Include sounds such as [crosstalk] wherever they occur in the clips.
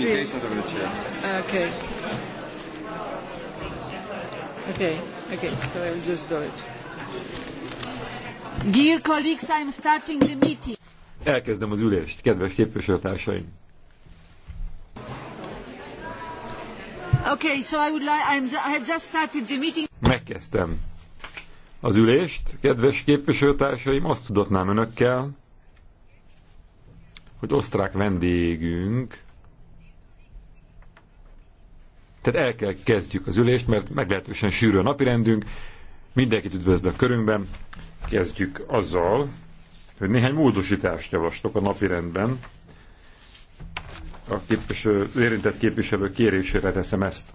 Ah, okay. Okay. Okay. So I will just do it. Dear colleagues, starting the meeting. Elkezdem az ülést, kedves képviselőtársaim. Okay, so I would like, I'm, I have just started the meeting. Megkezdtem az ülést, kedves képviselőtársaim, azt tudatnám önökkel, hogy osztrák vendégünk tehát el kell kezdjük az ülést, mert meglehetősen sűrű a napirendünk. Mindenkit üdvözlök körünkben. Kezdjük azzal, hogy néhány módosítást javaslok a napirendben. A képviselő, az érintett képviselő kérésére teszem ezt.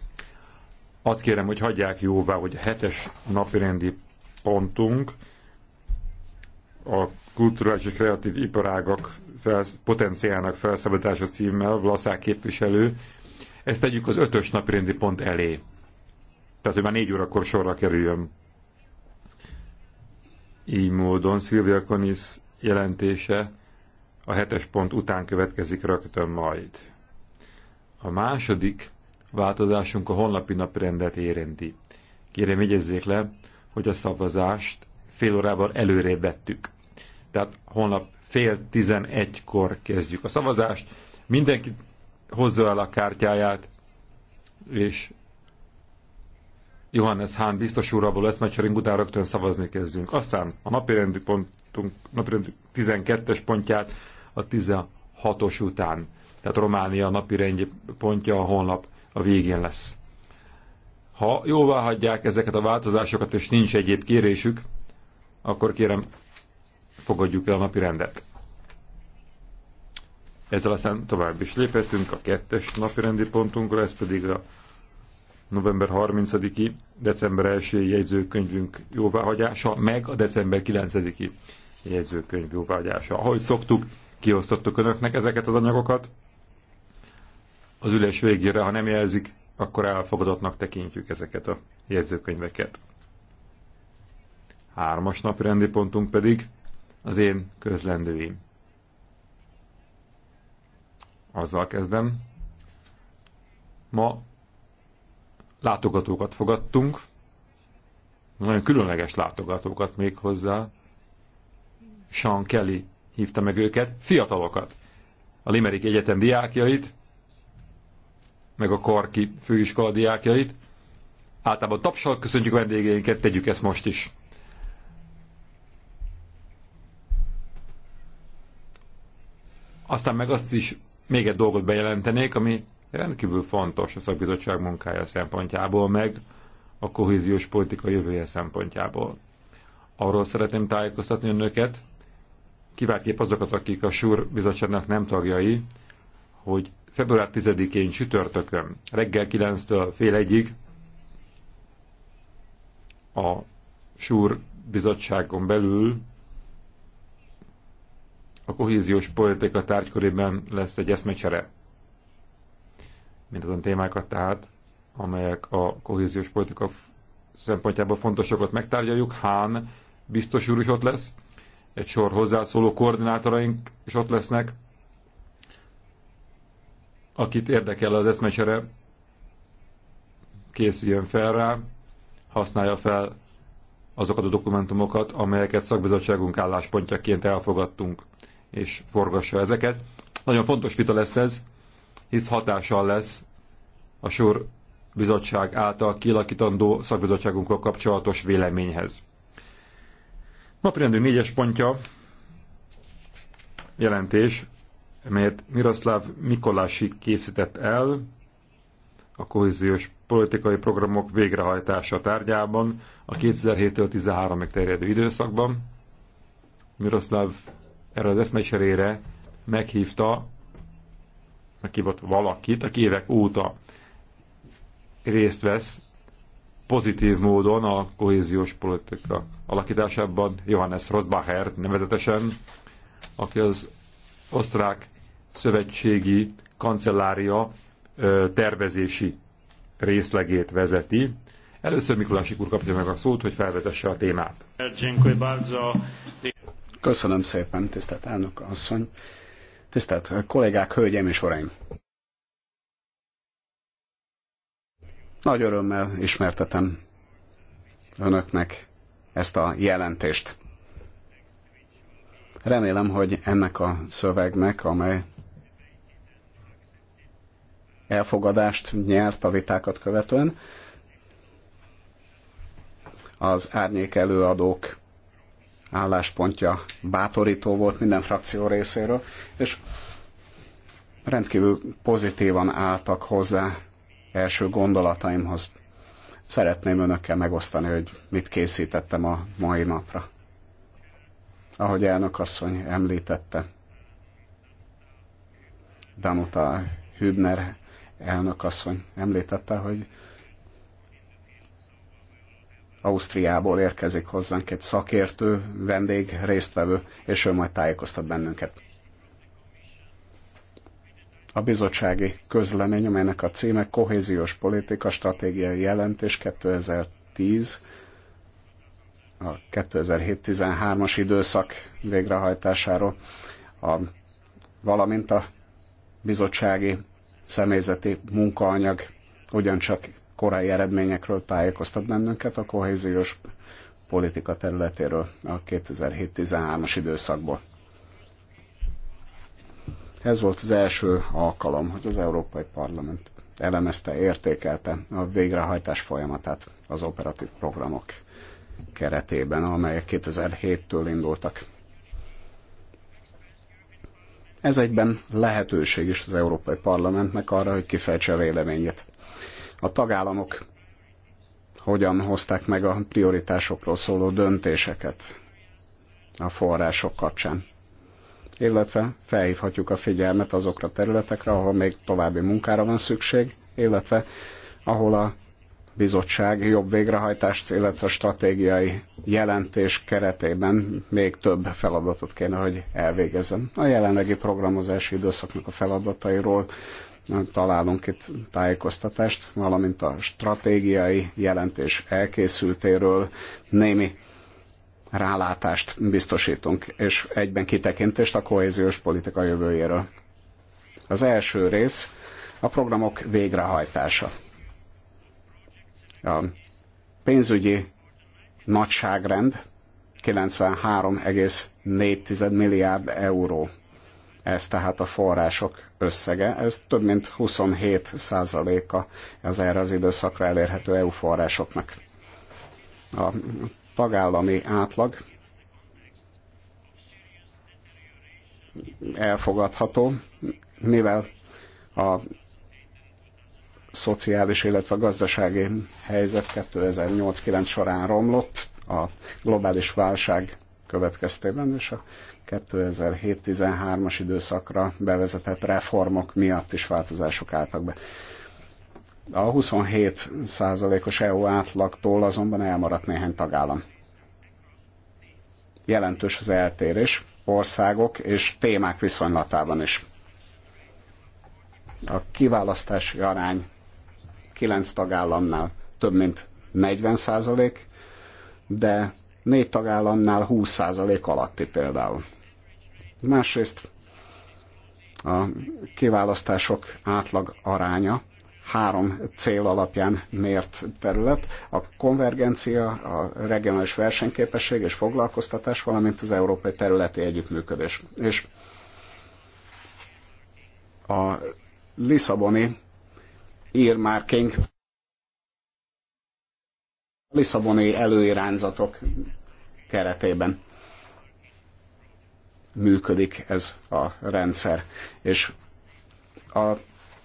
Azt kérem, hogy hagyják jóvá, hogy a hetes napirendi pontunk a kulturális és kreatív iparágak felsz, potenciálnak felszabadítása címmel Vlaszák képviselő ezt tegyük az ötös napirendi pont elé. Tehát, hogy már négy órakor sorra kerüljön. Így módon Szilvia Konisz jelentése a hetes pont után következik rögtön majd. A második változásunk a honlapi naprendet érinti. Kérem, igyezzék le, hogy a szavazást fél órával előrébb vettük. Tehát honlap fél tizenegykor kezdjük a szavazást. Mindenkit hozza el a kártyáját, és Johannes Hahn biztos mert sering után rögtön szavazni kezdünk. Aztán a napirendi pontunk, napirendi 12-es pontját a 16-os után, tehát Románia napirendi pontja a honlap a végén lesz. Ha jóvá hagyják ezeket a változásokat, és nincs egyéb kérésük, akkor kérem, fogadjuk el a napi rendet. Ezzel aztán tovább is léphetünk a kettes napi rendi pontunkra, ez pedig a november 30-i, december 1-i jegyzőkönyvünk jóváhagyása, meg a december 9-i jegyzőkönyv jóváhagyása. Ahogy szoktuk, kiosztottuk önöknek ezeket az anyagokat. Az ülés végére, ha nem jelzik, akkor elfogadottnak tekintjük ezeket a jegyzőkönyveket. Hármas napi rendi pontunk pedig az én közlendőim azzal kezdem. Ma látogatókat fogadtunk, nagyon különleges látogatókat még hozzá. Sean Kelly hívta meg őket, fiatalokat, a Limerick Egyetem diákjait, meg a Korki főiskola diákjait. Általában tapsal köszöntjük vendégeinket, tegyük ezt most is. Aztán meg azt is még egy dolgot bejelentenék, ami rendkívül fontos a szakbizottság munkája szempontjából, meg a kohéziós politika jövője szempontjából. Arról szeretném tájékoztatni önöket, kiváltképp azokat, akik a SUR bizottságnak nem tagjai, hogy február 10-én csütörtökön reggel 9-től fél egyig a SUR bizottságon belül a kohéziós politika tárgykörében lesz egy eszmecsere. Mindazon témákat tehát, amelyek a kohéziós politika szempontjából fontosokat megtárgyaljuk. Hán biztos úr is ott lesz, egy sor hozzászóló koordinátoraink is ott lesznek, akit érdekel az eszmecsere, készüljön fel rá, használja fel azokat a dokumentumokat, amelyeket szakbizottságunk álláspontjaként elfogadtunk és forgassa ezeket. Nagyon fontos vita lesz ez, hisz hatással lesz a sor bizottság által kialakítandó szakbizottságunkkal kapcsolatos véleményhez. Napirendünk négyes pontja jelentés, melyet Miroslav Mikolási készített el a kohéziós politikai programok végrehajtása tárgyában a 2007-től 13-ig terjedő időszakban. Miroslav erre az eszmecserére meghívta, meghívott valakit, aki évek óta részt vesz pozitív módon a kohéziós politika alakításában Johannes Rosbacher, nevezetesen, aki az osztrák szövetségi kancellária tervezési részlegét vezeti. Először mikulási úr kapja meg a szót, hogy felvezesse a témát. Köszönöm szépen, tisztelt elnök asszony, tisztelt kollégák, hölgyeim és uraim! Nagy örömmel ismertetem önöknek ezt a jelentést. Remélem, hogy ennek a szövegnek, amely elfogadást nyert a vitákat követően, az árnyék előadók álláspontja bátorító volt minden frakció részéről, és rendkívül pozitívan álltak hozzá első gondolataimhoz. Szeretném önökkel megosztani, hogy mit készítettem a mai napra. Ahogy elnök asszony említette, Danuta Hübner elnök asszony említette, hogy Ausztriából érkezik hozzánk egy szakértő, vendég, résztvevő, és ő majd tájékoztat bennünket. A bizottsági közlemény, amelynek a címe Kohéziós politika stratégiai jelentés 2010 a 2007-13-as időszak végrehajtásáról, a, valamint a bizottsági személyzeti munkaanyag ugyancsak korai eredményekről tájékoztat bennünket a kohéziós politika területéről a 2007-13-as időszakból. Ez volt az első alkalom, hogy az Európai Parlament elemezte, értékelte a végrehajtás folyamatát az operatív programok keretében, amelyek 2007-től indultak. Ez egyben lehetőség is az Európai Parlamentnek arra, hogy kifejtse a véleményét a tagállamok hogyan hozták meg a prioritásokról szóló döntéseket a források kapcsán. Illetve felhívhatjuk a figyelmet azokra a területekre, ahol még további munkára van szükség, illetve ahol a bizottság jobb végrehajtást, illetve a stratégiai jelentés keretében még több feladatot kéne, hogy elvégezzem. A jelenlegi programozási időszaknak a feladatairól találunk itt tájékoztatást, valamint a stratégiai jelentés elkészültéről némi rálátást biztosítunk, és egyben kitekintést a kohéziós politika jövőjéről. Az első rész a programok végrehajtása. A pénzügyi nagyságrend 93,4 milliárd euró. Ez tehát a források összege, ez több mint 27 százaléka az erre az időszakra elérhető EU forrásoknak. A tagállami átlag elfogadható, mivel a szociális, illetve gazdasági helyzet 2008-9 során romlott a globális válság következtében, és a 2007-13-as időszakra bevezetett reformok miatt is változások álltak be. A 27 százalékos EU átlagtól azonban elmaradt néhány tagállam. Jelentős az eltérés országok és témák viszonylatában is. A kiválasztási arány 9 tagállamnál több mint 40 százalék, de négy tagállamnál 20 százalék alatti például. Másrészt a kiválasztások átlag aránya három cél alapján mért terület, a konvergencia, a regionális versenyképesség és foglalkoztatás, valamint az európai területi együttműködés. És a Lisszaboni earmarking, Lisszaboni előirányzatok keretében működik ez a rendszer. És a,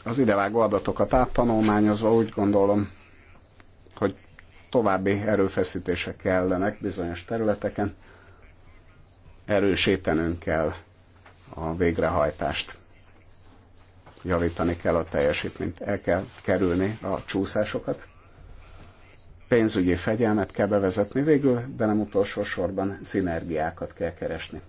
az idevágó adatokat áttanulmányozva úgy gondolom, hogy további erőfeszítések kellenek bizonyos területeken, erősítenünk kell a végrehajtást. Javítani kell a teljesítményt, el kell kerülni a csúszásokat, pénzügyi fegyelmet kell bevezetni végül, de nem utolsó sorban szinergiákat kell keresni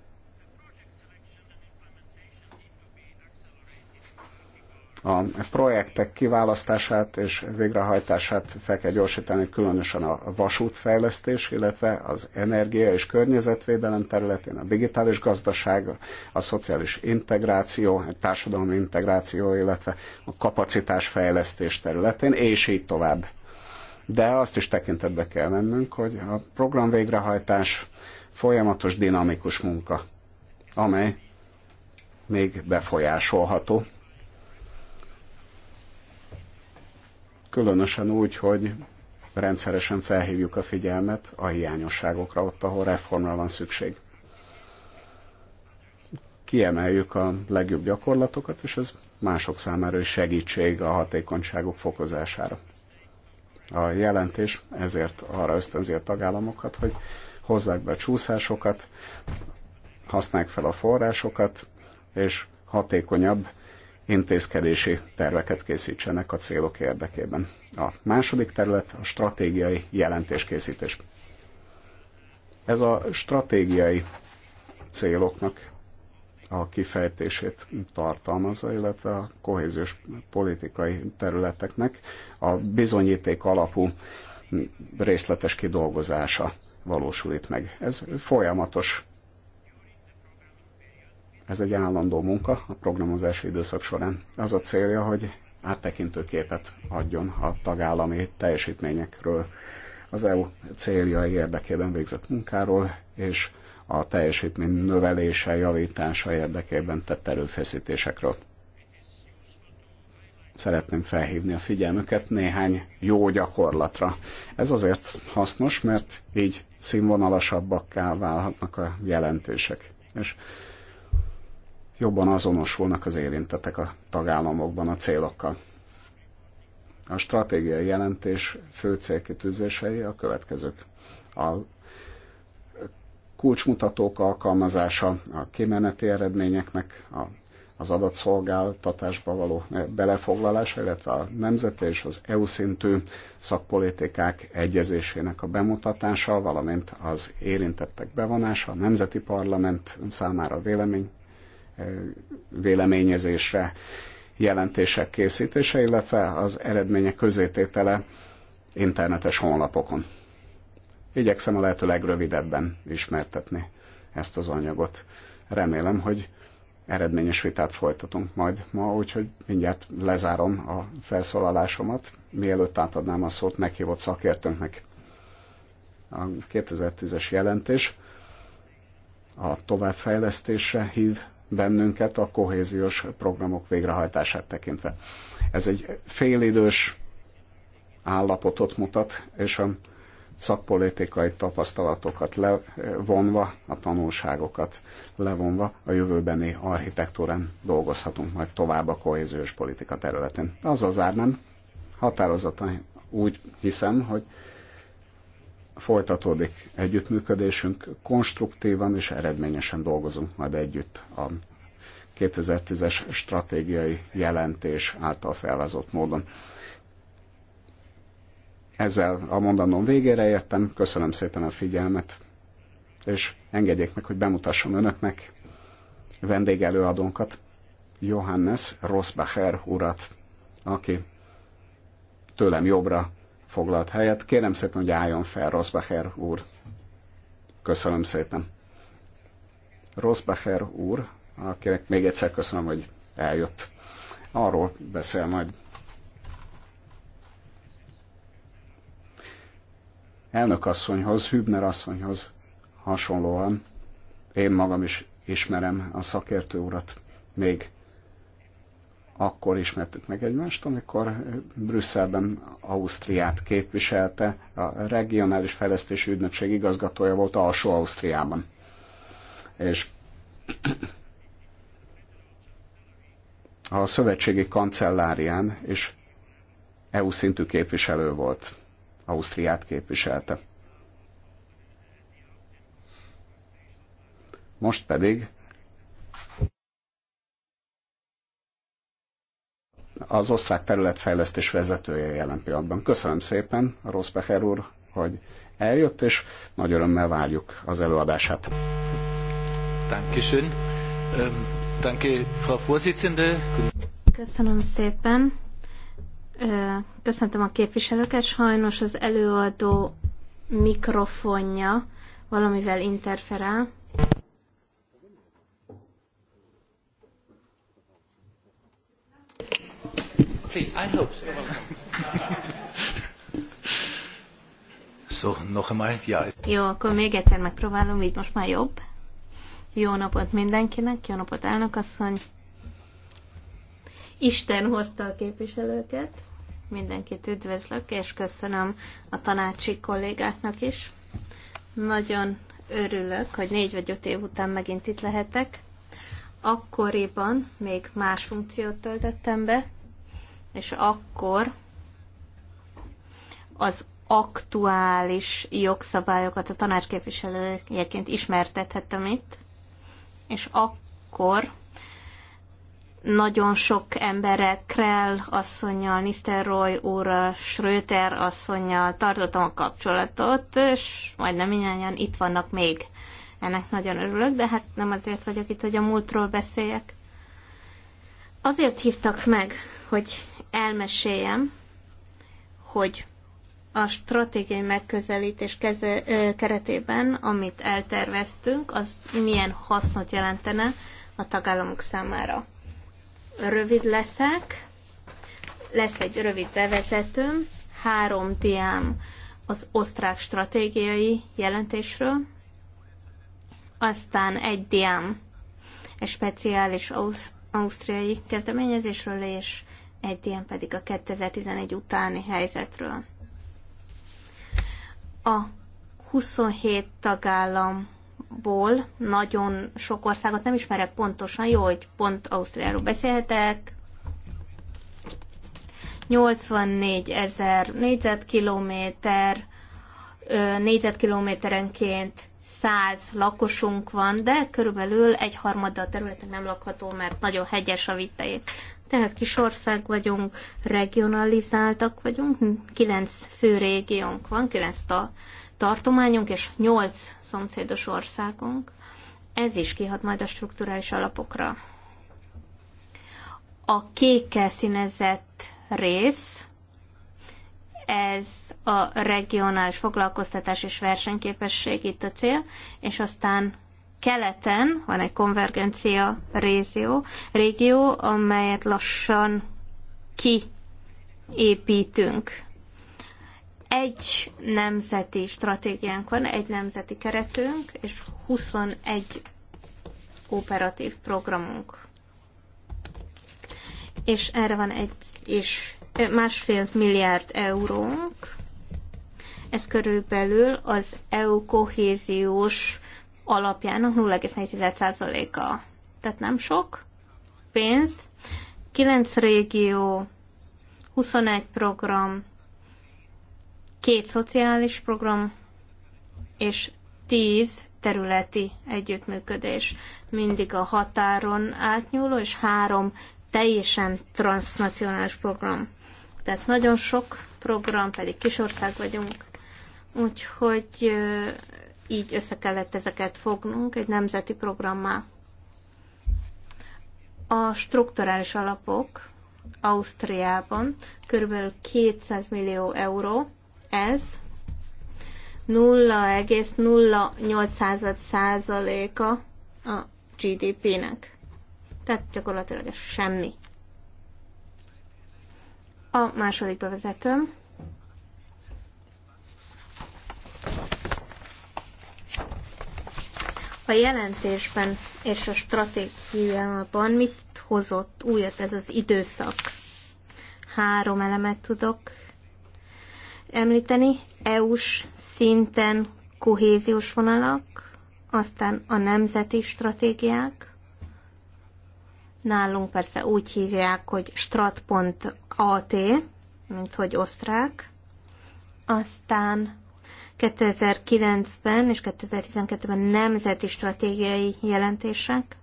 a projektek kiválasztását és végrehajtását fel kell gyorsítani, különösen a vasútfejlesztés, illetve az energia és környezetvédelem területén, a digitális gazdaság, a szociális integráció, a társadalmi integráció, illetve a kapacitásfejlesztés területén, és így tovább. De azt is tekintetbe kell vennünk, hogy a program végrehajtás folyamatos dinamikus munka, amely még befolyásolható Különösen úgy, hogy rendszeresen felhívjuk a figyelmet a hiányosságokra ott, ahol reformra van szükség. Kiemeljük a legjobb gyakorlatokat, és ez mások számára is segítség a hatékonyságok fokozására. A jelentés ezért arra ösztönzi a tagállamokat, hogy hozzák be csúszásokat, használják fel a forrásokat, és hatékonyabb intézkedési terveket készítsenek a célok érdekében. A második terület a stratégiai jelentéskészítés. Ez a stratégiai céloknak a kifejtését tartalmazza, illetve a kohéziós politikai területeknek a bizonyíték alapú részletes kidolgozása valósul itt meg. Ez folyamatos ez egy állandó munka a programozási időszak során. Az a célja, hogy áttekintő képet adjon a tagállami teljesítményekről, az EU céljai érdekében végzett munkáról, és a teljesítmény növelése, javítása érdekében tett erőfeszítésekről. Szeretném felhívni a figyelmüket néhány jó gyakorlatra. Ez azért hasznos, mert így színvonalasabbakká válhatnak a jelentések. És jobban azonosulnak az érintetek a tagállamokban a célokkal. A stratégiai jelentés fő célkitűzései a következők. A kulcsmutatók alkalmazása, a kimeneti eredményeknek, a, az adatszolgáltatásba való eh, belefoglalása, illetve a nemzeti és az EU szintű szakpolitikák egyezésének a bemutatása, valamint az érintettek bevonása, a nemzeti parlament számára vélemény véleményezésre, jelentések készítése, illetve az eredmények közététele internetes honlapokon. Igyekszem a lehető legrövidebben ismertetni ezt az anyagot. Remélem, hogy eredményes vitát folytatunk majd ma, úgyhogy mindjárt lezárom a felszólalásomat, mielőtt átadnám a szót meghívott szakértőnknek. A 2010-es jelentés a továbbfejlesztésre hív bennünket a kohéziós programok végrehajtását tekintve. Ez egy félidős állapotot mutat, és a szakpolitikai tapasztalatokat levonva, a tanulságokat levonva a jövőbeni architektúrán dolgozhatunk majd tovább a kohéziós politika területén. Az az nem határozottan úgy hiszem, hogy folytatódik együttműködésünk, konstruktívan és eredményesen dolgozunk majd együtt a 2010-es stratégiai jelentés által felvázott módon. Ezzel a mondanom végére értem, köszönöm szépen a figyelmet, és engedjék meg, hogy bemutassam önöknek vendégelőadónkat, Johannes Rosbacher urat, aki tőlem jobbra foglalt helyet. Kérem szépen, hogy álljon fel Rosbacher úr. Köszönöm szépen. Rosbacher úr, akinek még egyszer köszönöm, hogy eljött. Arról beszél majd. Elnök asszonyhoz, Hübner asszonyhoz hasonlóan én magam is ismerem a szakértő urat még akkor ismertük meg egymást, amikor Brüsszelben Ausztriát képviselte, a regionális fejlesztési ügynökség igazgatója volt alsó Ausztriában. És a szövetségi kancellárián és EU szintű képviselő volt, Ausztriát képviselte. Most pedig az osztrák területfejlesztés vezetője jelen pillanatban. Köszönöm szépen, Rosbecher úr, hogy eljött, és nagy örömmel várjuk az előadását. Ähm, Köszönöm szépen. Köszöntöm a képviselőket. Sajnos az előadó mikrofonja valamivel interferál. Please, I hope so. so, noch einmal, ja. Jó, akkor még egyszer megpróbálom, így most már jobb. Jó napot mindenkinek, jó napot elnökasszony. Isten hozta a képviselőket. Mindenkit üdvözlök, és köszönöm a tanácsi kollégáknak is. Nagyon örülök, hogy négy vagy öt év után megint itt lehetek. Akkoriban még más funkciót töltöttem be, és akkor az aktuális jogszabályokat a tanácsképviselőjeként ismertethettem itt, és akkor nagyon sok emberrel, Krell asszonynal, Nisztelrooy úrral, Schröter asszonyjal tartottam a kapcsolatot, és majdnem mindannyian itt vannak még. Ennek nagyon örülök, de hát nem azért vagyok itt, hogy a múltról beszéljek. Azért hívtak meg, hogy elmeséljem, hogy a stratégiai megközelítés keze, ö, keretében, amit elterveztünk, az milyen hasznot jelentene a tagállamok számára. Rövid leszek, lesz egy rövid bevezetőm, három diám az osztrák stratégiai jelentésről, aztán egy diám egy speciális ausztriai kezdeményezésről, és egy ilyen pedig a 2011 utáni helyzetről. A 27 tagállamból nagyon sok országot nem ismerek pontosan, jó, hogy pont Ausztriáról beszélhetek. 84 ezer négyzetkilométer, négyzetkilométerenként 100 lakosunk van, de körülbelül egy harmada a területen nem lakható, mert nagyon hegyes a vitaik. Tehát kis ország vagyunk, regionalizáltak vagyunk, kilenc fő régiónk van, kilenc ta- tartományunk és nyolc szomszédos országunk. Ez is kihat majd a strukturális alapokra. A kékkel színezett rész, ez a regionális foglalkoztatás és versenyképesség itt a cél, és aztán keleten van egy konvergencia régió, régió amelyet lassan kiépítünk. Egy nemzeti stratégiánk van, egy nemzeti keretünk, és 21 operatív programunk. És erre van egy és másfél milliárd eurónk. Ez körülbelül az EU kohéziós alapjának 04 a Tehát nem sok pénz. 9 régió, 21 program, két szociális program, és 10 területi együttműködés. Mindig a határon átnyúló, és három teljesen transnacionális program. Tehát nagyon sok program, pedig kis ország vagyunk. Úgyhogy így össze kellett ezeket fognunk egy nemzeti programmá. A strukturális alapok Ausztriában kb. 200 millió euró, ez 0,08 százaléka a GDP-nek. Tehát gyakorlatilag ez semmi. A második bevezetőm a jelentésben és a stratégiában mit hozott újat ez az időszak? Három elemet tudok említeni. EU-s szinten kohéziós vonalak, aztán a nemzeti stratégiák. Nálunk persze úgy hívják, hogy strat.at, mint hogy osztrák. Aztán 2009-ben és 2012-ben nemzeti stratégiai jelentések.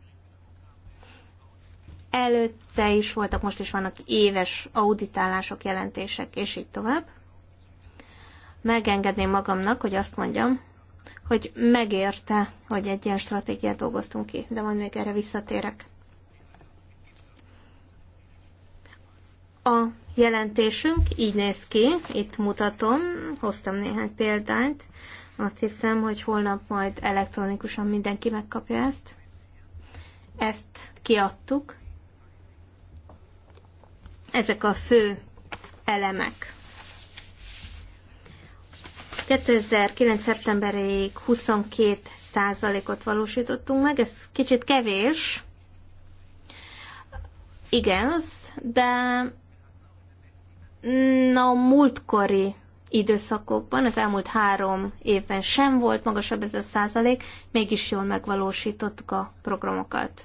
Előtte is voltak, most is vannak éves auditálások, jelentések, és így tovább. Megengedném magamnak, hogy azt mondjam, hogy megérte, hogy egy ilyen stratégiát dolgoztunk ki, de majd még erre visszatérek. A jelentésünk így néz ki, itt mutatom, hoztam néhány példányt, azt hiszem, hogy holnap majd elektronikusan mindenki megkapja ezt. Ezt kiadtuk. Ezek a fő elemek. 2009. szeptemberéig 22 százalékot valósítottunk meg, ez kicsit kevés, Igen, de Na, a múltkori időszakokban, az elmúlt három évben sem volt magasabb ez a százalék, mégis jól megvalósítottuk a programokat.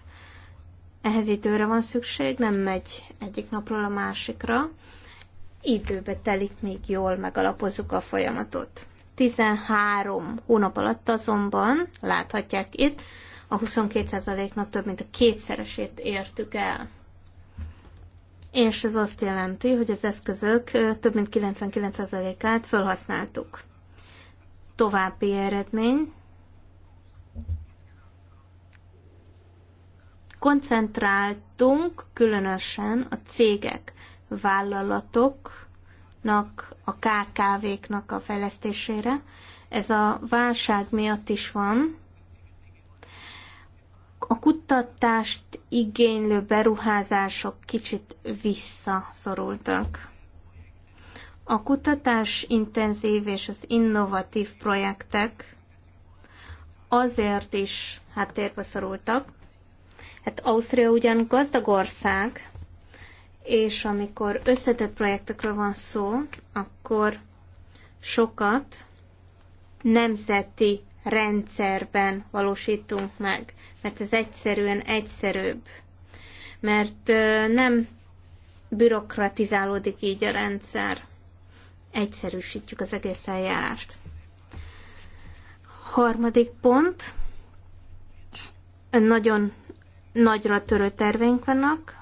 Ehhez időre van szükség, nem megy egyik napról a másikra. Időbe telik, még jól megalapozzuk a folyamatot. 13 hónap alatt azonban, láthatják itt, a 22%-nak több mint a kétszeresét értük el és ez azt jelenti, hogy az eszközök több mint 99%-át felhasználtuk. További eredmény. Koncentráltunk különösen a cégek, vállalatoknak, a KKV-knak a fejlesztésére. Ez a válság miatt is van, a kutatást igénylő beruházások kicsit visszaszorultak. A kutatás intenzív és az innovatív projektek azért is háttérbe szorultak. Hát Ausztria ugyan gazdag ország, és amikor összetett projektekről van szó, akkor sokat nemzeti rendszerben valósítunk meg mert ez egyszerűen egyszerűbb. Mert nem bürokratizálódik így a rendszer. Egyszerűsítjük az egész eljárást. Harmadik pont. Nagyon nagyra törő terveink vannak.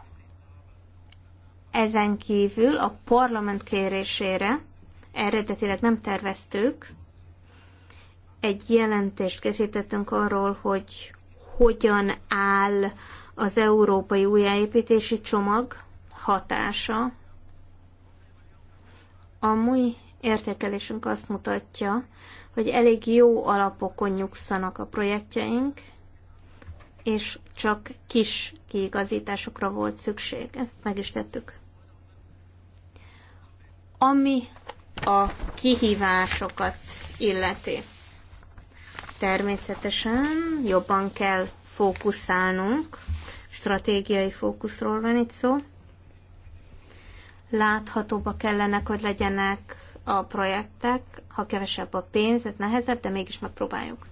Ezen kívül a parlament kérésére, eredetileg nem terveztük, egy jelentést készítettünk arról, hogy hogyan áll az európai újjáépítési csomag hatása. A mai értékelésünk azt mutatja, hogy elég jó alapokon nyugszanak a projektjeink, és csak kis kiigazításokra volt szükség. Ezt meg is tettük. Ami a kihívásokat illeti. Természetesen jobban kell fókuszálnunk, stratégiai fókuszról van itt szó. Láthatóbbak kellenek, hogy legyenek a projektek, ha kevesebb a pénz, ez nehezebb, de mégis megpróbáljuk.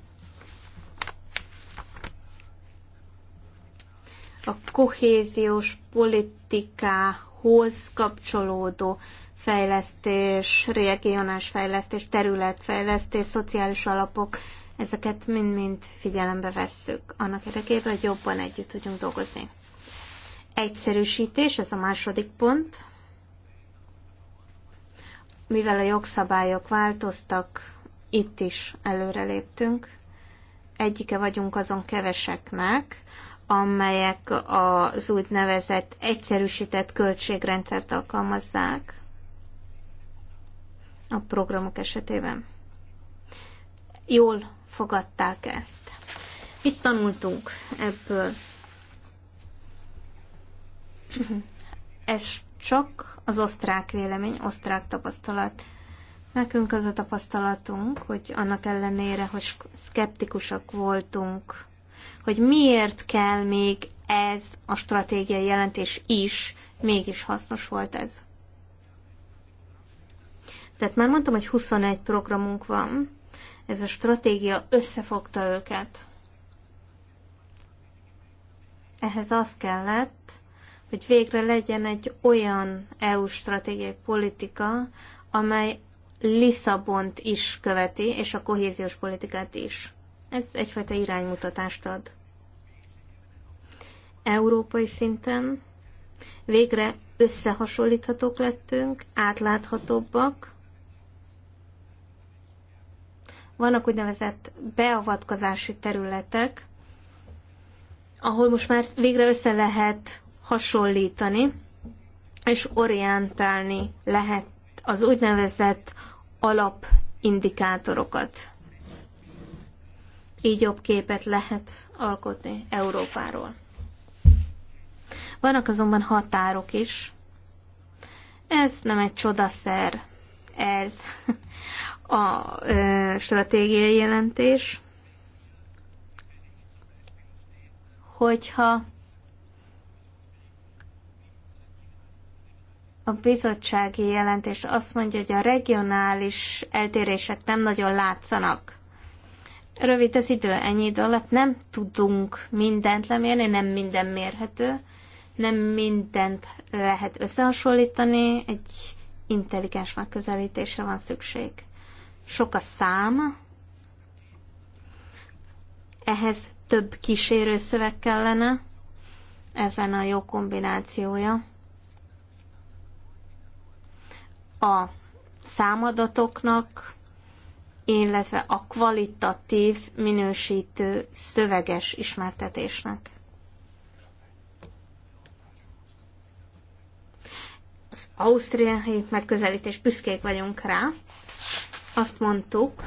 A kohéziós politikához kapcsolódó fejlesztés, regionális fejlesztés, területfejlesztés, szociális alapok, Ezeket mind-mind figyelembe vesszük, annak érdekében, hogy jobban együtt tudjunk dolgozni. Egyszerűsítés, ez a második pont. Mivel a jogszabályok változtak, itt is előreléptünk. Egyike vagyunk azon keveseknek, amelyek az úgynevezett egyszerűsített költségrendszert alkalmazzák a programok esetében. Jól fogadták ezt. Itt tanultunk ebből. Ez csak az osztrák vélemény, osztrák tapasztalat. Nekünk az a tapasztalatunk, hogy annak ellenére, hogy szkeptikusak voltunk, hogy miért kell még ez a stratégiai jelentés is, mégis hasznos volt ez. Tehát már mondtam, hogy 21 programunk van, ez a stratégia összefogta őket. Ehhez az kellett, hogy végre legyen egy olyan EU stratégiai politika, amely Lisszabont is követi, és a kohéziós politikát is. Ez egyfajta iránymutatást ad. Európai szinten végre összehasonlíthatók lettünk, átláthatóbbak, vannak úgynevezett beavatkozási területek, ahol most már végre össze lehet hasonlítani, és orientálni lehet az úgynevezett alapindikátorokat. Így jobb képet lehet alkotni Európáról. Vannak azonban határok is. Ez nem egy csodaszer, ez a stratégiai jelentés, hogyha a bizottsági jelentés azt mondja, hogy a regionális eltérések nem nagyon látszanak. Rövid az idő, ennyi idő alatt nem tudunk mindent lemérni, nem minden mérhető, nem mindent lehet összehasonlítani, egy intelligens megközelítésre van szükség sok a szám, ehhez több kísérő szöveg kellene, ezen a jó kombinációja. A számadatoknak, illetve a kvalitatív minősítő szöveges ismertetésnek. Az ausztriai megközelítés büszkék vagyunk rá, azt mondtuk,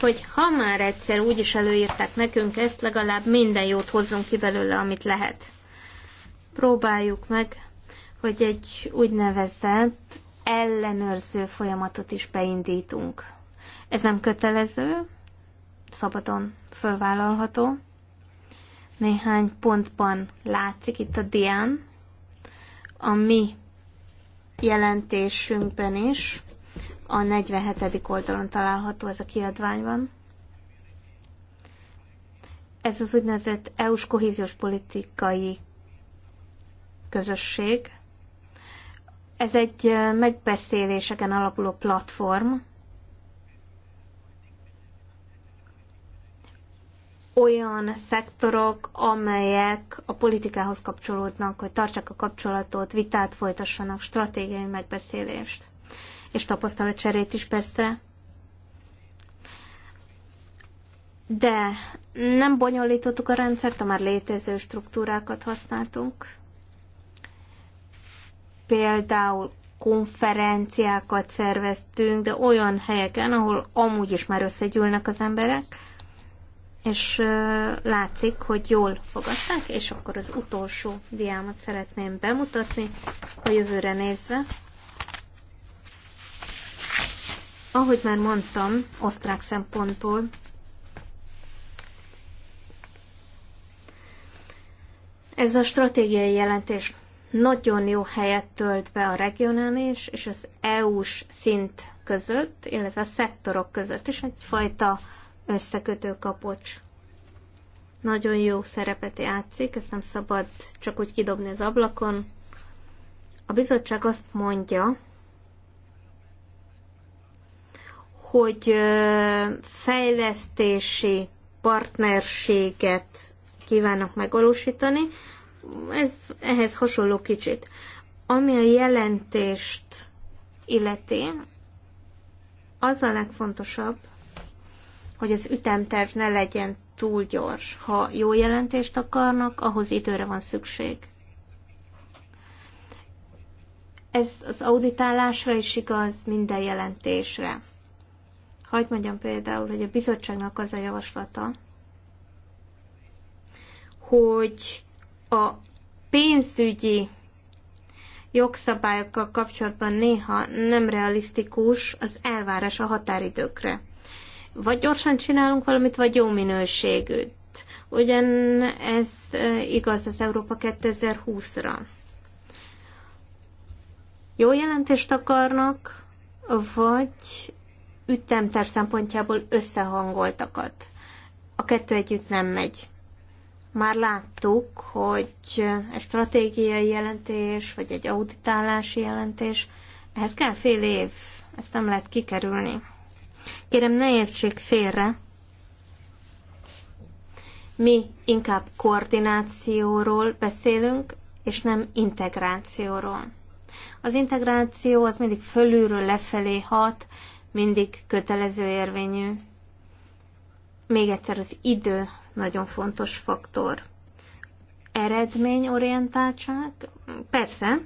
hogy ha már egyszer úgy is előírták nekünk ezt, legalább minden jót hozzunk ki belőle, amit lehet. Próbáljuk meg, hogy egy úgynevezett ellenőrző folyamatot is beindítunk. Ez nem kötelező, szabadon fölvállalható. Néhány pontban látszik itt a dián, a mi jelentésünkben is, a 47. oldalon található ez a kiadványban. Ez az úgynevezett EU-s kohéziós politikai közösség. Ez egy megbeszéléseken alapuló platform, olyan szektorok, amelyek a politikához kapcsolódnak, hogy tartsák a kapcsolatot, vitát folytassanak, stratégiai megbeszélést és tapasztalatcserét is persze. De nem bonyolítottuk a rendszert, a már létező struktúrákat használtunk. Például konferenciákat szerveztünk, de olyan helyeken, ahol amúgy is már összegyűlnek az emberek, és látszik, hogy jól fogadták, és akkor az utolsó diámat szeretném bemutatni a jövőre nézve. Ahogy már mondtam, osztrák szempontból ez a stratégiai jelentés nagyon jó helyet tölt be a regionális és az EU-s szint között, illetve a szektorok között, is egyfajta összekötő kapocs. Nagyon jó szerepet játszik, ezt nem szabad csak úgy kidobni az ablakon. A bizottság azt mondja, hogy fejlesztési partnerséget kívánok megvalósítani. Ez ehhez hasonló kicsit. Ami a jelentést illeti, az a legfontosabb, hogy az ütemterv ne legyen túl gyors. Ha jó jelentést akarnak, ahhoz időre van szükség. Ez az auditálásra is igaz, minden jelentésre. Hogy mondjam például, hogy a bizottságnak az a javaslata, hogy a pénzügyi jogszabályokkal kapcsolatban néha nem realisztikus az elvárás a határidőkre. Vagy gyorsan csinálunk valamit, vagy jó minőségűt. Ugyan ez e, igaz az Európa 2020-ra. Jó jelentést akarnak, vagy ütemterv szempontjából összehangoltakat. A kettő együtt nem megy. Már láttuk, hogy egy stratégiai jelentés, vagy egy auditálási jelentés, ehhez kell fél év, ezt nem lehet kikerülni. Kérem, ne értsék félre, mi inkább koordinációról beszélünk, és nem integrációról. Az integráció az mindig fölülről lefelé hat, mindig kötelező érvényű. Még egyszer az idő nagyon fontos faktor. Eredményorientáltság, persze,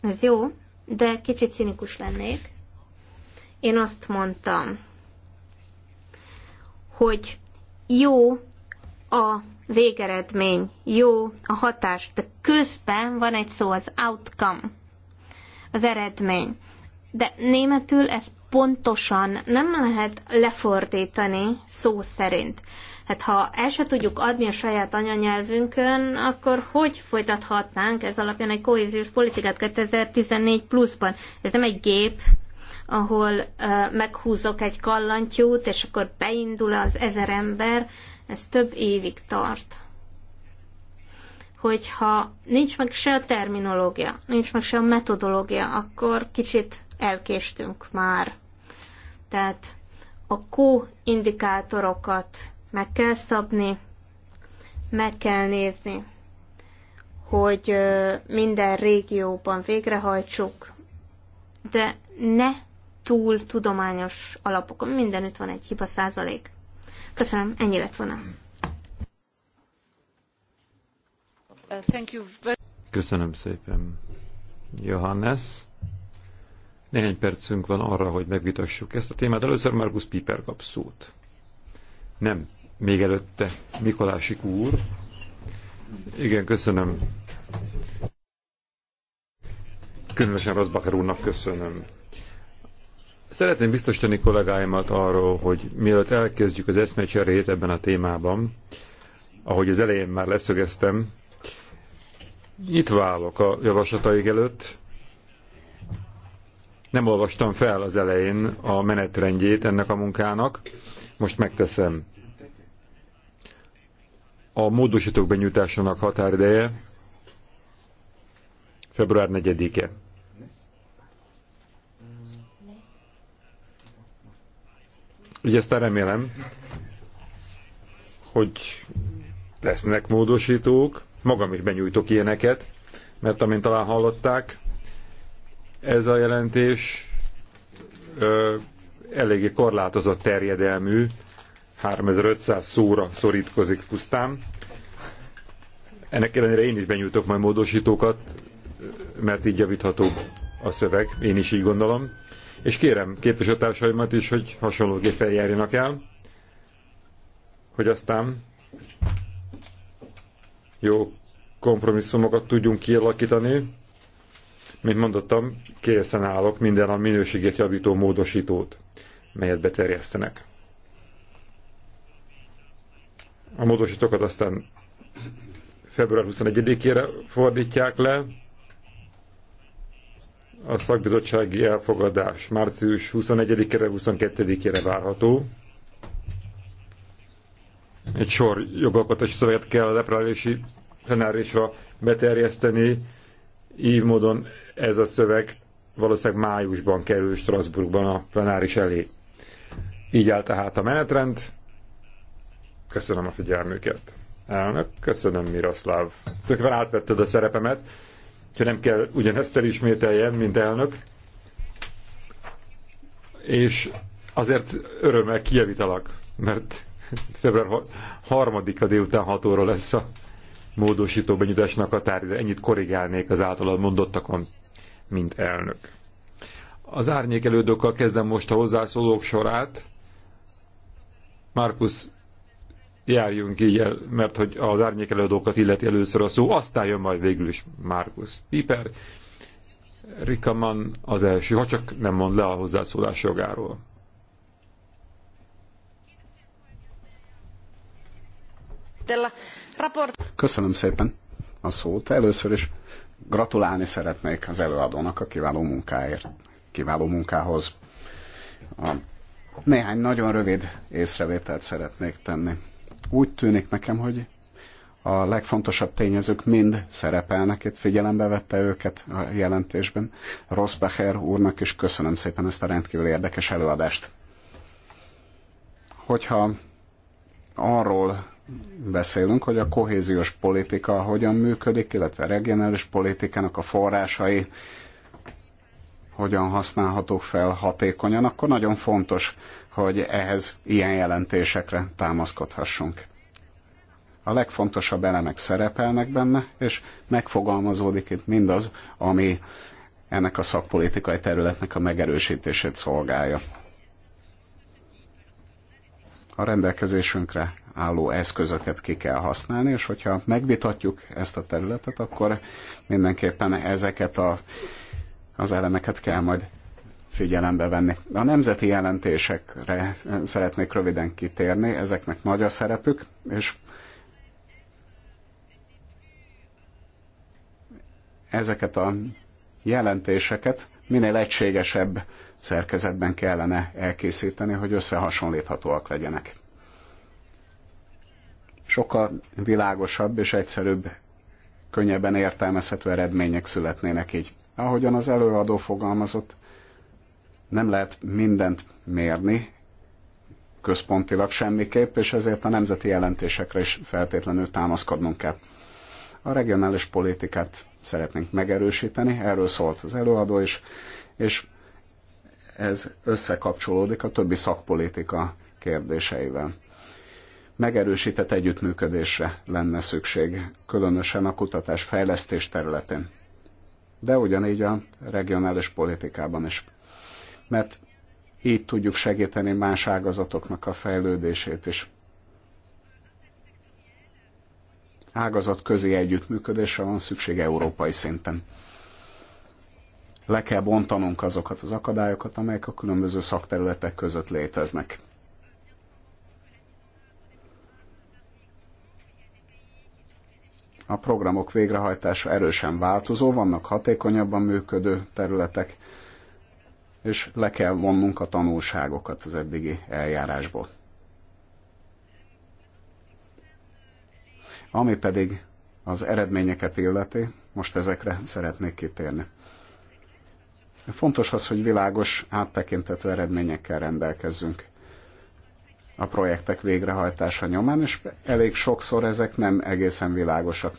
ez jó, de kicsit színikus lennék. Én azt mondtam, hogy jó a végeredmény, jó a hatás, de közben van egy szó, az outcome, az eredmény. De németül ez pontosan nem lehet lefordítani szó szerint. Hát ha el se tudjuk adni a saját anyanyelvünkön, akkor hogy folytathatnánk ez alapján egy kohéziós politikát 2014 pluszban? Ez nem egy gép, ahol uh, meghúzok egy kallantyút, és akkor beindul az ezer ember, ez több évig tart. Hogyha nincs meg se a terminológia, nincs meg se a metodológia, akkor kicsit elkéstünk már. Tehát a Q indikátorokat meg kell szabni, meg kell nézni, hogy minden régióban végrehajtsuk, de ne túl tudományos alapokon. Mindenütt van egy hiba százalék. Köszönöm, ennyi lett volna. Uh, Köszönöm szépen, Johannes. Néhány percünk van arra, hogy megvitassuk ezt a témát. Először Markus Piper kap szót. Nem, még előtte Mikolásik úr. Igen, köszönöm. Különösen Rosbacher úrnak köszönöm. Szeretném biztosítani kollégáimat arról, hogy mielőtt elkezdjük az eszmecserét ebben a témában, ahogy az elején már leszögeztem, nyitva állok a javaslataik előtt, nem olvastam fel az elején a menetrendjét ennek a munkának, most megteszem. A módosítók benyújtásának határideje február 4-e. Úgy aztán remélem, hogy lesznek módosítók, magam is benyújtok ilyeneket, mert amint talán hallották, ez a jelentés ö, eléggé korlátozott terjedelmű, 3500 szóra szorítkozik pusztán. Ennek ellenére én is benyújtok majd módosítókat, mert így javítható a szöveg, én is így gondolom. És kérem képviselőtársaimat is, hogy hasonlóképpen járjanak el, hogy aztán jó kompromisszumokat tudjunk kialakítani, mint mondottam, készen állok minden a minőséget javító módosítót, melyet beterjesztenek. A módosítókat aztán február 21-ére fordítják le, a szakbizottsági elfogadás március 21-ére, 22-ére várható. Egy sor jogalkotási szöveget kell a leprelési fenárésra beterjeszteni, így módon ez a szöveg valószínűleg májusban kerül Strasbourgban a plenáris elé. Így áll tehát a menetrend. Köszönöm a figyelmüket. Elnök, köszönöm Miroslav. Tökéletesen átvetted a szerepemet, hogy nem kell ugyanezt elismételjem, mint elnök. És azért örömmel kijavítalak, mert február a délután 6 óra lesz a módosító benyújtásnak a tárgya. Ennyit korrigálnék az általad mondottakon mint elnök. Az árnyékelődőkkel kezdem most a hozzászólók sorát. Markus, járjunk így el, mert hogy az árnyékelődőkat illeti először a szó, aztán jön majd végül is Markus Piper. Rikaman az első, ha csak nem mond le a hozzászólás jogáról. Köszönöm szépen a szót. Először is Gratulálni szeretnék az előadónak a kiváló munkáért, kiváló munkához. A néhány nagyon rövid észrevételt szeretnék tenni. Úgy tűnik nekem, hogy a legfontosabb tényezők mind szerepelnek, itt figyelembe vette őket a jelentésben. Rosbacher úrnak is köszönöm szépen ezt a rendkívül érdekes előadást. Hogyha arról beszélünk, hogy a kohéziós politika hogyan működik, illetve a regionális politikának a forrásai hogyan használhatók fel hatékonyan, akkor nagyon fontos, hogy ehhez ilyen jelentésekre támaszkodhassunk. A legfontosabb elemek szerepelnek benne, és megfogalmazódik itt mindaz, ami ennek a szakpolitikai területnek a megerősítését szolgálja a rendelkezésünkre álló eszközöket ki kell használni, és hogyha megvitatjuk ezt a területet, akkor mindenképpen ezeket a, az elemeket kell majd figyelembe venni. A nemzeti jelentésekre szeretnék röviden kitérni, ezeknek nagy a szerepük, és ezeket a jelentéseket minél egységesebb szerkezetben kellene elkészíteni, hogy összehasonlíthatóak legyenek. Sokkal világosabb és egyszerűbb, könnyebben értelmezhető eredmények születnének így. Ahogyan az előadó fogalmazott, nem lehet mindent mérni, központilag semmiképp, és ezért a nemzeti jelentésekre is feltétlenül támaszkodnunk kell. A regionális politikát szeretnénk megerősíteni, erről szólt az előadó is, és ez összekapcsolódik a többi szakpolitika kérdéseivel. Megerősített együttműködésre lenne szükség, különösen a kutatás-fejlesztés területén, de ugyanígy a regionális politikában is. Mert így tudjuk segíteni más ágazatoknak a fejlődését is. ágazat közé együttműködésre van szükség európai szinten. Le kell bontanunk azokat az akadályokat, amelyek a különböző szakterületek között léteznek. A programok végrehajtása erősen változó, vannak hatékonyabban működő területek, és le kell vonnunk a tanulságokat az eddigi eljárásból. Ami pedig az eredményeket illeti, most ezekre szeretnék kitérni. Fontos az, hogy világos, áttekintető eredményekkel rendelkezzünk a projektek végrehajtása nyomán, és elég sokszor ezek nem egészen világosak.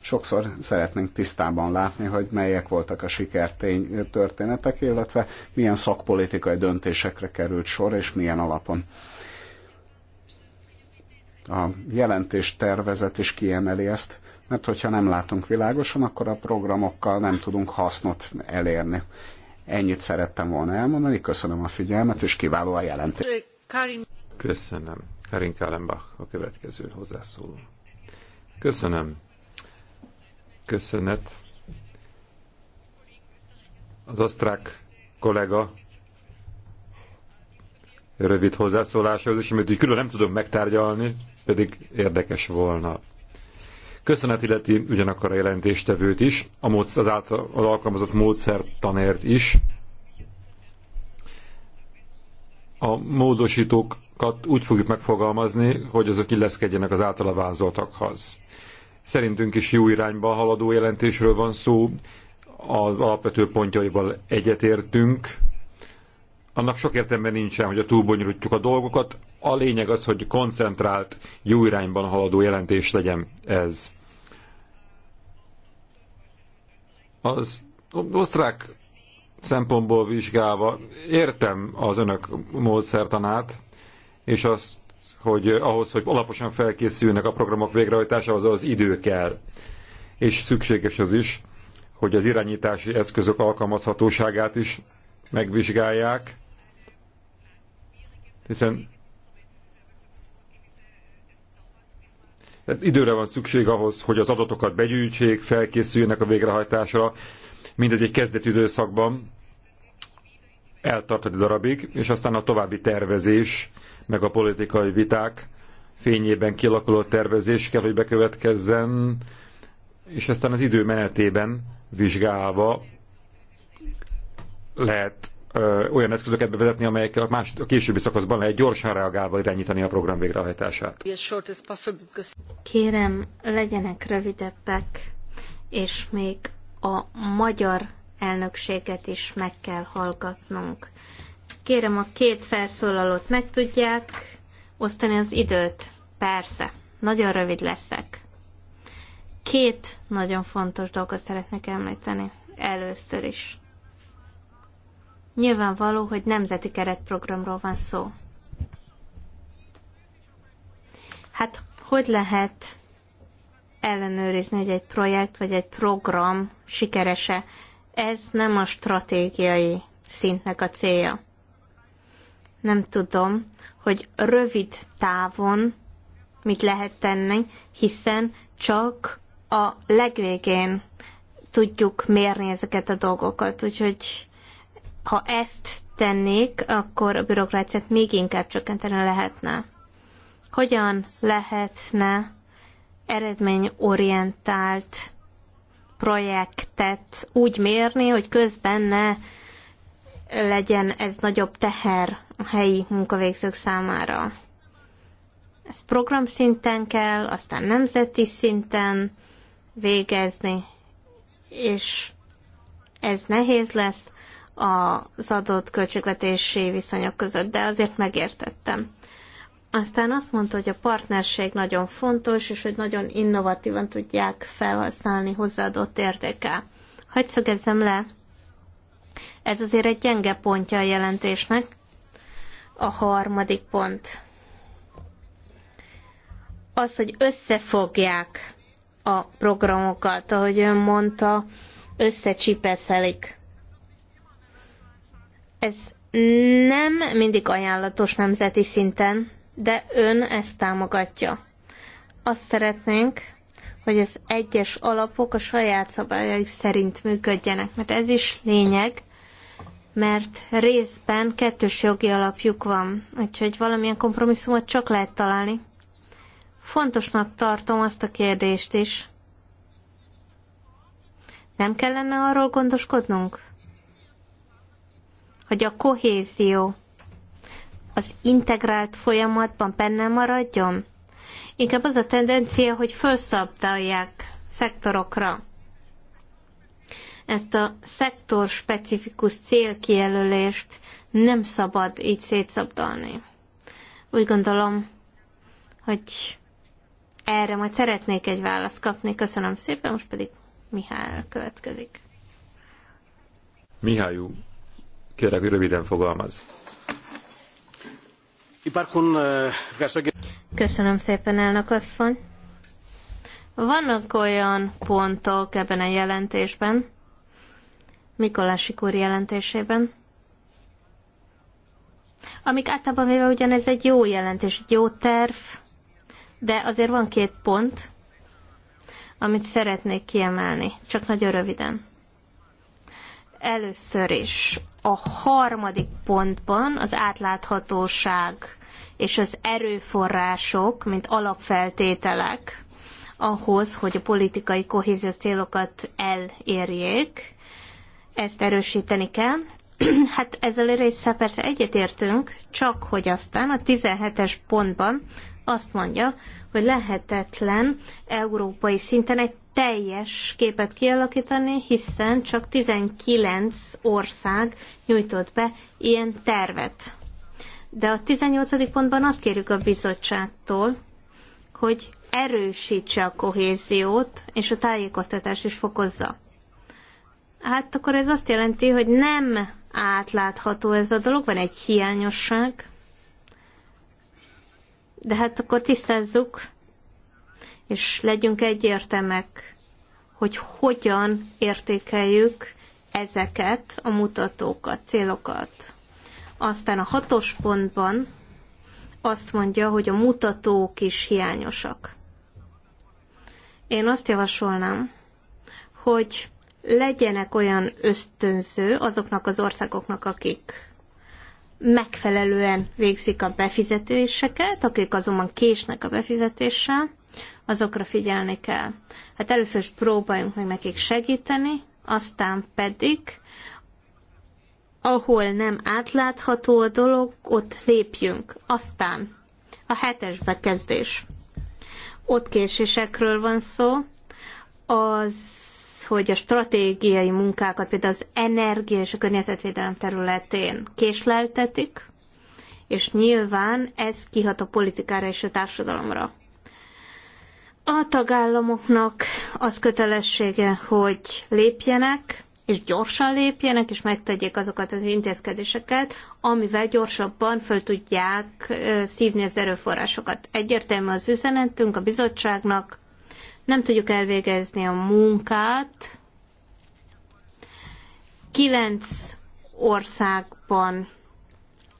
Sokszor szeretnénk tisztában látni, hogy melyek voltak a sikertény történetek, illetve milyen szakpolitikai döntésekre került sor, és milyen alapon. A jelentés tervezet is kiemeli ezt, mert hogyha nem látunk világosan, akkor a programokkal nem tudunk hasznot elérni. Ennyit szerettem volna elmondani, köszönöm a figyelmet, és kiváló a jelentés. Köszönöm. Karin Kallenbach a következő hozzászóló. Köszönöm. Köszönet. Az osztrák kollega rövid hozzászóláshoz, és amit külön nem tudom megtárgyalni, pedig érdekes volna. Köszönet illeti ugyanakkor a jelentéstevőt is, a módsz, az által alkalmazott módszertanért is. A módosítókat úgy fogjuk megfogalmazni, hogy azok illeszkedjenek az általa vázoltakhoz. Szerintünk is jó irányba haladó jelentésről van szó, az alapvető pontjaival egyetértünk, annak sok értelme nincsen, hogy a túlbonyolítjuk a dolgokat. A lényeg az, hogy koncentrált, jó irányban haladó jelentés legyen ez. Az osztrák szempontból vizsgálva értem az önök módszertanát, és azt, hogy ahhoz, hogy alaposan felkészülnek a programok végrehajtásához, az idő kell. És szükséges az is, hogy az irányítási eszközök alkalmazhatóságát is megvizsgálják, hiszen időre van szükség ahhoz, hogy az adatokat begyűjtsék, felkészüljenek a végrehajtásra, mindez egy kezdeti időszakban eltart egy darabig, és aztán a további tervezés, meg a politikai viták fényében kialakuló tervezés kell, hogy bekövetkezzen, és aztán az idő menetében vizsgálva lehet ö, olyan eszközöket bevezetni, amelyekkel a, más, a későbbi szakaszban lehet gyorsan reagálva irányítani a program végrehajtását. Kérem, legyenek rövidebbek, és még a magyar elnökséget is meg kell hallgatnunk. Kérem, a két felszólalót meg tudják osztani az időt. Persze, nagyon rövid leszek. Két nagyon fontos dolgot szeretnék említeni. Először is Nyilvánvaló, hogy nemzeti keretprogramról van szó. Hát hogy lehet ellenőrizni, hogy egy projekt vagy egy program sikerese? Ez nem a stratégiai szintnek a célja. Nem tudom, hogy rövid távon mit lehet tenni, hiszen csak a legvégén tudjuk mérni ezeket a dolgokat, úgyhogy ha ezt tennék, akkor a bürokráciát még inkább csökkenteni lehetne. Hogyan lehetne eredményorientált projektet úgy mérni, hogy közben ne legyen ez nagyobb teher a helyi munkavégzők számára. Ez program szinten kell, aztán nemzeti szinten végezni, és ez nehéz lesz, az adott költségvetési viszonyok között, de azért megértettem. Aztán azt mondta, hogy a partnerség nagyon fontos, és hogy nagyon innovatívan tudják felhasználni hozzáadott értéke. Hagy szögezzem le, ez azért egy gyenge pontja a jelentésnek. A harmadik pont. Az, hogy összefogják a programokat, ahogy ön mondta, összecsipeszelik. Ez nem mindig ajánlatos nemzeti szinten, de ön ezt támogatja. Azt szeretnénk, hogy az egyes alapok a saját szabályaik szerint működjenek, mert ez is lényeg, mert részben kettős jogi alapjuk van, úgyhogy valamilyen kompromisszumot csak lehet találni. Fontosnak tartom azt a kérdést is. Nem kellene arról gondoskodnunk? hogy a kohézió az integrált folyamatban benne maradjon? Inkább az a tendencia, hogy felszabdalják szektorokra ezt a szektor specifikus célkijelölést nem szabad így szétszabdalni. Úgy gondolom, hogy erre majd szeretnék egy választ kapni. Köszönöm szépen, most pedig Mihály következik. Mihály Kérlek, hogy röviden fogalmaz. Eh, Köszönöm szépen, elnök asszony. Vannak olyan pontok ebben a jelentésben, Mikolásik úr jelentésében, amik általában véve ugyanez egy jó jelentés, egy jó terv, de azért van két pont, amit szeretnék kiemelni, csak nagyon röviden. Először is a harmadik pontban az átláthatóság és az erőforrások, mint alapfeltételek ahhoz, hogy a politikai kohéziós célokat elérjék. Ezt erősíteni kell. [clears throat] hát ezzel a része persze egyetértünk, csak hogy aztán a 17-es pontban azt mondja, hogy lehetetlen európai szinten egy teljes képet kialakítani, hiszen csak 19 ország nyújtott be ilyen tervet. De a 18. pontban azt kérjük a bizottságtól, hogy erősítse a kohéziót, és a tájékoztatást is fokozza. Hát akkor ez azt jelenti, hogy nem átlátható ez a dolog, van egy hiányosság, de hát akkor tisztázzuk, és legyünk egyértelmek, hogy hogyan értékeljük ezeket a mutatókat, célokat. Aztán a hatos pontban azt mondja, hogy a mutatók is hiányosak. Én azt javasolnám, hogy legyenek olyan ösztönző azoknak az országoknak, akik megfelelően végzik a befizetéseket, akik azonban késnek a befizetéssel, azokra figyelni kell. Hát először is próbáljunk meg nekik segíteni, aztán pedig, ahol nem átlátható a dolog, ott lépjünk. Aztán a hetes bekezdés. Ott késésekről van szó, az hogy a stratégiai munkákat, például az energia és a környezetvédelem területén késleltetik, és nyilván ez kihat a politikára és a társadalomra. A tagállamoknak az kötelessége, hogy lépjenek, és gyorsan lépjenek, és megtegyék azokat az intézkedéseket, amivel gyorsabban föl tudják szívni az erőforrásokat. Egyértelmű az üzenetünk a bizottságnak, nem tudjuk elvégezni a munkát. Kilenc országban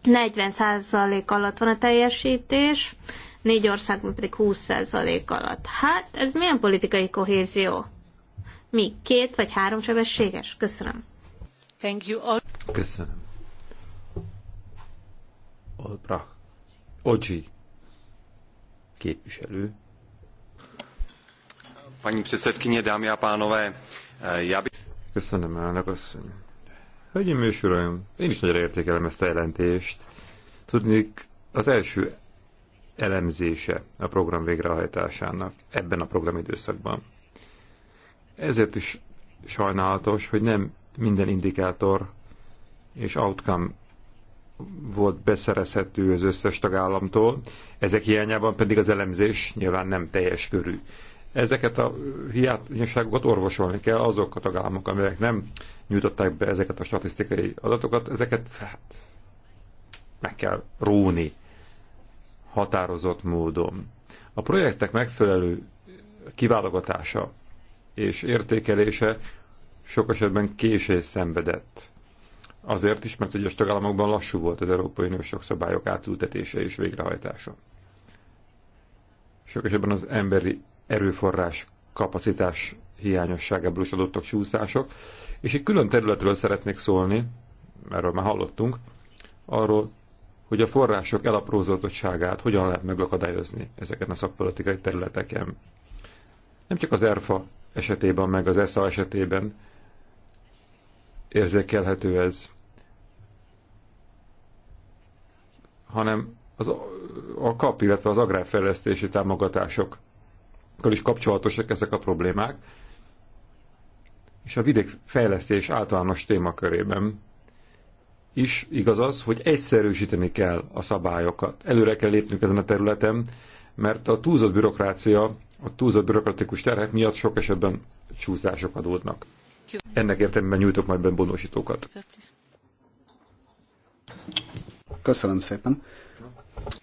40% alatt van a teljesítés, négy országban pedig 20% alatt. Hát ez milyen politikai kohézió? Mi? Két vagy három sebességes? Köszönöm. Thank you all. Köszönöm. Olbrach, Ocsi. Képviselő. Paní předsedkyně, dámy a pánové, eh, já bych... Köszönöm, elnök asszony. Hölgyeim és uraim, én is nagyra értékelem ezt a jelentést. Tudnék, az első elemzése a program végrehajtásának ebben a programidőszakban. Ezért is sajnálatos, hogy nem minden indikátor és outcome volt beszerezhető az összes tagállamtól, ezek hiányában pedig az elemzés nyilván nem teljes körű ezeket a hiányosságokat orvosolni kell azokat a tagállamok, amelyek nem nyújtották be ezeket a statisztikai adatokat, ezeket hát, meg kell róni határozott módon. A projektek megfelelő kiválogatása és értékelése sok esetben késés szenvedett. Azért is, mert egyes tagállamokban lassú volt az Európai Uniós szabályok átültetése és végrehajtása. Sok esetben az emberi erőforrás kapacitás ebből is adottak csúszások. És egy külön területről szeretnék szólni, erről már hallottunk, arról, hogy a források elaprózoltottságát hogyan lehet megakadályozni ezeken a szakpolitikai területeken. Nem csak az ERFA esetében, meg az ESZA esetében érzékelhető ez, hanem az, a KAP, illetve az agrárfejlesztési támogatások is kapcsolatosak ezek a problémák, és a vidékfejlesztés általános témakörében is igaz az, hogy egyszerűsíteni kell a szabályokat. Előre kell lépnünk ezen a területen, mert a túlzott bürokrácia, a túlzott bürokratikus terhek miatt sok esetben csúszások adódnak. Ennek értelemben nyújtok majd be bonosítókat. Köszönöm szépen.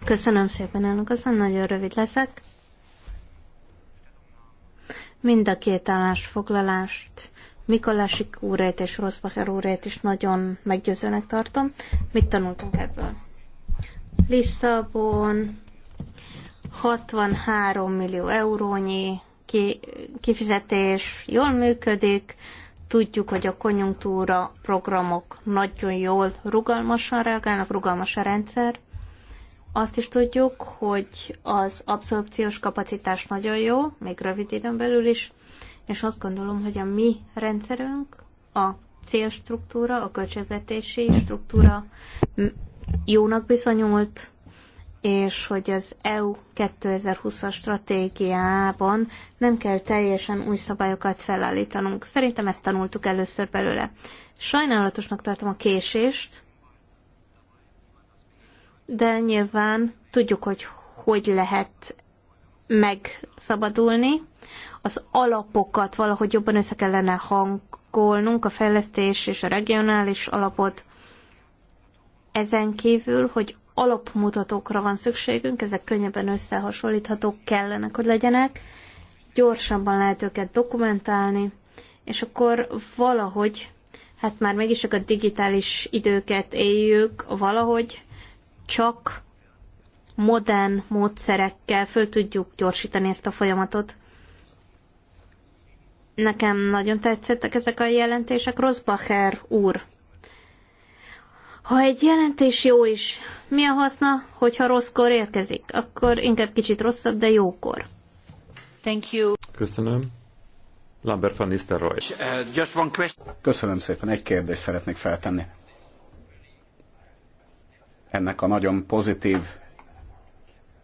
Köszönöm szépen, elnök asszony, nagyon rövid leszek mind a két állásfoglalást, mikolásik úrét és Rosbacher úrét is nagyon meggyőzőnek tartom. Mit tanultunk ebből? Lisszabon 63 millió eurónyi ki, kifizetés jól működik, tudjuk, hogy a konjunktúra programok nagyon jól rugalmasan reagálnak, rugalmas a rendszer, azt is tudjuk, hogy az abszorpciós kapacitás nagyon jó, még rövid időn belül is, és azt gondolom, hogy a mi rendszerünk, a célstruktúra, a költségvetési struktúra jónak bizonyult, és hogy az EU 2020-as stratégiában nem kell teljesen új szabályokat felállítanunk. Szerintem ezt tanultuk először belőle. Sajnálatosnak tartom a késést, de nyilván tudjuk, hogy hogy lehet megszabadulni. Az alapokat valahogy jobban össze kellene hangolnunk, a fejlesztés és a regionális alapot. Ezen kívül, hogy alapmutatókra van szükségünk, ezek könnyebben összehasonlíthatók kellenek, hogy legyenek, gyorsabban lehet őket dokumentálni, és akkor valahogy, hát már mégis csak a digitális időket éljük, valahogy csak modern módszerekkel föl tudjuk gyorsítani ezt a folyamatot. Nekem nagyon tetszettek ezek a jelentések. Rosbacher úr, ha egy jelentés jó is, mi a haszna, hogyha rosszkor érkezik? Akkor inkább kicsit rosszabb, de jókor. Thank you. Köszönöm. Lambert van Nistelrooy. Köszönöm szépen. Egy kérdést szeretnék feltenni ennek a nagyon pozitív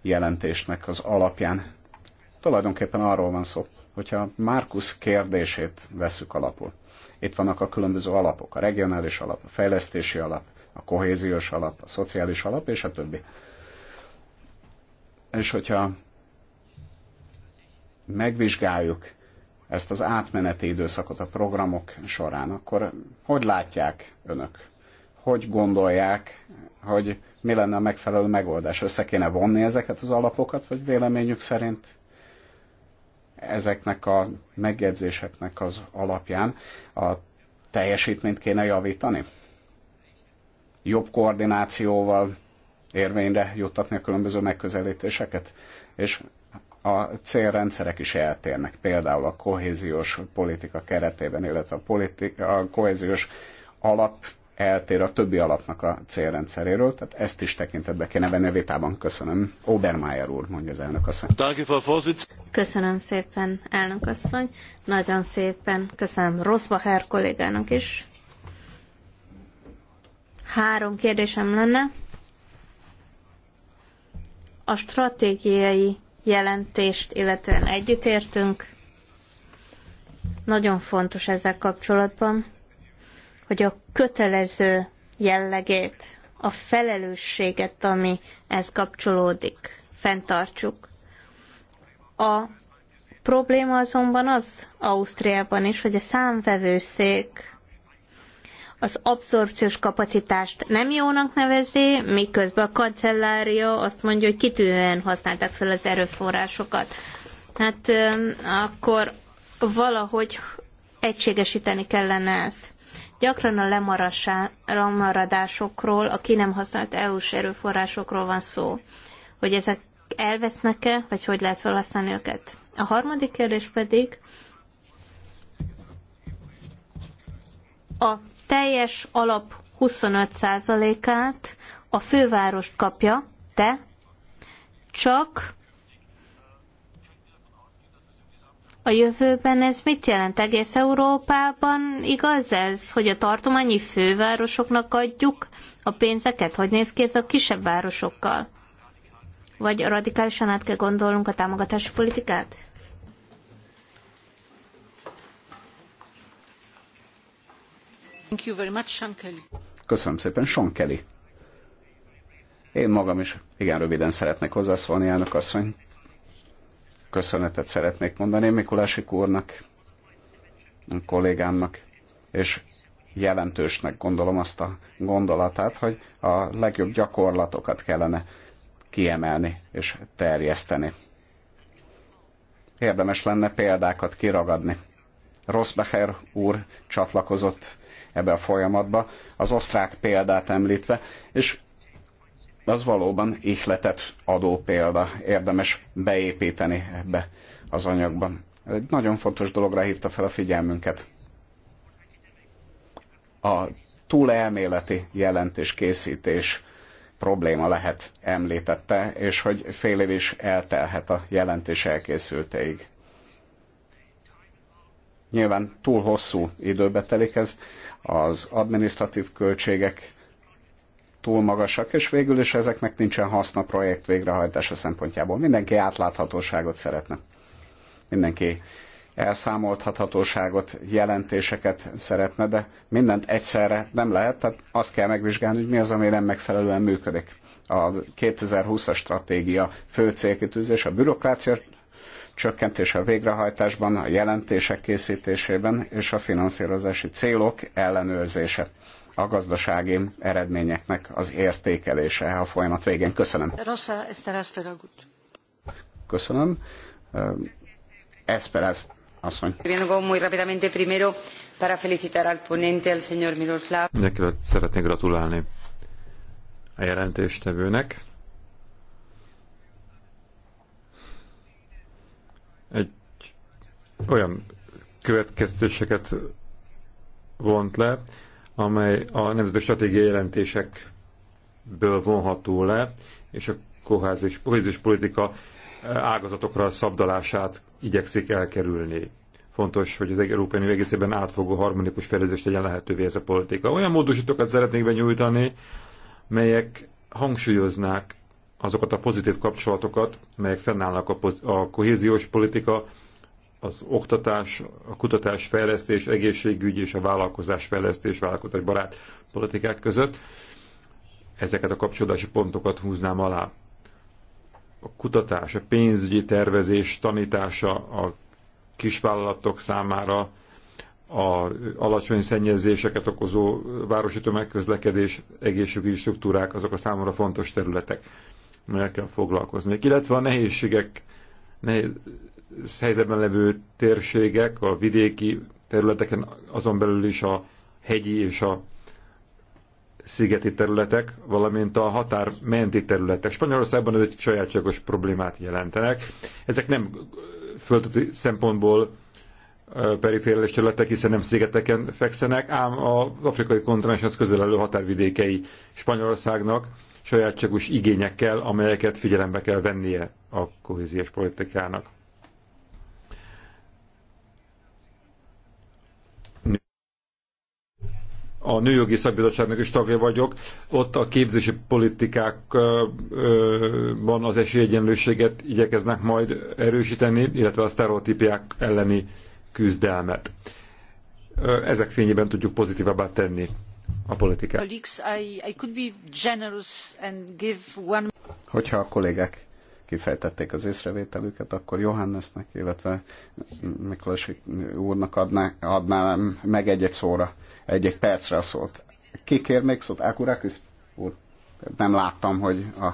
jelentésnek az alapján. Tulajdonképpen arról van szó, hogyha Márkusz kérdését veszük alapul. Itt vannak a különböző alapok, a regionális alap, a fejlesztési alap, a kohéziós alap, a szociális alap, és a többi. És hogyha megvizsgáljuk ezt az átmeneti időszakot a programok során, akkor hogy látják önök? Hogy gondolják hogy mi lenne a megfelelő megoldás. Össze kéne vonni ezeket az alapokat, vagy véleményük szerint ezeknek a megjegyzéseknek az alapján a teljesítményt kéne javítani? Jobb koordinációval érvényre juttatni a különböző megközelítéseket? És a célrendszerek is eltérnek, például a kohéziós politika keretében, illetve a, politi- a kohéziós alap eltér a többi alapnak a célrendszeréről, tehát ezt is tekintetbe kéne venni a vitában. Köszönöm. Obermeier úr, mondja az elnök asszony. Köszönöm szépen, elnök asszony. Nagyon szépen köszönöm Rosbacher kollégának is. Három kérdésem lenne. A stratégiai jelentést illetően együttértünk. Nagyon fontos ezzel kapcsolatban hogy a kötelező jellegét, a felelősséget, ami ez kapcsolódik, fenntartsuk. A probléma azonban az Ausztriában is, hogy a számvevőszék az abszorpciós kapacitást nem jónak nevezi, miközben a kancellária azt mondja, hogy kitűnően használták fel az erőforrásokat. Hát akkor valahogy egységesíteni kellene ezt. Gyakran a lemaradásokról, a ki nem használt EU-s erőforrásokról van szó, hogy ezek elvesznek-e, vagy hogy lehet felhasználni őket. A harmadik kérdés pedig a teljes alap 25%-át a fővárost kapja, de csak A jövőben ez mit jelent? Egész Európában igaz ez, hogy a tartományi fővárosoknak adjuk a pénzeket? Hogy néz ki ez a kisebb városokkal? Vagy radikálisan át kell gondolnunk a támogatási politikát? Thank you very much, Sean Kelly. Köszönöm szépen, Sean Kelly. Én magam is igen röviden szeretnék hozzászólni, elnök asszony köszönetet szeretnék mondani Mikulási úrnak, a kollégámnak, és jelentősnek gondolom azt a gondolatát, hogy a legjobb gyakorlatokat kellene kiemelni és terjeszteni. Érdemes lenne példákat kiragadni. Rosbecher úr csatlakozott ebbe a folyamatba, az osztrák példát említve, és az valóban ihletet adó példa, érdemes beépíteni ebbe az anyagban. Ez egy nagyon fontos dologra hívta fel a figyelmünket. A túlelméleti jelentés készítés probléma lehet, említette, és hogy fél év is eltelhet a jelentés elkészültéig. Nyilván túl hosszú időbe telik ez, az administratív költségek túl magasak, és végül is ezeknek nincsen haszna projekt végrehajtása szempontjából. Mindenki átláthatóságot szeretne. Mindenki elszámolthatóságot, jelentéseket szeretne, de mindent egyszerre nem lehet, tehát azt kell megvizsgálni, hogy mi az, ami nem megfelelően működik. A 2020-as stratégia fő célkitűzés a bürokrácia csökkentése a végrehajtásban, a jelentések készítésében és a finanszírozási célok ellenőrzése a gazdasági eredményeknek az értékelése a folyamat végén. Köszönöm. Rosa Esteras Feragut. Köszönöm. Esperas asszony. Muy rápidamente primero para felicitar al ponente, al señor Mindenkiről szeretnék gratulálni a jelentéstevőnek. Egy olyan következtéseket vont le, amely a nemzeti stratégiai jelentésekből vonható le, és a kohéziós, politika e, ágazatokra a szabdalását igyekszik elkerülni. Fontos, hogy az Európai Unió egészében átfogó harmonikus fejlődést legyen lehetővé ez a politika. Olyan módosítókat szeretnék benyújtani, melyek hangsúlyoznák azokat a pozitív kapcsolatokat, melyek fennállnak a, a kohéziós politika az oktatás, a kutatás, fejlesztés, egészségügy és a vállalkozás fejlesztés, vállalkozás barát politikák között. Ezeket a kapcsolódási pontokat húznám alá. A kutatás, a pénzügyi tervezés tanítása a kisvállalatok számára, a alacsony szennyezéseket okozó városi tömegközlekedés, egészségügyi struktúrák, azok a számomra fontos területek, melyekkel foglalkozni. Illetve a nehézségek, nehéz, helyzetben levő térségek, a vidéki területeken, azon belül is a hegyi és a szigeti területek, valamint a határ menti területek. Spanyolországban ez egy sajátságos problémát jelentenek. Ezek nem földi szempontból perifériális területek, hiszen nem szigeteken fekszenek, ám az afrikai kontinenshez közel elő határvidékei Spanyolországnak sajátságos igényekkel, amelyeket figyelembe kell vennie a kohéziós politikának. a Nőjogi Szakbizottságnak is tagja vagyok, ott a képzési politikákban az esélyegyenlőséget igyekeznek majd erősíteni, illetve a sztereotípiák elleni küzdelmet. Ezek fényében tudjuk pozitívabbá tenni a politikát. Hogyha a kollégák kifejtették az észrevételüket, akkor Johannesnek, illetve Miklós úrnak adná, adnám meg egy-egy szóra egy-egy percre a szót. Ki kér még szót? Ákurákis úr? Nem láttam, hogy a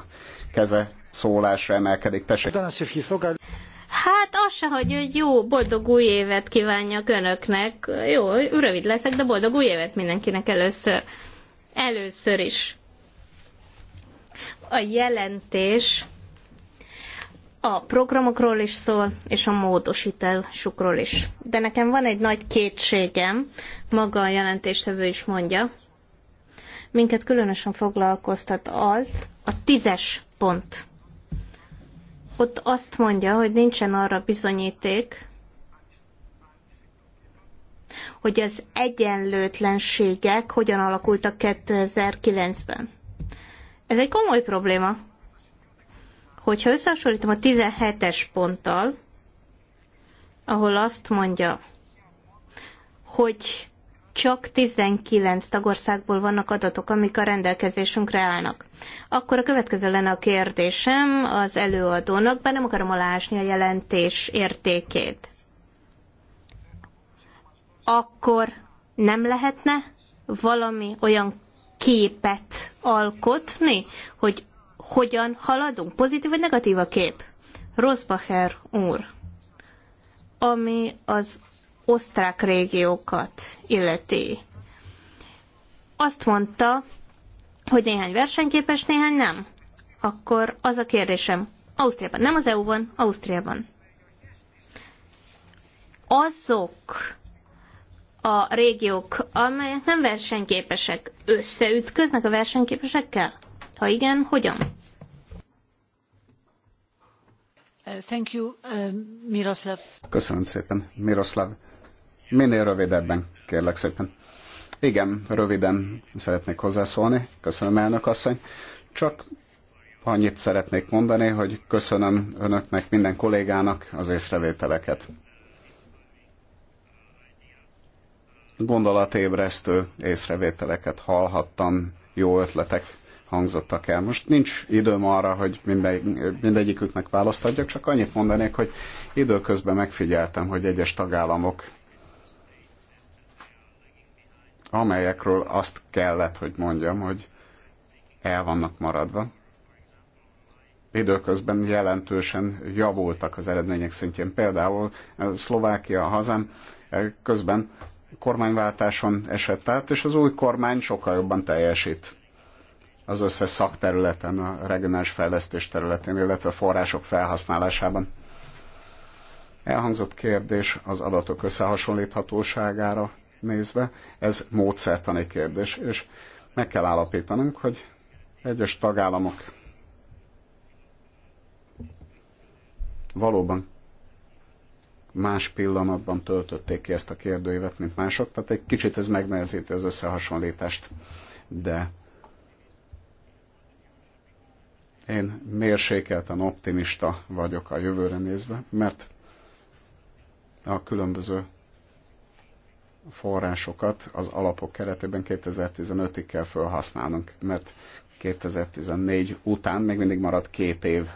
keze szólásra emelkedik. Tessék. Hát az se, hogy jó, boldog új évet kívánjak önöknek. Jó, rövid leszek, de boldog új évet mindenkinek először. Először is. A jelentés a programokról is szól, és a módosításukról is. De nekem van egy nagy kétségem, maga a jelentéstevő is mondja, minket különösen foglalkoztat az a tízes pont. Ott azt mondja, hogy nincsen arra bizonyíték, hogy az egyenlőtlenségek hogyan alakultak 2009-ben. Ez egy komoly probléma Hogyha összehasonlítom a 17-es ponttal, ahol azt mondja, hogy csak 19 tagországból vannak adatok, amik a rendelkezésünkre állnak. Akkor a következő lenne a kérdésem az előadónak, bár nem akarom alásni a jelentés értékét. Akkor nem lehetne valami olyan képet alkotni, hogy hogyan haladunk, pozitív vagy negatív a kép. Rosbacher úr, ami az osztrák régiókat illeti. Azt mondta, hogy néhány versenyképes, néhány nem. Akkor az a kérdésem, Ausztriában, nem az EU-ban, Ausztriában. Azok a régiók, amelyek nem versenyképesek, összeütköznek a versenyképesekkel? Ha igen, hogyan? Uh, thank you, uh, Miroslav. Köszönöm szépen, Miroslav. Minél rövidebben, kérlek szépen. Igen, röviden szeretnék hozzászólni. Köszönöm, elnök asszony. Csak annyit szeretnék mondani, hogy köszönöm önöknek, minden kollégának az észrevételeket. Gondolatébresztő észrevételeket hallhattam, jó ötletek hangzottak el. Most nincs időm arra, hogy mindegy, mindegyiküknek választ adjak, csak annyit mondanék, hogy időközben megfigyeltem, hogy egyes tagállamok, amelyekről azt kellett, hogy mondjam, hogy el vannak maradva, időközben jelentősen javultak az eredmények szintjén. Például Szlovákia, a hazám, közben kormányváltáson esett át, és az új kormány sokkal jobban teljesít az összes szakterületen, a regionális fejlesztés területén, illetve a források felhasználásában. Elhangzott kérdés az adatok összehasonlíthatóságára nézve, ez módszertani kérdés, és meg kell állapítanunk, hogy egyes tagállamok valóban más pillanatban töltötték ki ezt a kérdőívet, mint mások, tehát egy kicsit ez megnehezíti az összehasonlítást, de én mérsékelten optimista vagyok a jövőre nézve, mert a különböző forrásokat az alapok keretében 2015-ig kell felhasználnunk, mert 2014 után még mindig marad két év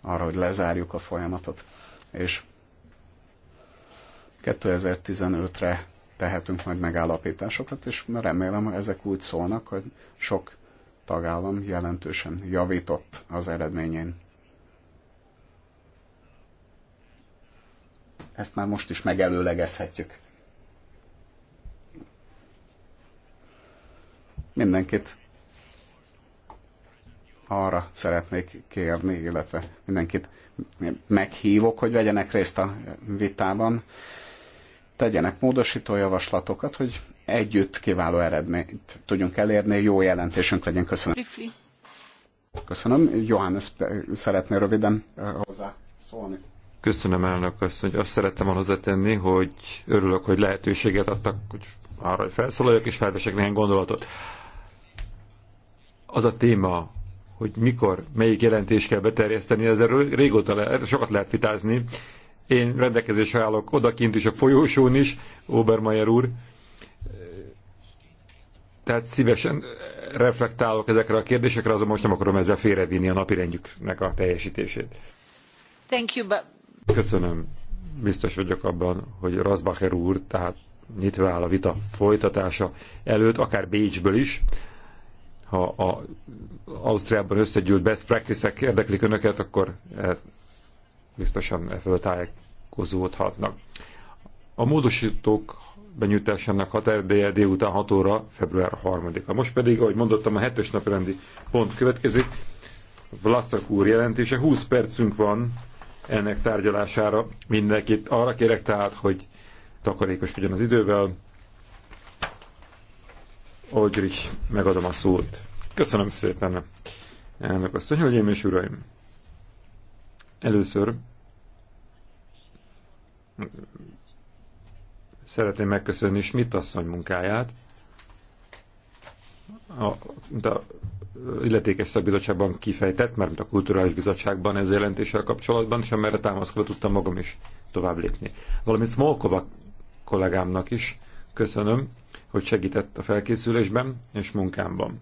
arra, hogy lezárjuk a folyamatot, és 2015-re tehetünk majd megállapításokat, és remélem, hogy ezek úgy szólnak, hogy sok tagállam jelentősen javított az eredményén. Ezt már most is megelőlegezhetjük. Mindenkit arra szeretnék kérni, illetve mindenkit meghívok, hogy vegyenek részt a vitában, tegyenek módosító javaslatokat, hogy együtt kiváló eredményt tudjunk elérni, jó jelentésünk legyen. Köszönöm. Köszönöm. Johannes eh, szeretné röviden eh, hozzá szólni. Köszönöm elnök hogy Azt szerettem volna hozzátenni, hogy örülök, hogy lehetőséget adtak hogy arra, hogy felszólaljak és felvesek néhány gondolatot. Az a téma, hogy mikor, melyik jelentést kell beterjeszteni, ezzel régóta le, sokat lehet vitázni. Én rendelkezésre állok odakint is, a folyósón is, Obermeyer úr, tehát szívesen reflektálok ezekre a kérdésekre, azon most nem akarom ezzel félrevinni a napirendjüknek a teljesítését. Thank you, but... Köszönöm. Biztos vagyok abban, hogy Razbacher úr, tehát nyitva áll a vita folytatása előtt, akár Bécsből is, ha a Ausztriában összegyűlt best practice-ek érdeklik önöket, akkor biztosan ebből tájékozódhatnak. A módosítók benyújtásának határideje délután 6 óra, február 3-a. Most pedig, ahogy mondottam, a hetes naprendi pont következik. Vlaszak úr jelentése. 20 percünk van ennek tárgyalására. Mindenkit arra kérek tehát, hogy takarékoskodjon az idővel. Oldrich, megadom a szót. Köszönöm szépen, elnök asszony, hölgyeim és uraim. Először Szeretném megköszönni Schmidt asszony munkáját. A, de illetékes szakbizottságban kifejtett, mert a kulturális bizottságban ez jelentéssel kapcsolatban, és amerre támaszkodva tudtam magam is tovább lépni. Valamint Smolkova kollégámnak is köszönöm, hogy segített a felkészülésben és munkámban,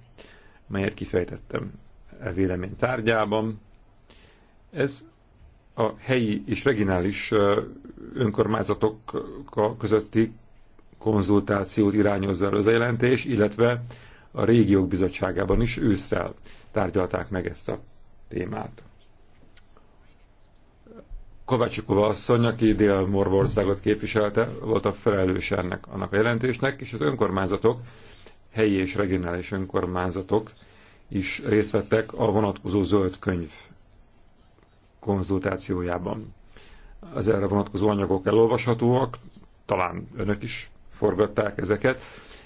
melyet kifejtettem e vélemény tárgyában. Ez a helyi és regionális önkormányzatok közötti konzultációt irányozza az a jelentés, illetve a régiók bizottságában is ősszel tárgyalták meg ezt a témát. Kovácsikova asszony, aki Dél-Morvországot képviselte, volt a felelős ennek annak a jelentésnek, és az önkormányzatok, helyi és regionális önkormányzatok is részt vettek a vonatkozó zöld könyv konzultációjában. Az erre vonatkozó anyagok elolvashatóak, talán önök is forgatták ezeket.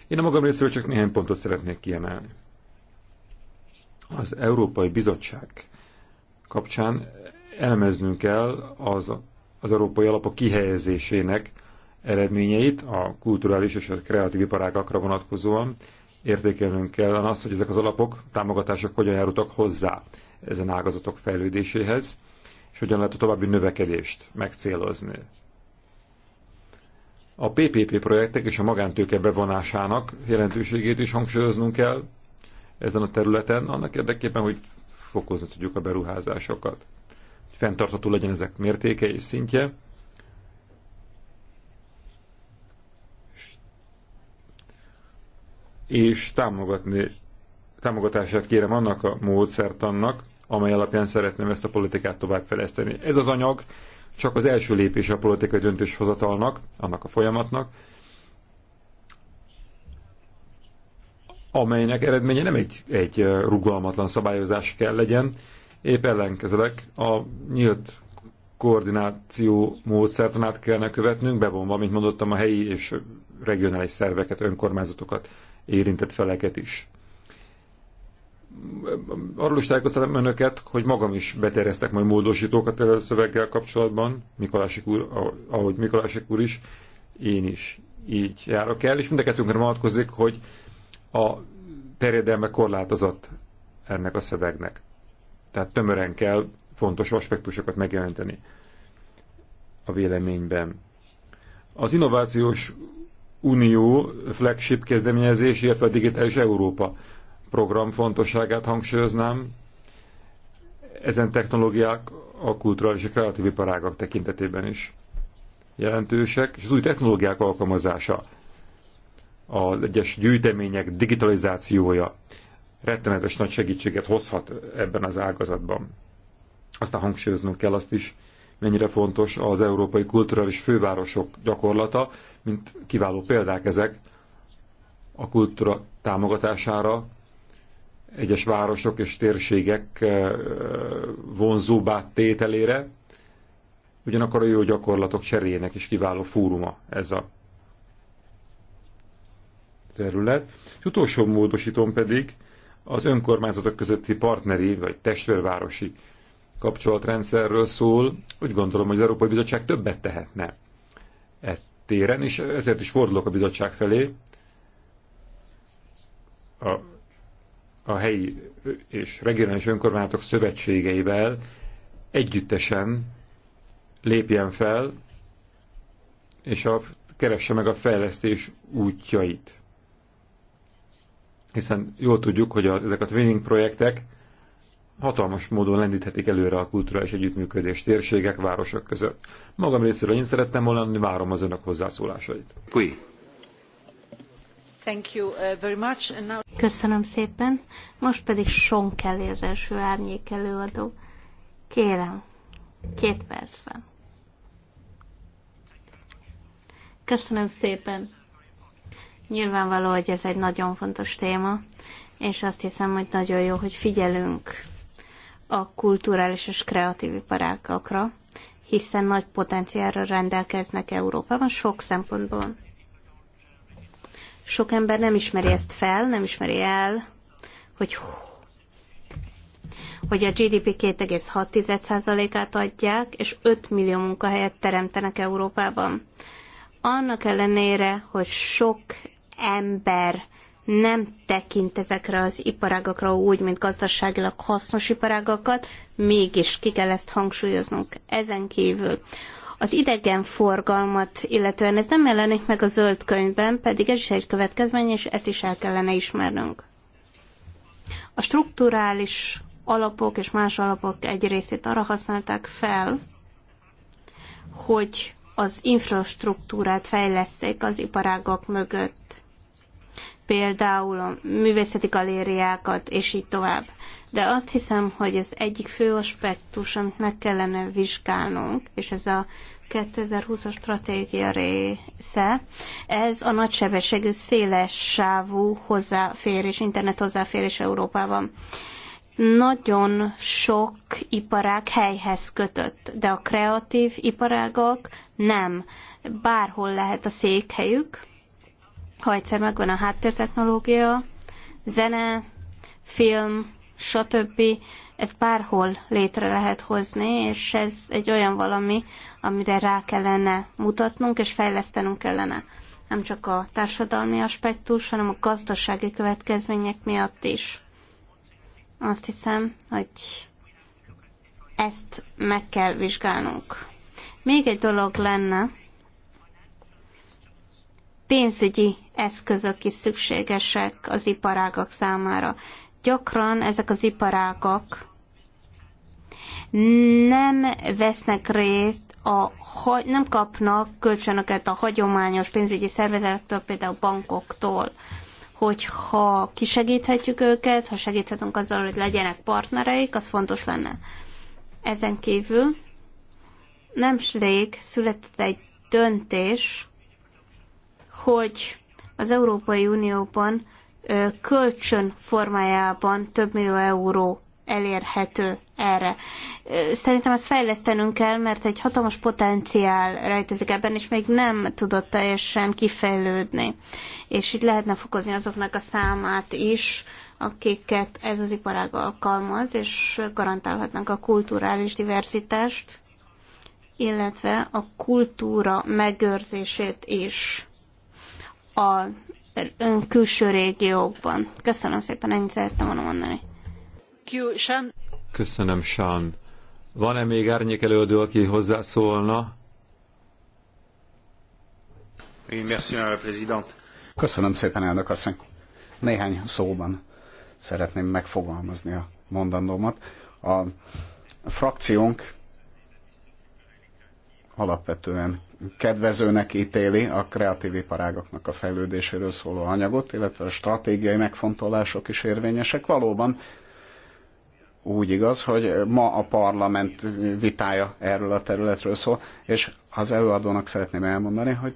Én a magam részéről csak néhány pontot szeretnék kiemelni. Az Európai Bizottság kapcsán elemeznünk kell az, az európai alapok kihelyezésének eredményeit a kulturális és a kreatív iparágakra vonatkozóan. Értékelnünk kell azt, hogy ezek az alapok, támogatások hogyan járultak hozzá ezen ágazatok fejlődéséhez és hogyan lehet a további növekedést megcélozni. A PPP projektek és a magántőke bevonásának jelentőségét is hangsúlyoznunk kell ezen a területen, annak érdekében, hogy fokozni tudjuk a beruházásokat. Hogy fenntartható legyen ezek mértéke és szintje. És támogatni, támogatását kérem annak a módszert annak, amely alapján szeretném ezt a politikát továbbfejleszteni. Ez az anyag csak az első lépés a politikai döntéshozatalnak, annak a folyamatnak, amelynek eredménye nem egy, egy rugalmatlan szabályozás kell legyen, épp ellenkezőleg a nyílt koordináció módszertanát kellene követnünk, bevonva, mint mondottam, a helyi és regionális szerveket, önkormányzatokat, érintett feleket is arról is tájékoztatom önöket, hogy magam is beterjesztek majd módosítókat a szöveggel kapcsolatban, Mikolásik úr, ahogy Mikolásik úr is, én is így járok el, és mind a kettőnkre vonatkozik, hogy a terjedelme korlátozott ennek a szövegnek. Tehát tömören kell fontos aspektusokat megjelenteni a véleményben. Az Innovációs Unió flagship kezdeményezés, illetve a Digitális Európa program fontosságát hangsúlyoznám. Ezen technológiák a kulturális és kreatív iparágak tekintetében is jelentősek, és az új technológiák alkalmazása, az egyes gyűjtemények digitalizációja rettenetes nagy segítséget hozhat ebben az ágazatban. Aztán hangsúlyoznunk kell azt is, mennyire fontos az európai kulturális fővárosok gyakorlata, mint kiváló példák ezek a kultúra támogatására, egyes városok és térségek eh, vonzóbbá tételére, ugyanakkor a jó gyakorlatok cseréjének is kiváló fóruma ez a terület. És utolsó módosítom pedig az önkormányzatok közötti partneri vagy testvérvárosi kapcsolatrendszerről szól. Úgy gondolom, hogy az Európai Bizottság többet tehetne e téren, és ezért is fordulok a bizottság felé. A a helyi és regionális önkormányzatok szövetségeivel együttesen lépjen fel, és a, keresse meg a fejlesztés útjait. Hiszen jól tudjuk, hogy a, ezek a twinning projektek hatalmas módon lendíthetik előre a kulturális együttműködés térségek, városok között. Magam részéről én szerettem volna, várom az önök hozzászólásait. Kui. Uh, Köszönöm szépen. Most pedig Son Kelly az első árnyék előadó. Kérem, két percben. Köszönöm szépen. Nyilvánvaló, hogy ez egy nagyon fontos téma, és azt hiszem, hogy nagyon jó, hogy figyelünk a kulturális és kreatív iparágakra, hiszen nagy potenciálra rendelkeznek Európában sok szempontból. Sok ember nem ismeri ezt fel, nem ismeri el, hogy hogy a GDP 2,6%-át adják, és 5 millió munkahelyet teremtenek Európában. Annak ellenére, hogy sok ember nem tekint ezekre az iparágakra úgy, mint gazdaságilag hasznos iparágakat, mégis ki kell ezt hangsúlyoznunk. Ezen kívül az idegenforgalmat, illetően ez nem jelenik meg a zöld könyvben, pedig ez is egy következmény, és ezt is el kellene ismernünk. A strukturális alapok és más alapok egy részét arra használták fel, hogy az infrastruktúrát fejleszték az iparágak mögött például a művészeti galériákat, és így tovább. De azt hiszem, hogy ez egyik fő aspektus, amit meg kellene vizsgálnunk, és ez a 2020-as stratégia része, ez a nagysebességű, széles sávú hozzáférés, internet hozzáférés Európában. Nagyon sok iparág helyhez kötött, de a kreatív iparágak nem. Bárhol lehet a székhelyük, ha egyszer megvan a háttértechnológia, zene, film, stb. Ezt bárhol létre lehet hozni, és ez egy olyan valami, amire rá kellene mutatnunk, és fejlesztenünk kellene. Nem csak a társadalmi aspektus, hanem a gazdasági következmények miatt is. Azt hiszem, hogy ezt meg kell vizsgálnunk. Még egy dolog lenne, pénzügyi eszközök is szükségesek az iparágak számára. Gyakran ezek az iparágak nem vesznek részt, a, nem kapnak kölcsönöket a hagyományos pénzügyi szervezetektől, például bankoktól hogyha kisegíthetjük őket, ha segíthetünk azzal, hogy legyenek partnereik, az fontos lenne. Ezen kívül nem rég született egy döntés hogy az Európai Unióban kölcsön formájában több millió euró elérhető erre. Szerintem ezt fejlesztenünk kell, mert egy hatalmas potenciál rejtőzik ebben, és még nem tudott teljesen kifejlődni. És itt lehetne fokozni azoknak a számát is, akiket ez az iparág alkalmaz, és garantálhatnak a kulturális diverzitást, illetve a kultúra megőrzését is a külső régiókban. Köszönöm szépen, ennyit szerettem volna mondani. Köszönöm, Sean. Van-e még árnyék előadó, aki hozzászólna? Köszönöm szépen, elnök asszony. Néhány szóban szeretném megfogalmazni a mondandómat. A frakciónk alapvetően kedvezőnek ítéli a kreatív iparágoknak a fejlődéséről szóló anyagot, illetve a stratégiai megfontolások is érvényesek. Valóban úgy igaz, hogy ma a parlament vitája erről a területről szól, és az előadónak szeretném elmondani, hogy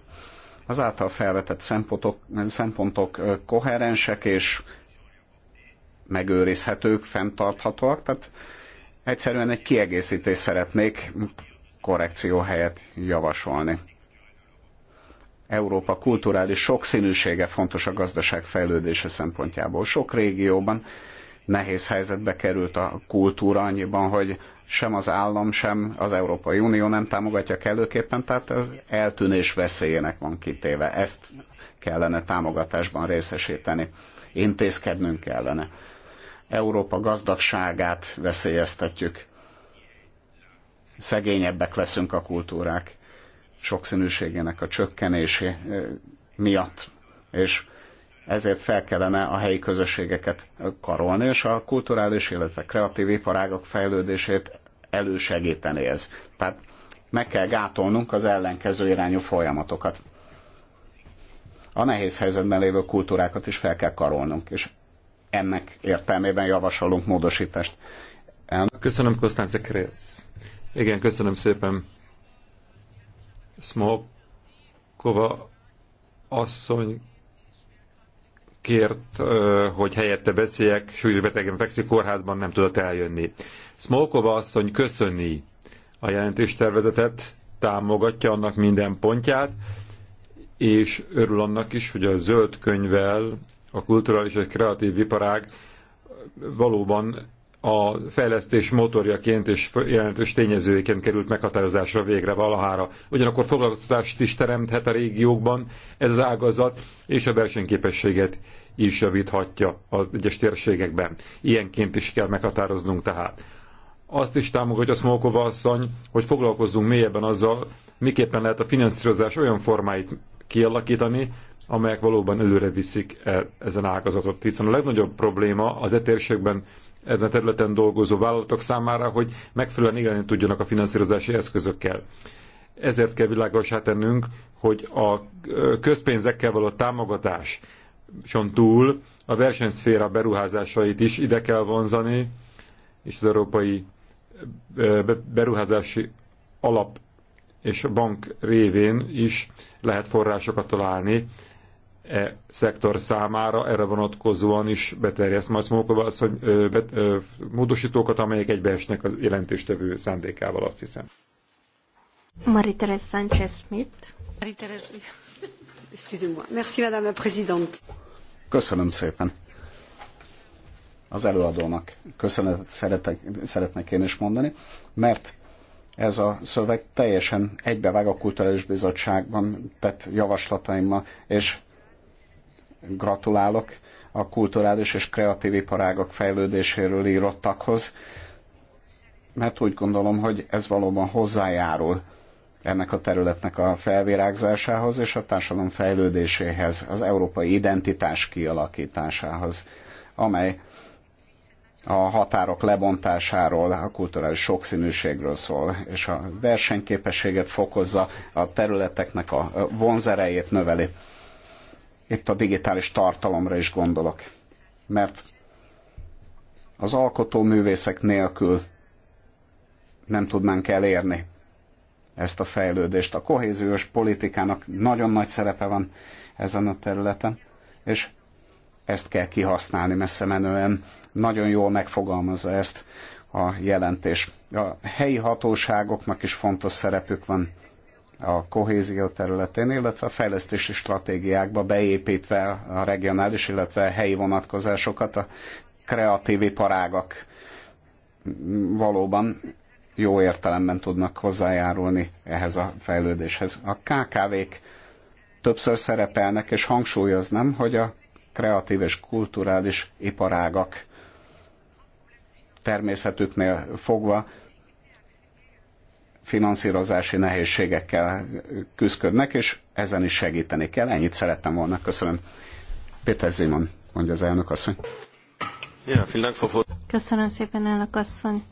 az által felvetett szempontok, szempontok koherensek és megőrizhetők, fenntarthatóak, tehát egyszerűen egy kiegészítést szeretnék korrekció helyett javasolni. Európa kulturális sokszínűsége fontos a gazdaság fejlődése szempontjából. Sok régióban nehéz helyzetbe került a kultúra annyiban, hogy sem az állam, sem az Európai Unió nem támogatja kellőképpen, tehát az eltűnés veszélyének van kitéve. Ezt kellene támogatásban részesíteni, intézkednünk kellene. Európa gazdagságát veszélyeztetjük szegényebbek leszünk a kultúrák sokszínűségének a csökkenési miatt. És ezért fel kellene a helyi közösségeket karolni, és a kulturális, illetve kreatív iparágok fejlődését elősegíteni ez. Tehát meg kell gátolnunk az ellenkező irányú folyamatokat. A nehéz helyzetben lévő kultúrákat is fel kell karolnunk, és ennek értelmében javasolunk módosítást. Köszönöm, Kostánce Krész. Igen, köszönöm szépen. Smokova asszony kért, hogy helyette beszéljek, súlyos betegen fekszik kórházban, nem tudott eljönni. Smokova asszony köszöni a jelentéstervezetet, támogatja annak minden pontját, és örül annak is, hogy a zöld könyvvel a kulturális és kreatív iparág valóban a fejlesztés motorjaként és jelentős tényezőiként került meghatározásra végre valahára. Ugyanakkor foglalkoztatást is teremthet a régiókban ez az ágazat, és a versenyképességet is javíthatja az egyes térségekben. Ilyenként is kell meghatároznunk tehát. Azt is támogatja Smolkova asszony, hogy foglalkozzunk mélyebben azzal, miképpen lehet a finanszírozás olyan formáit kialakítani, amelyek valóban előre viszik e- ezen ágazatot. Hiszen a legnagyobb probléma az etérségben ezen a területen dolgozó vállalatok számára, hogy megfelelően igazán tudjanak a finanszírozási eszközökkel. Ezért kell világosá tennünk, hogy a közpénzekkel való támogatáson túl a versenyszféra beruházásait is ide kell vonzani, és az európai beruházási alap és a bank révén is lehet forrásokat találni e szektor számára erre vonatkozóan is beterjeszt majd Smolkova az, hogy ö, bet, ö, módosítókat, amelyek egybeesnek az jelentéstevő szándékával, azt hiszem. Marie-Thérèse Sánchez-Smith. Marie-Thérèse, excusez-moi. Merci, madame la présidente. Köszönöm szépen. Az előadónak köszönetet szeretek, szeretnek én is mondani, mert ez a szöveg teljesen egybevág a Kulturális Bizottságban tett javaslataimmal, és gratulálok a kulturális és kreatív iparágak fejlődéséről írottakhoz, mert úgy gondolom, hogy ez valóban hozzájárul ennek a területnek a felvirágzásához és a társadalom fejlődéséhez, az európai identitás kialakításához, amely a határok lebontásáról, a kulturális sokszínűségről szól, és a versenyképességet fokozza, a területeknek a vonzerejét növeli. Itt a digitális tartalomra is gondolok. Mert az alkotó művészek nélkül nem tudnánk elérni ezt a fejlődést. A kohéziós politikának nagyon nagy szerepe van ezen a területen, és ezt kell kihasználni messze menően. Nagyon jól megfogalmazza ezt a jelentés. A helyi hatóságoknak is fontos szerepük van a kohézió területén, illetve a fejlesztési stratégiákba beépítve a regionális, illetve a helyi vonatkozásokat a kreatív iparágak valóban jó értelemben tudnak hozzájárulni ehhez a fejlődéshez. A KKV-k többször szerepelnek, és hangsúlyoznám, hogy a kreatív és kulturális iparágak természetüknél fogva finanszírozási nehézségekkel küzdködnek, és ezen is segíteni kell. Ennyit szerettem volna. Köszönöm. Péter Zimon, mondja az elnök asszony. Köszönöm szépen, elnök asszony.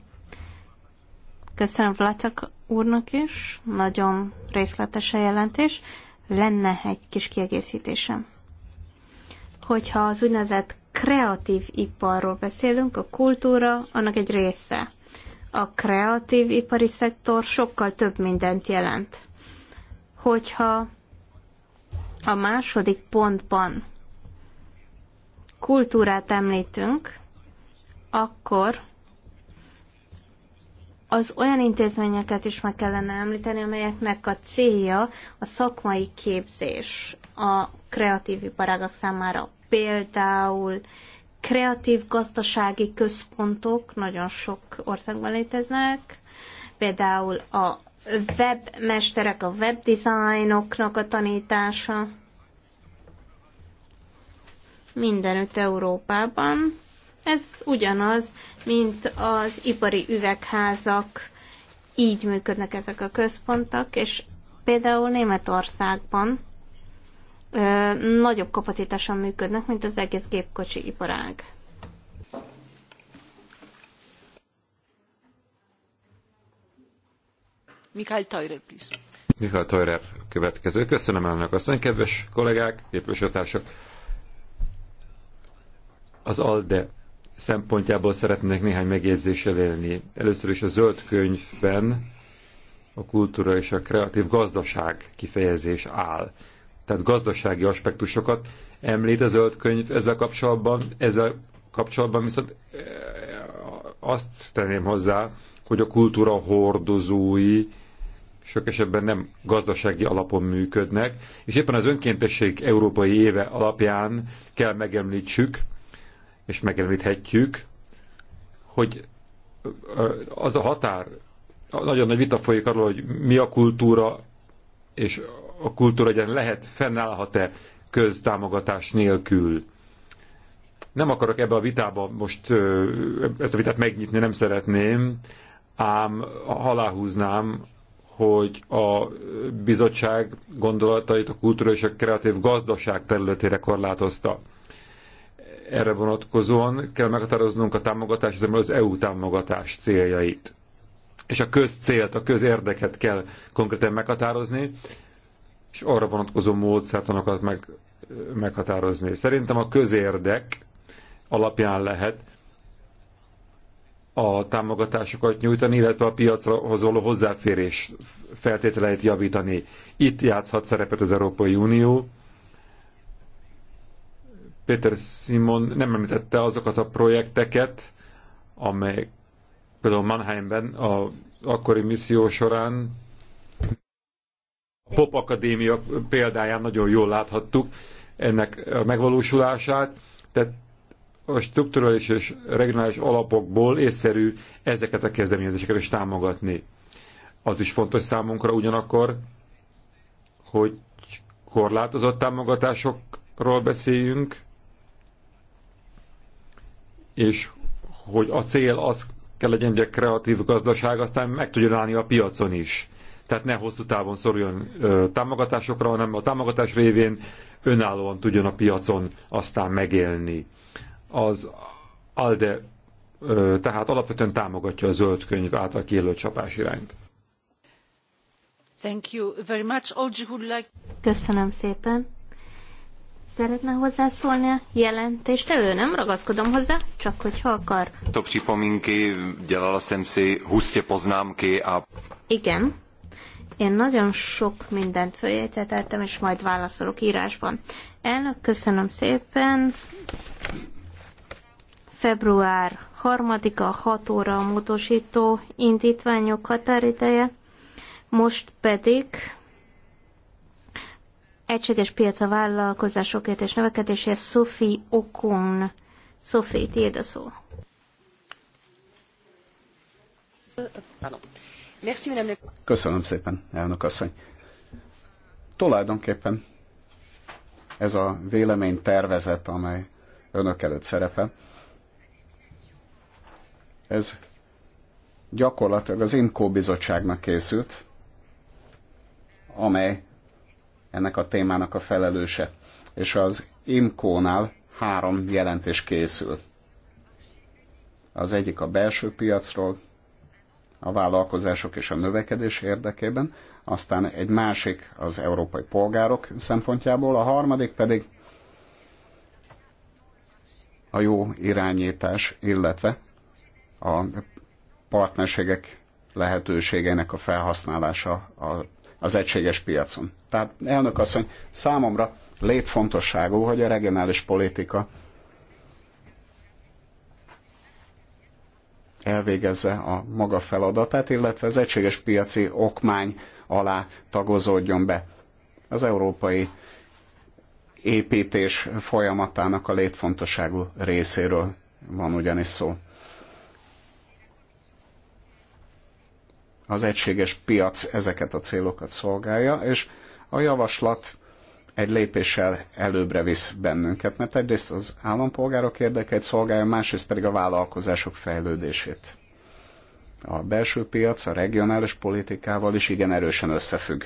Köszönöm Vlacek úrnak is, nagyon részletes a jelentés. Lenne egy kis kiegészítésem. Hogyha az úgynevezett kreatív iparról beszélünk, a kultúra annak egy része. A kreatív ipari szektor sokkal több mindent jelent. Hogyha a második pontban kultúrát említünk, akkor az olyan intézményeket is meg kellene említeni, amelyeknek a célja a szakmai képzés a kreatív iparágak számára. Például kreatív gazdasági központok nagyon sok országban léteznek, például a webmesterek, a webdesignoknak a tanítása mindenütt Európában. Ez ugyanaz, mint az ipari üvegházak, így működnek ezek a központok, és például Németországban nagyobb kapacitáson működnek, mint az egész gépkocsi iparág. Mikhail Tajrer, please. Mikhail Tajrer következő. Köszönöm elnök asszony, kedves kollégák, képviselőtársak. Az ALDE szempontjából szeretnék néhány megjegyzéssel élni. Először is a zöld könyvben a kultúra és a kreatív gazdaság kifejezés áll tehát gazdasági aspektusokat említ a zöld könyv ezzel kapcsolatban, ezzel kapcsolatban viszont eh, azt tenném hozzá, hogy a kultúra hordozói sok esetben nem gazdasági alapon működnek, és éppen az önkéntesség európai éve alapján kell megemlítsük, és megemlíthetjük, hogy eh, az a határ, nagyon nagy vita folyik arról, hogy mi a kultúra, és a kultúra egyen lehet, fennállhat-e köztámogatás nélkül. Nem akarok ebbe a vitába most ezt a vitát megnyitni, nem szeretném, ám aláhúznám, hogy a bizottság gondolatait a kultúra és a kreatív gazdaság területére korlátozta. Erre vonatkozóan kell meghatároznunk a támogatás, az EU támogatás céljait. És a közcélt, a közérdeket kell konkrétan meghatározni, és arra vonatkozó módszertanokat meg, meghatározni. Szerintem a közérdek alapján lehet a támogatásokat nyújtani, illetve a piachoz való hozzáférés feltételeit javítani. Itt játszhat szerepet az Európai Unió. Péter Simon nem említette azokat a projekteket, amelyek például Mannheimben a akkori misszió során Pop Akadémia példáján nagyon jól láthattuk ennek a megvalósulását, tehát a strukturális és regionális alapokból észszerű ezeket a kezdeményezéseket is támogatni. Az is fontos számunkra ugyanakkor, hogy korlátozott támogatásokról beszéljünk, és hogy a cél az kell legyen, hogy a kreatív gazdaság aztán meg tudjon állni a piacon is tehát ne hosszú távon szoruljon ö, támogatásokra, hanem a támogatás révén önállóan tudjon a piacon aztán megélni. Az ALDE ö, tehát alapvetően támogatja a zöld könyv által kijelölt csapás irányt. Thank you very much. would like... Köszönöm szépen. Szeretne hozzászólni a jelentést? te ő nem ragaszkodom hozzá, csak hogyha akar. To připomínky, dělala jsem si hustě poznámky a... Igen, én nagyon sok mindent följegyzeteltem, és majd válaszolok írásban. Elnök, köszönöm szépen. Február 3-a, 6 óra a módosító indítványok határideje. Most pedig Egységes piac a vállalkozásokért és növekedésért Szofi Okon. Szofi, tiéd a szó. Pardon. Köszönöm szépen, elnök asszony. Tulajdonképpen ez a véleménytervezet, amely önök előtt szerepel, ez gyakorlatilag az IMCO bizottságnak készült, amely ennek a témának a felelőse. És az IMCO-nál három jelentés készül. Az egyik a belső piacról, a vállalkozások és a növekedés érdekében, aztán egy másik az európai polgárok szempontjából, a harmadik pedig a jó irányítás, illetve a partnerségek lehetőségeinek a felhasználása az egységes piacon. Tehát elnök asszony, számomra létfontosságú, hogy a regionális politika elvégezze a maga feladatát, illetve az egységes piaci okmány alá tagozódjon be. Az európai építés folyamatának a létfontosságú részéről van ugyanis szó. Az egységes piac ezeket a célokat szolgálja, és a javaslat egy lépéssel előbbre visz bennünket, mert egyrészt az állampolgárok érdekeit szolgálja, másrészt pedig a vállalkozások fejlődését. A belső piac a regionális politikával is igen erősen összefügg.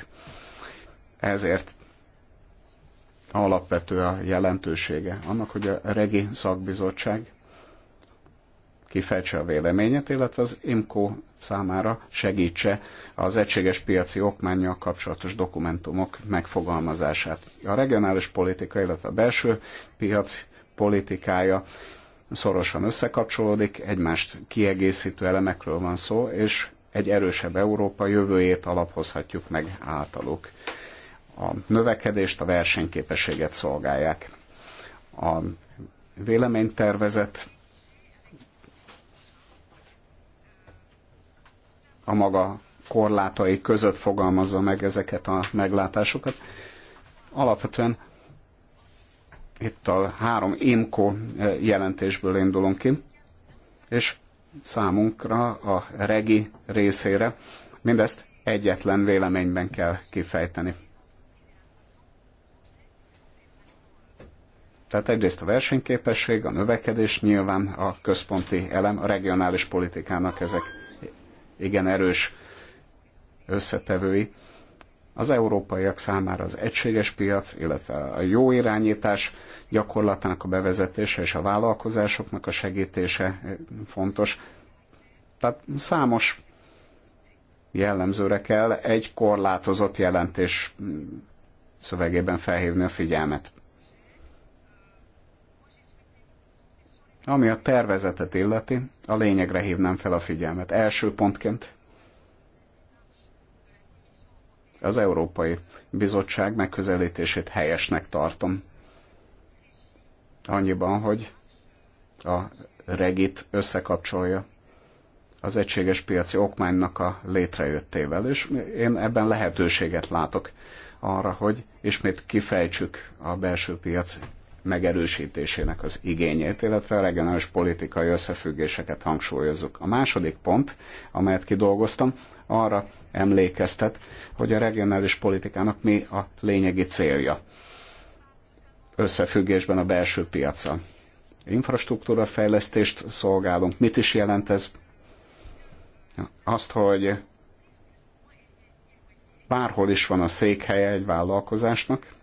Ezért alapvető a jelentősége annak, hogy a Regi Szakbizottság kifejtse a véleményét, illetve az IMCO számára segítse az egységes piaci okmányjal kapcsolatos dokumentumok megfogalmazását. A regionális politika, illetve a belső piac politikája szorosan összekapcsolódik, egymást kiegészítő elemekről van szó, és egy erősebb Európa jövőjét alapozhatjuk meg általuk. A növekedést, a versenyképességet szolgálják. A véleménytervezet a maga korlátai között fogalmazza meg ezeket a meglátásokat. Alapvetően itt a három IMCO eh, jelentésből indulunk ki, és számunkra a regi részére mindezt egyetlen véleményben kell kifejteni. Tehát egyrészt a versenyképesség, a növekedés nyilván a központi elem, a regionális politikának ezek igen erős összetevői. Az európaiak számára az egységes piac, illetve a jó irányítás gyakorlatának a bevezetése és a vállalkozásoknak a segítése eh, fontos. Tehát számos jellemzőre kell egy korlátozott jelentés mm, szövegében felhívni a figyelmet. Ami a tervezetet illeti, a lényegre hívnám fel a figyelmet. Első pontként az Európai Bizottság megközelítését helyesnek tartom. Annyiban, hogy a regit összekapcsolja az egységes piaci okmánynak a létrejöttével, és én ebben lehetőséget látok arra, hogy ismét kifejtsük a belső piac megerősítésének az igényét, illetve a regionális politikai összefüggéseket hangsúlyozzuk. A második pont, amelyet kidolgoztam, arra emlékeztet, hogy a regionális politikának mi a lényegi célja összefüggésben a belső infrastruktúra fejlesztést szolgálunk. Mit is jelent ez? Azt, hogy bárhol is van a székhelye egy vállalkozásnak,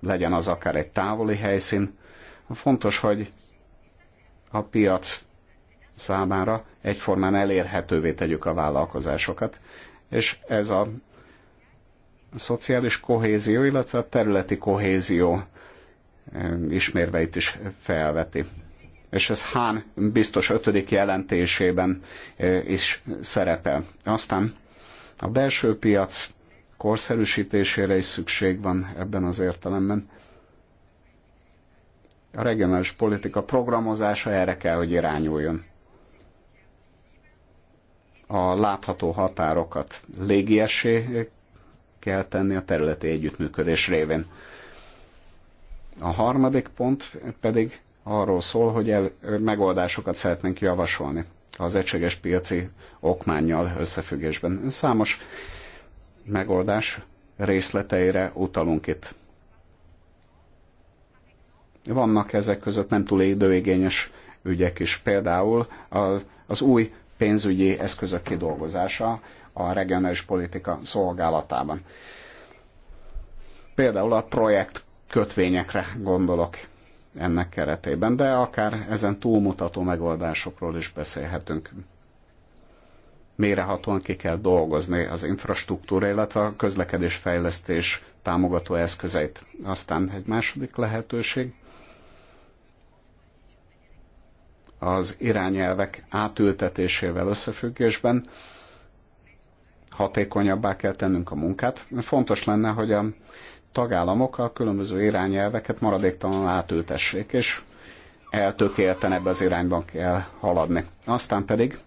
legyen az akár egy távoli helyszín. Fontos, hogy a piac számára egyformán elérhetővé tegyük a vállalkozásokat, és ez a szociális kohézió, illetve a területi kohézió e, ismérveit is felveti. És ez Hán biztos ötödik jelentésében e, is szerepel. Aztán a belső piac korszerűsítésére is szükség van ebben az értelemben. A regionális politika programozása erre kell, hogy irányuljon. A látható határokat légiessé kell tenni a területi együttműködés révén. A harmadik pont pedig arról szól, hogy el, megoldásokat szeretnénk javasolni az egységes piaci okmányjal összefüggésben. Számos megoldás részleteire utalunk itt. Vannak ezek között nem túl időigényes ügyek is, például az, új pénzügyi eszközök kidolgozása a regionális politika szolgálatában. Például a projekt kötvényekre gondolok ennek keretében, de akár ezen túlmutató megoldásokról is beszélhetünk mérehatóan ki kell dolgozni az infrastruktúra, illetve a közlekedésfejlesztés támogató eszközeit. Aztán egy második lehetőség, az irányelvek átültetésével összefüggésben hatékonyabbá kell tennünk a munkát. Fontos lenne, hogy a tagállamok a különböző irányelveket maradéktalanul átültessék, és eltökélten ebbe az irányban kell haladni. Aztán pedig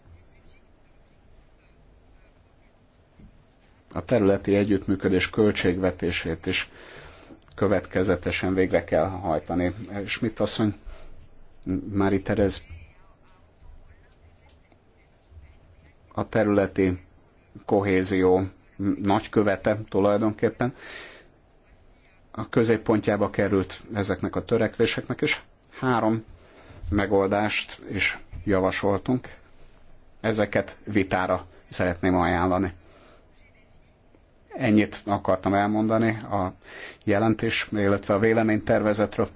A területi együttműködés költségvetését is következetesen végre kell hajtani. És mit asszony, Mári Terez, a területi kohézió nagykövete tulajdonképpen a középpontjába került ezeknek a törekvéseknek, és három megoldást is javasoltunk. Ezeket vitára szeretném ajánlani. Ennyit akartam elmondani a jelentés, illetve a véleménytervezetről.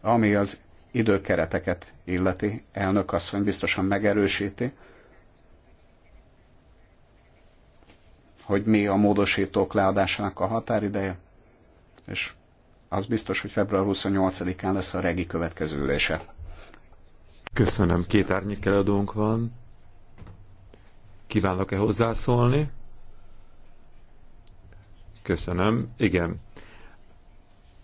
Ami az időkereteket illeti, elnök asszony biztosan megerősíti, hogy mi a módosítók leadásának a határideje, és az biztos, hogy február 28-án lesz a regi következő ülése. Köszönöm, két árnyék előadónk van. Kívánok-e hozzászólni? Köszönöm. Igen.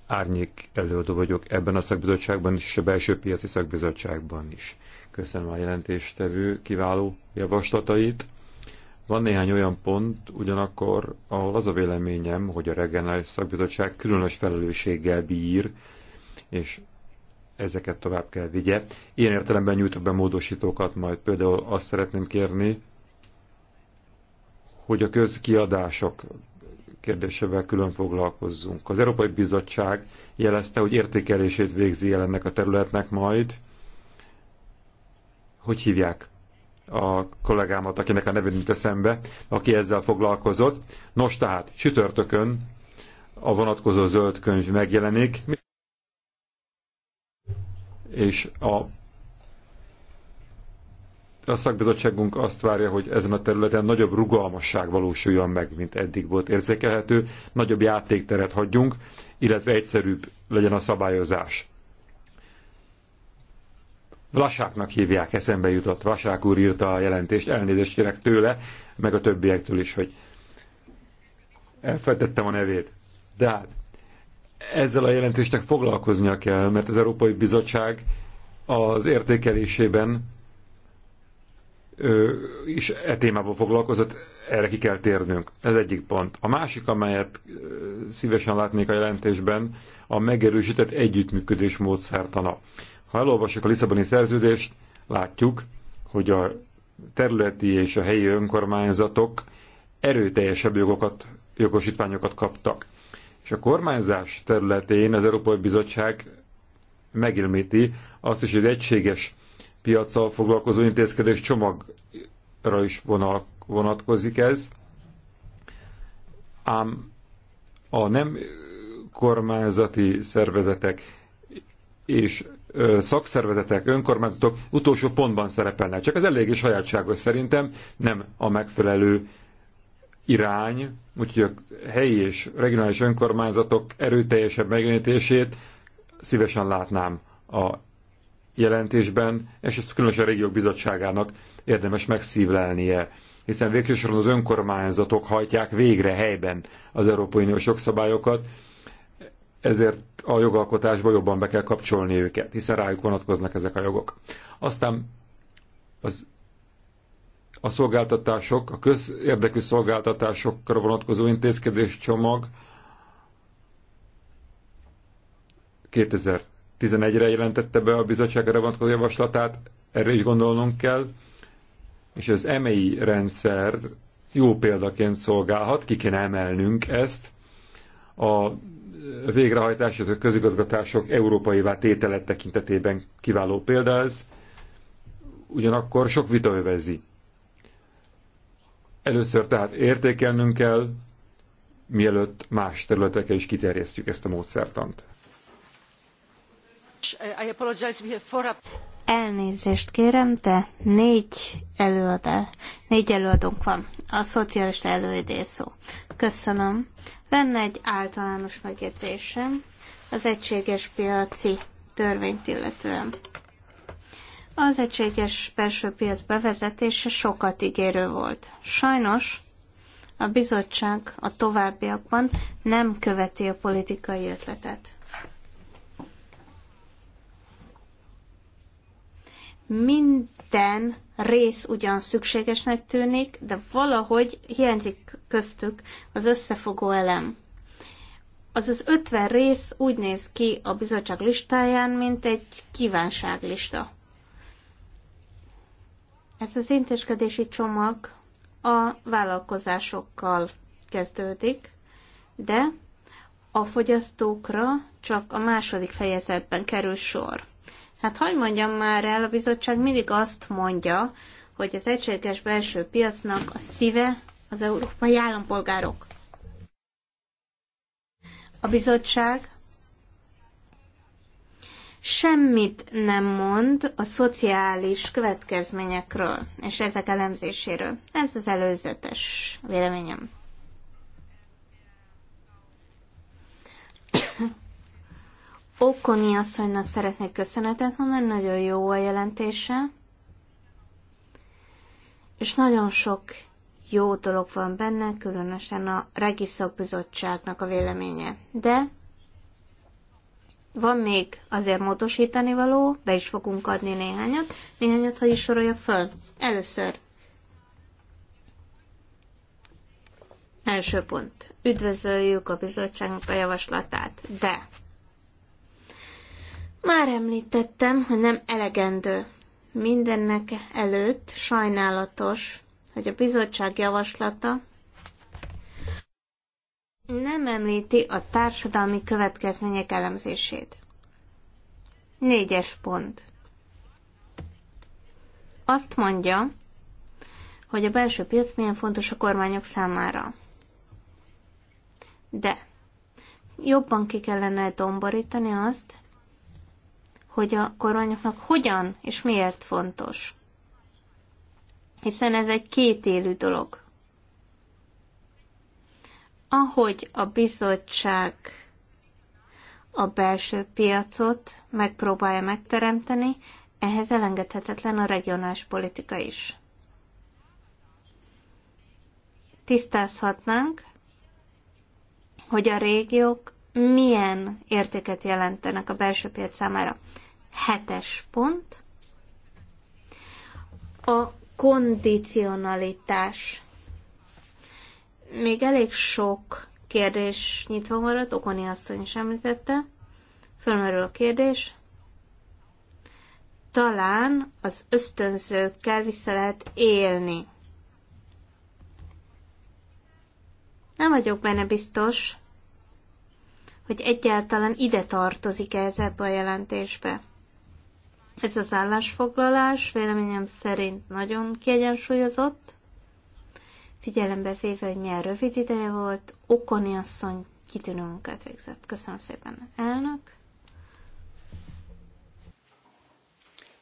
Árnyék előadó vagyok ebben a szakbizottságban és a belső piaci szakbizottságban is. Köszönöm a jelentéstevő kiváló javaslatait. Van néhány olyan pont, ugyanakkor, ahol az a véleményem, hogy a regionális szakbizottság különös felelősséggel bír, és ezeket tovább kell vigye. Ilyen értelemben nyújtok be módosítókat, majd például azt szeretném kérni, hogy a közkiadások kérdésével külön foglalkozzunk. Az Európai Bizottság jelezte, hogy értékelését végzi el ennek a területnek majd. Hogy hívják? a kollégámat, akinek a nevét mint eszembe, aki ezzel foglalkozott. Nos tehát, csütörtökön a vonatkozó zöld könyv megjelenik, és a a szakbizottságunk azt várja, hogy ezen a területen nagyobb rugalmasság valósuljon meg, mint eddig volt érzékelhető, nagyobb játékteret hagyjunk, illetve egyszerűbb legyen a szabályozás. Vasáknak hívják, eszembe jutott. Vasák úr írta a jelentést, elnézést kérek tőle, meg a többiektől is, hogy elfejtettem a nevét. De hát ezzel a jelentésnek foglalkoznia kell, mert az Európai Bizottság az értékelésében is e témában foglalkozott, erre ki kell térnünk. Ez egyik pont. A másik, amelyet szívesen látnék a jelentésben, a megerősített együttműködés módszertana. Ha elolvassuk a Lisszaboni szerződést, látjuk, hogy a területi és a helyi önkormányzatok erőteljesebb jogokat, jogosítványokat kaptak. És a kormányzás területén az Európai Bizottság megilmíti azt is, hogy egységes piacsal foglalkozó intézkedés csomagra is vonal, vonatkozik ez. Ám a nem kormányzati szervezetek és szakszervezetek, önkormányzatok utolsó pontban szerepelnek. Csak ez eléggé sajátságos szerintem, nem a megfelelő irány, úgyhogy a helyi és regionális önkormányzatok erőteljesebb megjelenítését szívesen látnám a jelentésben, és ezt különösen a régiók bizottságának érdemes megszívlelnie, hiszen végsősorban az önkormányzatok hajtják végre helyben az Európai Uniós jogszabályokat, ezért a jogalkotásba jobban be kell kapcsolni őket, hiszen rájuk vonatkoznak ezek a jogok. Aztán az, a szolgáltatások, a közérdekű szolgáltatásokra vonatkozó intézkedés csomag 2000 11-re jelentette be a bizottság vonatkozó javaslatát, erre is gondolnunk kell, és az EMEI rendszer jó példaként szolgálhat, ki kéne emelnünk ezt, a végrehajtás, ez a közigazgatások európai tétele tekintetében kiváló példa ez, ugyanakkor sok vita övezi. Először tehát értékelnünk kell, mielőtt más területekre is kiterjesztjük ezt a módszertant. Elnézést kérem, de négy előadás, négy előadónk van. A szocialista előidéző. Köszönöm. Lenne egy általános megjegyzésem az egységes piaci törvényt illetően. Az egységes belső piac bevezetése sokat ígérő volt. Sajnos a bizottság a továbbiakban nem követi a politikai ötletet. minden rész ugyan szükségesnek tűnik, de valahogy hiányzik köztük az összefogó elem. Az az 50 rész úgy néz ki a bizottság listáján, mint egy kívánságlista. Ez az intézkedési csomag a vállalkozásokkal kezdődik, de a fogyasztókra csak a második fejezetben kerül sor. Hát hogy mondjam már el, a bizottság mindig azt mondja, hogy az egységes belső piacnak a szíve az európai állampolgárok. A bizottság semmit nem mond a szociális következményekről és ezek elemzéséről. Ez az előzetes véleményem. Okoni asszonynak szeretnék köszönetet mondani, nagyon jó a jelentése, és nagyon sok jó dolog van benne, különösen a Regiszok Bizottságnak a véleménye. De van még azért módosítani való, be is fogunk adni néhányat. Néhányat, ha is soroljak föl. Először. Első pont. Üdvözöljük a bizottságnak a javaslatát, de már említettem, hogy nem elegendő. Mindennek előtt sajnálatos, hogy a bizottság javaslata nem említi a társadalmi következmények elemzését. Négyes pont. Azt mondja, hogy a belső piac milyen fontos a kormányok számára. De jobban ki kellene domborítani azt, hogy a koronyoknak hogyan és miért fontos. Hiszen ez egy kétélű dolog. Ahogy a bizottság a belső piacot megpróbálja megteremteni, ehhez elengedhetetlen a regionális politika is. Tisztázhatnánk, hogy a régiók milyen értéket jelentenek a belső piac számára. Hetes pont. A kondicionalitás. Még elég sok kérdés nyitva maradt, Okoni asszony is említette. Fölmerül a kérdés. Talán az ösztönzőkkel vissza lehet élni. Nem vagyok benne biztos, hogy egyáltalán ide tartozik -e ez ebbe a jelentésbe. Ez az állásfoglalás véleményem szerint nagyon kiegyensúlyozott, figyelembe véve, hogy milyen rövid ideje volt, Okoni asszony kitűnő munkát végzett. Köszönöm szépen, elnök.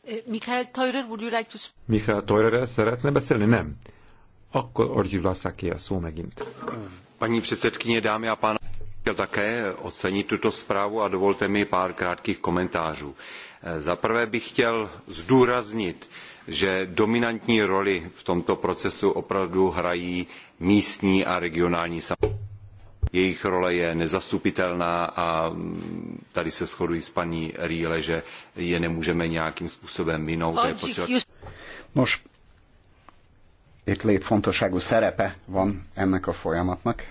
Eh, Mikael Teurer, would you like to... Mikael Teurer szeretne beszélni? Nem. Akkor Orgyul Szaké a szó megint. Pani předsedkyně, dámy a pánové, chtěl také ocenit tuto zprávu a dovolte mi pár krátkých komentářů. Eh, za prvé bych chtěl zdůraznit, že dominantní roli v tomto procesu opravdu hrají místní a regionální samosprávy. Jejich role je nezastupitelná a mm, tady se shoduji s paní Rýle, že je nemůžeme nějakým způsobem minout. Nos, itt létfontosságú szerepe van ennek a folyamatnak.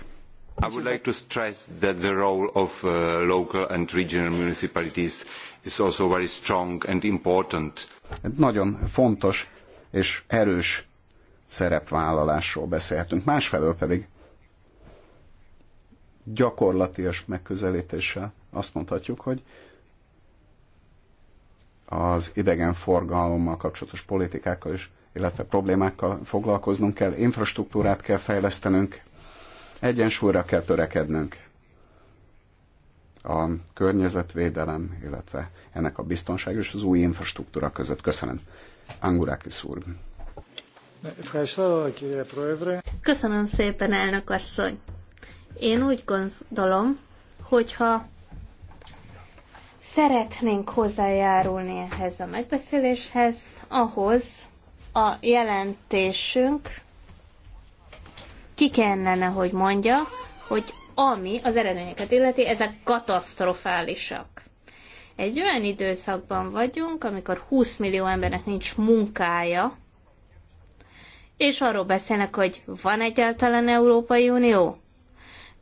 I would like to stress that the role of uh, local and regional municipalities is also very strong and important. Nagyon fontos és erős szerepvállalásról beszélhetünk. Másfelől pedig gyakorlatias megközelítéssel azt mondhatjuk, hogy az idegenforgalommal kapcsolatos politikákkal is, illetve problémákkal foglalkoznunk kell, infrastruktúrát kell fejlesztenünk, Egyensúlyra kell törekednünk a környezetvédelem, illetve ennek a biztonság és az új infrastruktúra között. Köszönöm. Angurakis úr. Köszönöm szépen, elnök asszony. Én úgy gondolom, hogyha szeretnénk hozzájárulni ehhez a megbeszéléshez, ahhoz a jelentésünk ki kellene, hogy mondja, hogy ami az eredményeket illeti, ezek katasztrofálisak. Egy olyan időszakban vagyunk, amikor 20 millió embernek nincs munkája, és arról beszélnek, hogy van egyáltalán Európai Unió.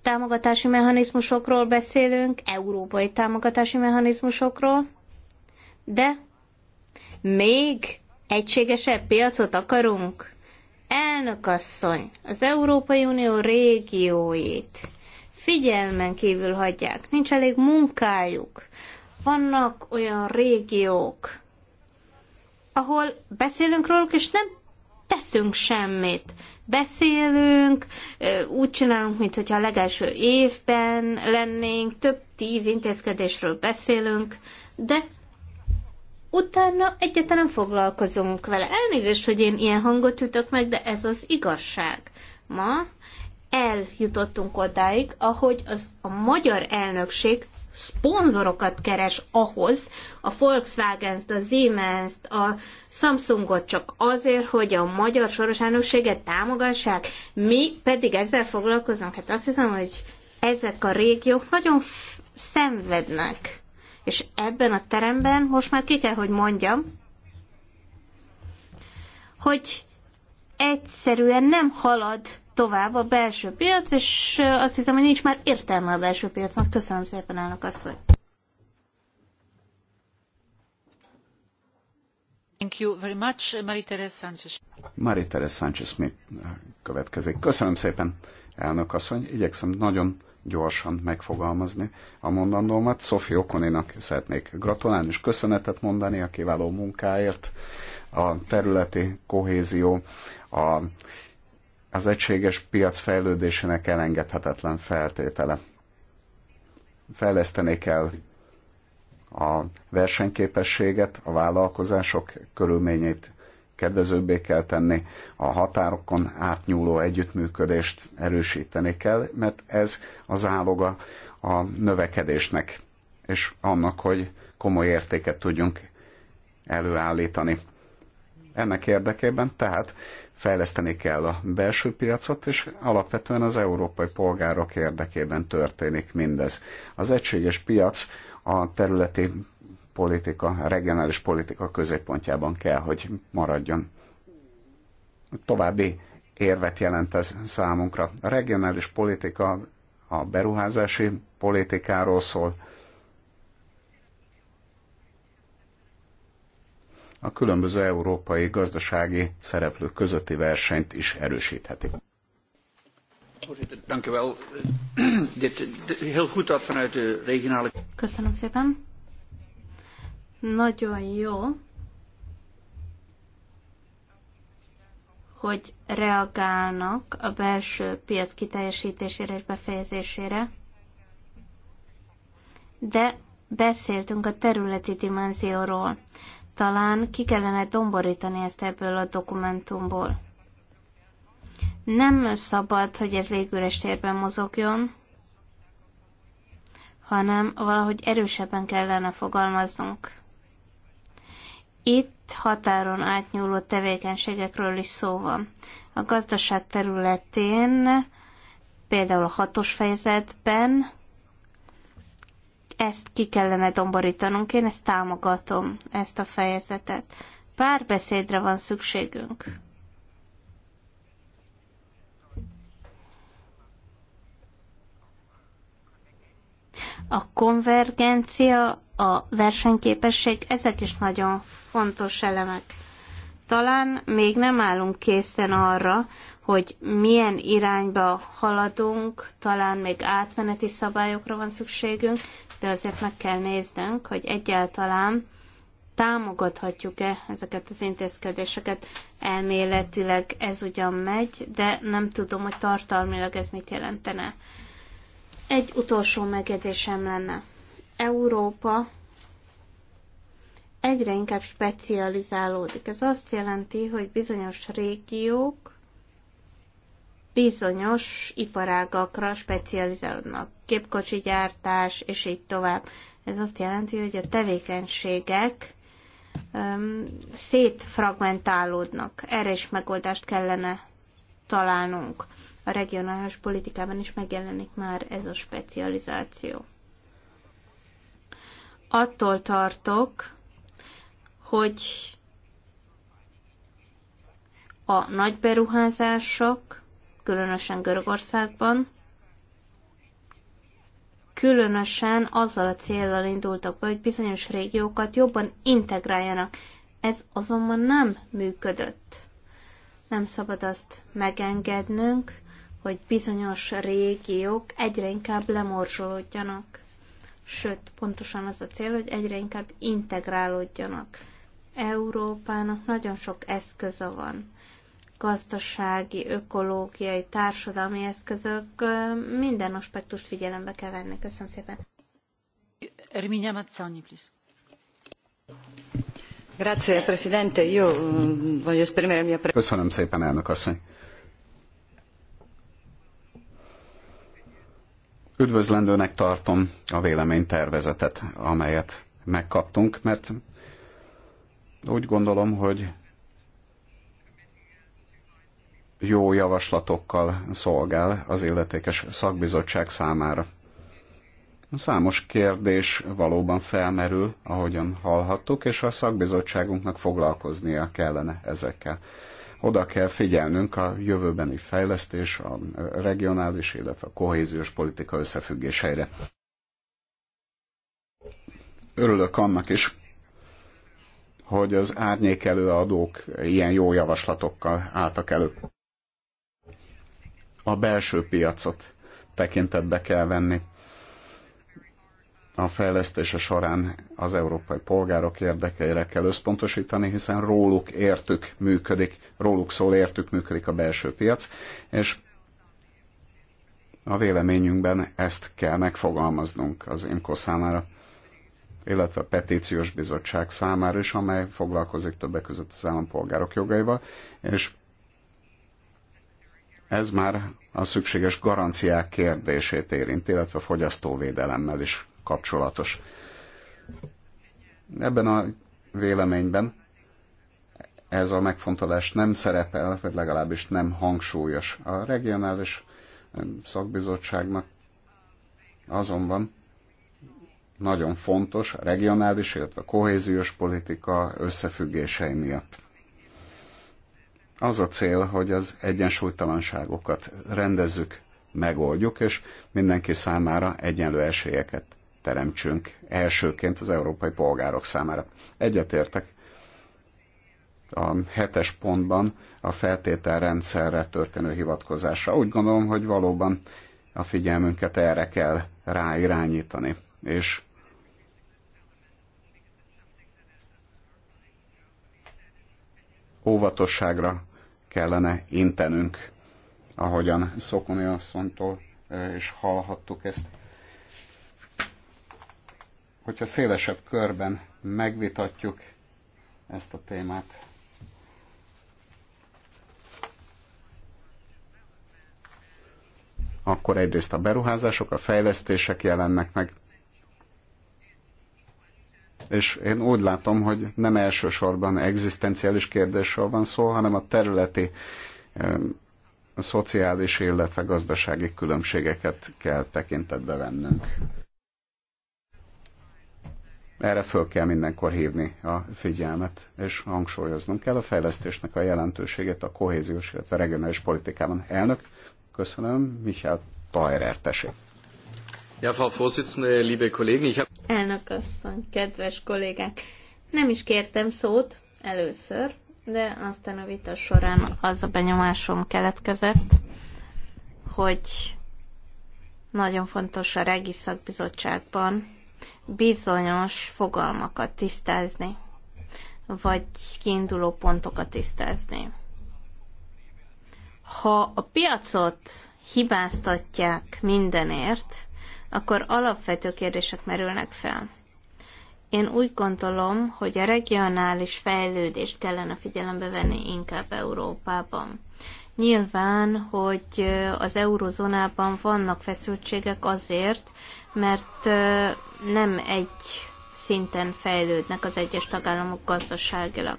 Támogatási mechanizmusokról beszélünk, európai támogatási mechanizmusokról, de még egységesebb piacot akarunk. Elnökasszony, az Európai Unió régióit figyelmen kívül hagyják, nincs elég munkájuk. Vannak olyan régiók, ahol beszélünk róluk, és nem teszünk semmit. Beszélünk, úgy csinálunk, mintha a legelső évben lennénk, több tíz intézkedésről beszélünk, de utána egyáltalán foglalkozunk vele. Elnézést, hogy én ilyen hangot ütök meg, de ez az igazság. Ma eljutottunk odáig, ahogy az, a magyar elnökség szponzorokat keres ahhoz, a Volkswagen-t, a siemens a Samsungot csak azért, hogy a magyar soros elnökséget támogassák, mi pedig ezzel foglalkozunk. Hát azt hiszem, hogy ezek a régiók nagyon szenvednek. És ebben a teremben most már ki kell, hogy mondjam, hogy egyszerűen nem halad tovább a belső piac, és azt hiszem, hogy nincs már értelme a belső piacnak. Köszönöm szépen, elnök asszony. Thank you very much, Marie-Thérèse Sánchez. Marie-Thérèse Sánchez mi következik. Köszönöm szépen, elnök asszony. Igyekszem nagyon gyorsan megfogalmazni a mondandómat. Szofi Okoninak szeretnék gratulálni és köszönetet mondani a kiváló munkáért, a területi kohézió, a, az egységes piac fejlődésének elengedhetetlen feltétele. Fejleszteni kell a versenyképességet, a vállalkozások körülményeit kedvezőbbé kell tenni, a határokon átnyúló együttműködést erősíteni kell, mert ez az áloga a növekedésnek, és annak, hogy komoly értéket tudjunk előállítani. Ennek érdekében tehát fejleszteni kell a belső piacot, és alapvetően az európai polgárok érdekében történik mindez. Az egységes piac a területi politika, a regionális politika középpontjában kell, hogy maradjon. További érvet jelent ez számunkra. A regionális politika a beruházási politikáról szól, a különböző európai gazdasági szereplők közötti versenyt is erősítheti. Eh, Köszönöm szépen. Nagyon jó, hogy reagálnak a belső piac kiteljesítésére és befejezésére, de beszéltünk a területi dimenzióról. Talán ki kellene domborítani ezt ebből a dokumentumból. Nem szabad, hogy ez légüres térben mozogjon, hanem valahogy erősebben kellene fogalmaznunk. Itt határon átnyúló tevékenységekről is szó van. A gazdaság területén, például a hatos fejezetben, ezt ki kellene domborítanunk, én ezt támogatom, ezt a fejezetet. Párbeszédre van szükségünk A konvergencia, a versenyképesség, ezek is nagyon fontos elemek. Talán még nem állunk készen arra, hogy milyen irányba haladunk, talán még átmeneti szabályokra van szükségünk, de azért meg kell néznünk, hogy egyáltalán támogathatjuk-e ezeket az intézkedéseket. Elméletileg ez ugyan megy, de nem tudom, hogy tartalmilag ez mit jelentene. Egy utolsó megjegyzésem lenne. Európa egyre inkább specializálódik. Ez azt jelenti, hogy bizonyos régiók bizonyos iparágakra specializálódnak. Képkocsi gyártás, és így tovább. Ez azt jelenti, hogy a tevékenységek um, szétfragmentálódnak. Erre is megoldást kellene találnunk a regionális politikában is megjelenik már ez a specializáció. Attól tartok, hogy a nagy beruházások, különösen Görögországban, különösen azzal a célral indultak be, hogy bizonyos régiókat jobban integráljanak. Ez azonban nem működött. Nem szabad azt megengednünk, hogy bizonyos régiók egyre inkább lemorzsolódjanak. Sőt, pontosan az a cél, hogy egyre inkább integrálódjanak. Európának nagyon sok eszköze van. Gazdasági, ökológiai, társadalmi eszközök, minden aspektust figyelembe kell venni. Köszönöm szépen. Erminia Mazzoni, please. Grazie, Presidente. Io mm, voglio esprimere il mio... Köszönöm szépen, elnök asszony Üdvözlendőnek tartom a véleménytervezetet, amelyet megkaptunk, mert úgy gondolom, hogy jó javaslatokkal szolgál az illetékes szakbizottság számára. Számos kérdés valóban felmerül, ahogyan hallhattuk, és a szakbizottságunknak foglalkoznia kellene ezekkel oda kell figyelnünk a jövőbeni fejlesztés, a regionális, illetve a kohéziós politika összefüggéseire. Örülök annak is, hogy az árnyék előadók ilyen jó javaslatokkal álltak elő. A belső piacot tekintetbe kell venni a fejlesztése során az európai polgárok érdekeire kell összpontosítani, hiszen róluk értük működik, róluk szól értük működik a belső piac, és a véleményünkben ezt kell megfogalmaznunk az IMCO számára, illetve a petíciós bizottság számára is, amely foglalkozik többek között az állampolgárok jogaival, és ez már a szükséges garanciák kérdését érint, illetve fogyasztóvédelemmel is kapcsolatos. Ebben a véleményben ez a megfontolás nem szerepel, vagy legalábbis nem hangsúlyos. A regionális szakbizottságnak azonban nagyon fontos a regionális, illetve a kohéziós politika összefüggései miatt. Az a cél, hogy az egyensúlytalanságokat rendezzük, megoldjuk, és mindenki számára egyenlő esélyeket teremtsünk elsőként az európai polgárok számára. Egyetértek a hetes pontban a feltételrendszerre történő hivatkozásra. Úgy gondolom, hogy valóban a figyelmünket erre kell ráirányítani, és óvatosságra kellene intenünk, ahogyan Szokoni asszonytól eh, és hallhattuk ezt hogyha szélesebb körben megvitatjuk ezt a témát. Akkor egyrészt a beruházások, a fejlesztések jelennek meg. És én úgy látom, hogy nem elsősorban egzisztenciális kérdésről van szó, hanem a területi a szociális, illetve gazdasági különbségeket kell tekintetbe vennünk. Erre föl kell mindenkor hívni a figyelmet, és hangsúlyoznunk kell a fejlesztésnek a jelentőségét a kohéziós, illetve regionális politikában. Elnök, köszönöm, Michel Tajrer, tessék. Ja, Frau Vorsitzende, liebe Kollegen, ich hab... Elnök asszony, kedves kollégák, nem is kértem szót először, de aztán a vita során az a benyomásom keletkezett, hogy nagyon fontos a Regiszakbizottságban, bizonyos fogalmakat tisztázni, vagy kiinduló pontokat tisztázni. Ha a piacot hibáztatják mindenért, akkor alapvető kérdések merülnek fel. Én úgy gondolom, hogy a regionális fejlődést kellene figyelembe venni inkább Európában. Nyilván, hogy az eurozónában vannak feszültségek azért, mert nem egy szinten fejlődnek az egyes tagállamok gazdaságilag.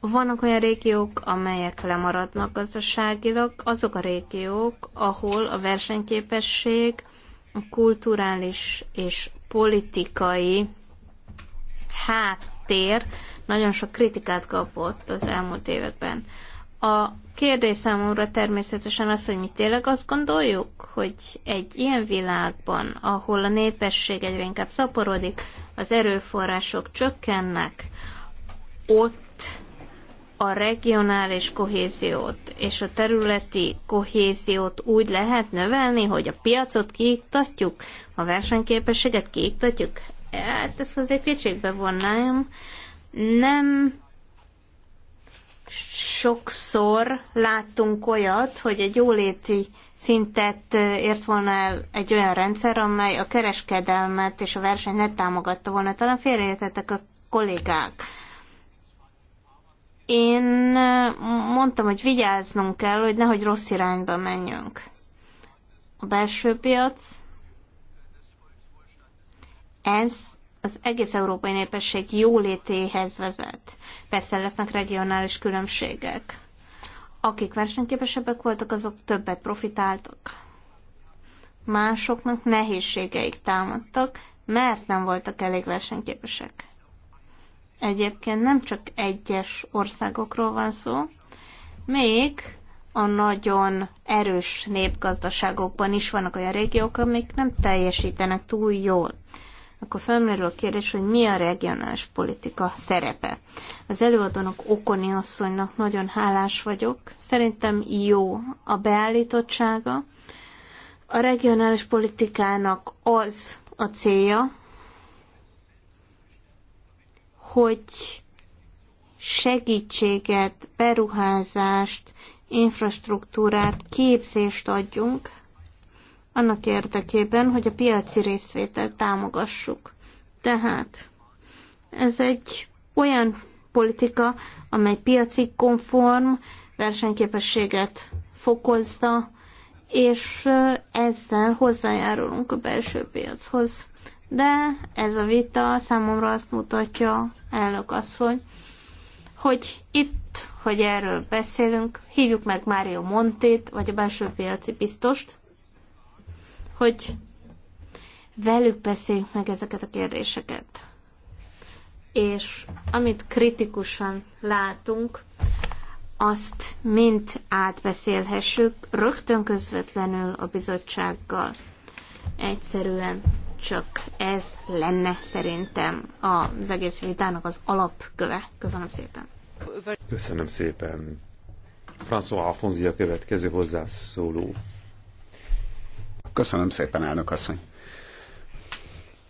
Vannak olyan régiók, amelyek lemaradnak gazdaságilag, azok a régiók, ahol a versenyképesség, a kulturális és politikai háttér nagyon sok kritikát kapott az elmúlt években. A kérdés számomra természetesen az, hogy mi tényleg azt gondoljuk, hogy egy ilyen világban, ahol a népesség egyre inkább szaporodik, az erőforrások csökkennek, ott a regionális kohéziót és a területi kohéziót úgy lehet növelni, hogy a piacot kiiktatjuk, a versenyképességet kiiktatjuk? Hát ezt azért kétségbe vonnám. Nem sokszor láttunk olyat, hogy egy jóléti szintet ért volna el egy olyan rendszer, amely a kereskedelmet és a versenyt ne támogatta volna. Talán félreértettek a kollégák. Én mondtam, hogy vigyáznunk kell, hogy nehogy rossz irányba menjünk. A belső piac, ez az egész európai népesség jólétéhez vezet. Persze lesznek regionális különbségek. Akik versenyképesebbek voltak, azok többet profitáltak. Másoknak nehézségeik támadtak, mert nem voltak elég versenyképesek. Egyébként nem csak egyes országokról van szó, még a nagyon erős népgazdaságokban is vannak olyan régiók, amik nem teljesítenek túl jól akkor felmerül a kérdés, hogy mi a regionális politika szerepe. Az előadónak Okoni asszonynak nagyon hálás vagyok. Szerintem jó a beállítottsága. A regionális politikának az a célja, hogy segítséget, beruházást, infrastruktúrát, képzést adjunk annak érdekében, hogy a piaci részvételt támogassuk. Tehát ez egy olyan politika, amely piaci konform, versenyképességet fokozza, és ezzel hozzájárulunk a belső piachoz. De ez a vita számomra azt mutatja, elnök asszony, hogy itt, hogy erről beszélünk, hívjuk meg Mário Montét, vagy a belső piaci biztost, hogy velük beszéljük meg ezeket a kérdéseket. És amit kritikusan látunk, azt mind átbeszélhessük rögtön közvetlenül a bizottsággal. Egyszerűen csak ez lenne szerintem az egész vitának az alapköve. Köszönöm szépen. Köszönöm szépen. François Alfonzi a következő hozzászóló. Köszönöm szépen, elnök asszony.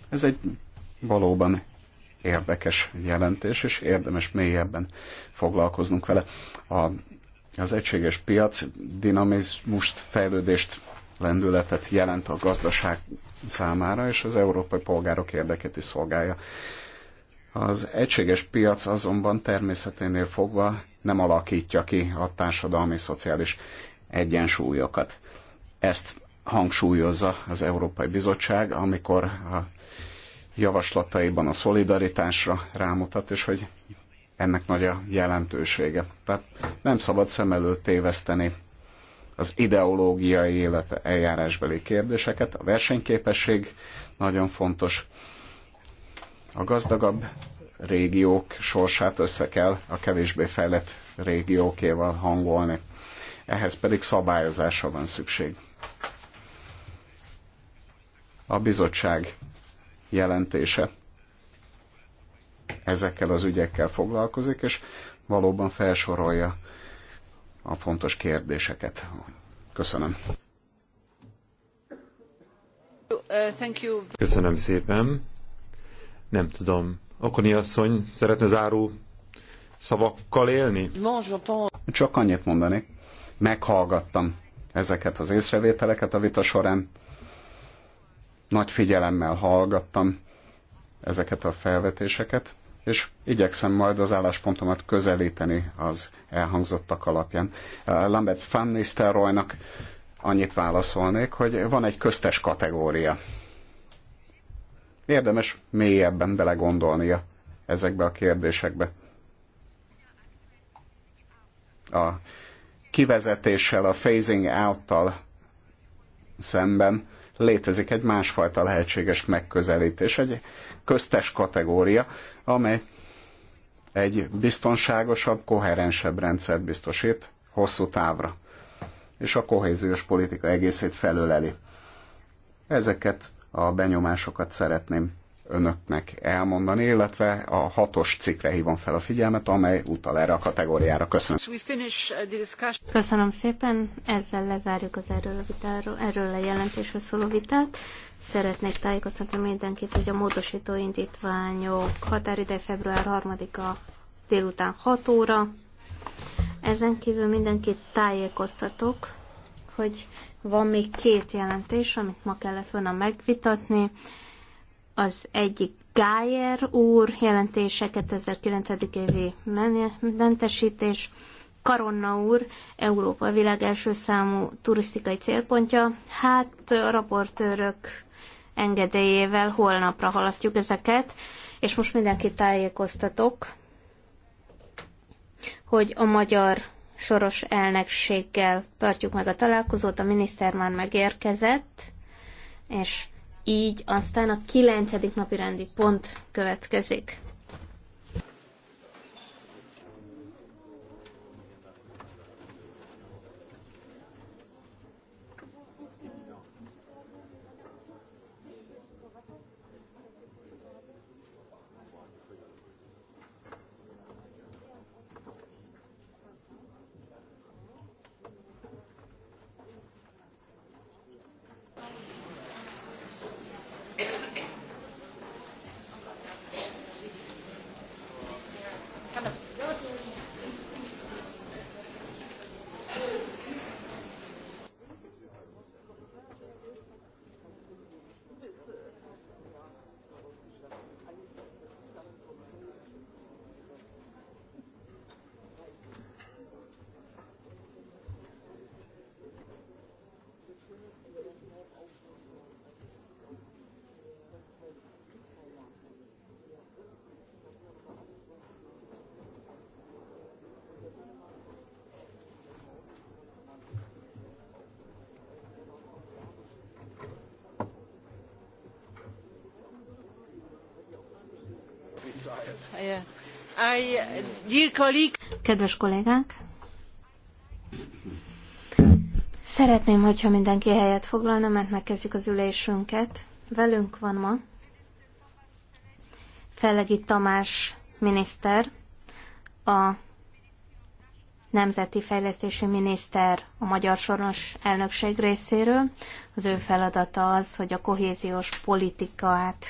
Ez egy valóban érdekes jelentés, és érdemes mélyebben foglalkoznunk vele. A, az egységes piac dinamizmust, fejlődést, lendületet jelent a gazdaság számára, és az európai polgárok érdekét is szolgálja. Az egységes piac azonban természeténél fogva nem alakítja ki a társadalmi-szociális egyensúlyokat. Ezt hangsúlyozza az Európai Bizottság, amikor a javaslataiban a szolidaritásra rámutat, és hogy ennek nagy a jelentősége. Tehát nem szabad szem előtt téveszteni az ideológiai, illetve eljárásbeli kérdéseket. A versenyképesség nagyon fontos. A gazdagabb régiók sorsát össze kell a kevésbé fejlett régiókéval hangolni. Ehhez pedig szabályozásra van szükség a bizottság jelentése ezekkel az ügyekkel foglalkozik, és valóban felsorolja a fontos kérdéseket. Köszönöm. Köszönöm szépen. Nem tudom. Okoni asszony szeretne záró szavakkal élni? Csak annyit mondanék. Meghallgattam ezeket az észrevételeket a vita során, nagy figyelemmel hallgattam ezeket a felvetéseket, és igyekszem majd az álláspontomat közelíteni az elhangzottak alapján. Lambert van Nistelrooynak annyit válaszolnék, hogy van egy köztes kategória. Érdemes mélyebben belegondolnia ezekbe a kérdésekbe. A kivezetéssel, a phasing out-tal szemben létezik egy másfajta lehetséges megközelítés, egy köztes kategória, amely egy biztonságosabb, koherensebb rendszert biztosít hosszú távra, és a kohéziós politika egészét felöleli. Ezeket a benyomásokat szeretném önöknek elmondani, illetve a hatos cikkre hívom fel a figyelmet, amely utal erre a kategóriára. Köszönöm. Uh, Köszönöm szépen, ezzel lezárjuk az erről a, vitáról, erről a jelentésről szóló vitát. Szeretnék tájékoztatni mindenkit, hogy a módosító indítványok határideje február 3-a délután 6 óra. Ezen kívül mindenkit tájékoztatok, hogy van még két jelentés, amit ma kellett volna megvitatni az egyik Gájer úr jelentése 2009. évi mentesítés, Karonna úr, Európa világ első számú turisztikai célpontja. Hát a raportőrök engedélyével holnapra halasztjuk ezeket, és most mindenkit tájékoztatok, hogy a magyar soros elnökséggel tartjuk meg a találkozót, a miniszter már megérkezett, és így aztán a kilencedik napi rendi pont következik. Kedves kollégánk! Szeretném, hogyha mindenki helyet foglalna, mert megkezdjük az ülésünket. Velünk van ma Fellegi Tamás miniszter, a Nemzeti Fejlesztési Miniszter a Magyar Soros Elnökség részéről. Az ő feladata az, hogy a kohéziós politikát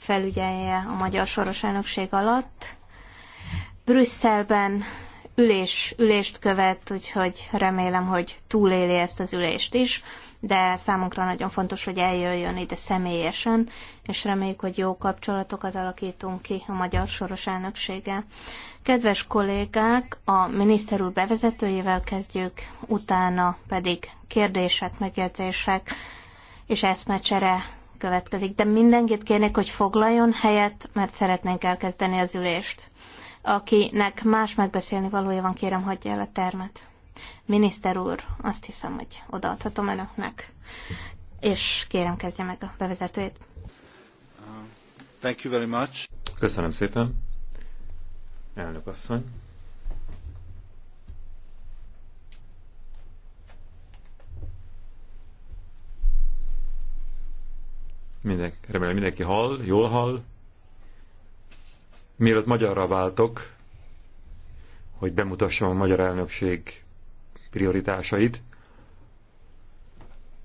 felügyelje a magyar soros elnökség alatt. Brüsszelben ülés, ülést követ, úgyhogy remélem, hogy túléli ezt az ülést is, de számunkra nagyon fontos, hogy eljöjjön ide személyesen, és reméljük, hogy jó kapcsolatokat alakítunk ki a magyar soros elnöksége. Kedves kollégák, a miniszter úr bevezetőjével kezdjük, utána pedig kérdések, megjegyzések és eszmecsere következik, de mindenkit kérnék, hogy foglaljon helyet, mert szeretnénk elkezdeni az ülést. Akinek más megbeszélni valója van, kérem, hagyja el a termet. Miniszter úr, azt hiszem, hogy odaadhatom önöknek. És kérem, kezdje meg a bevezetőjét. Thank you very much. Köszönöm szépen. Elnök asszony. Minden, remélem mindenki hall, jól hall. Mielőtt magyarra váltok, hogy bemutassam a magyar elnökség prioritásait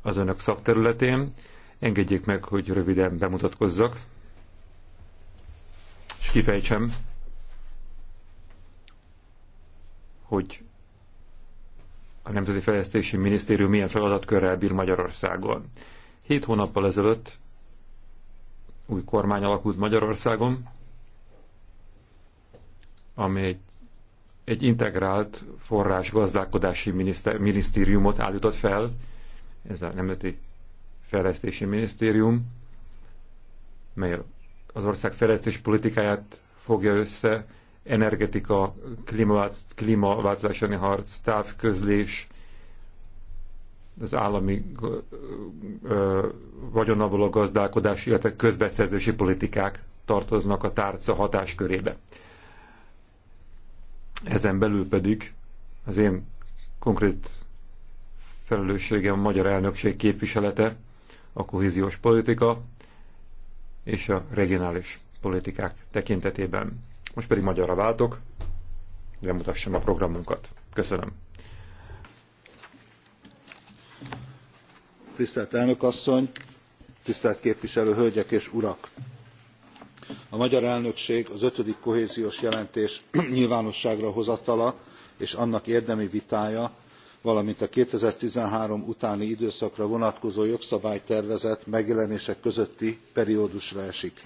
az önök szakterületén, engedjék meg, hogy röviden bemutatkozzak, és kifejtsem, hogy a Nemzeti Fejlesztési Minisztérium milyen feladatkörrel bír Magyarországon. Hét hónappal ezelőtt új kormány alakult Magyarországon, ami egy, egy integrált forrás gazdálkodási miniszter, minisztériumot állított fel, ez a Nemzeti Fejlesztési Minisztérium, mely az ország fejlesztési politikáját fogja össze, energetika, klímaváltozás elleni harc, távközlés, az állami vagyonabból a gazdálkodás, illetve közbeszerzési politikák tartoznak a tárca hatáskörébe. Ezen belül pedig az én konkrét felelősségem a magyar elnökség képviselete, a kohéziós politika és a regionális politikák tekintetében. Most pedig magyarra váltok, bemutassam a programunkat. Köszönöm. tisztelt elnök asszony tisztelt képviselő hölgyek és urak! a magyar elnökség az ötödik kohéziós jelentés [clears throat] nyilvánosságra hozatala és annak érdemi vitája valamint a two thousand and thirteen utáni időszakra vonatkozó jogszabálytervezet megjelenése közötti periódusra esik.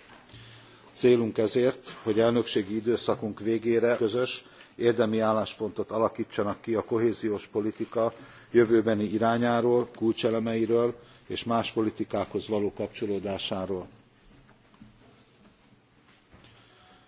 célunk ezért hogy elnökségi időszakunk végére közös érdemi álláspontot alaktsanak ki a kohéziós politika jövőbeni irányáról kulcselemeiről és más politikákhoz való kapcsolódásáról.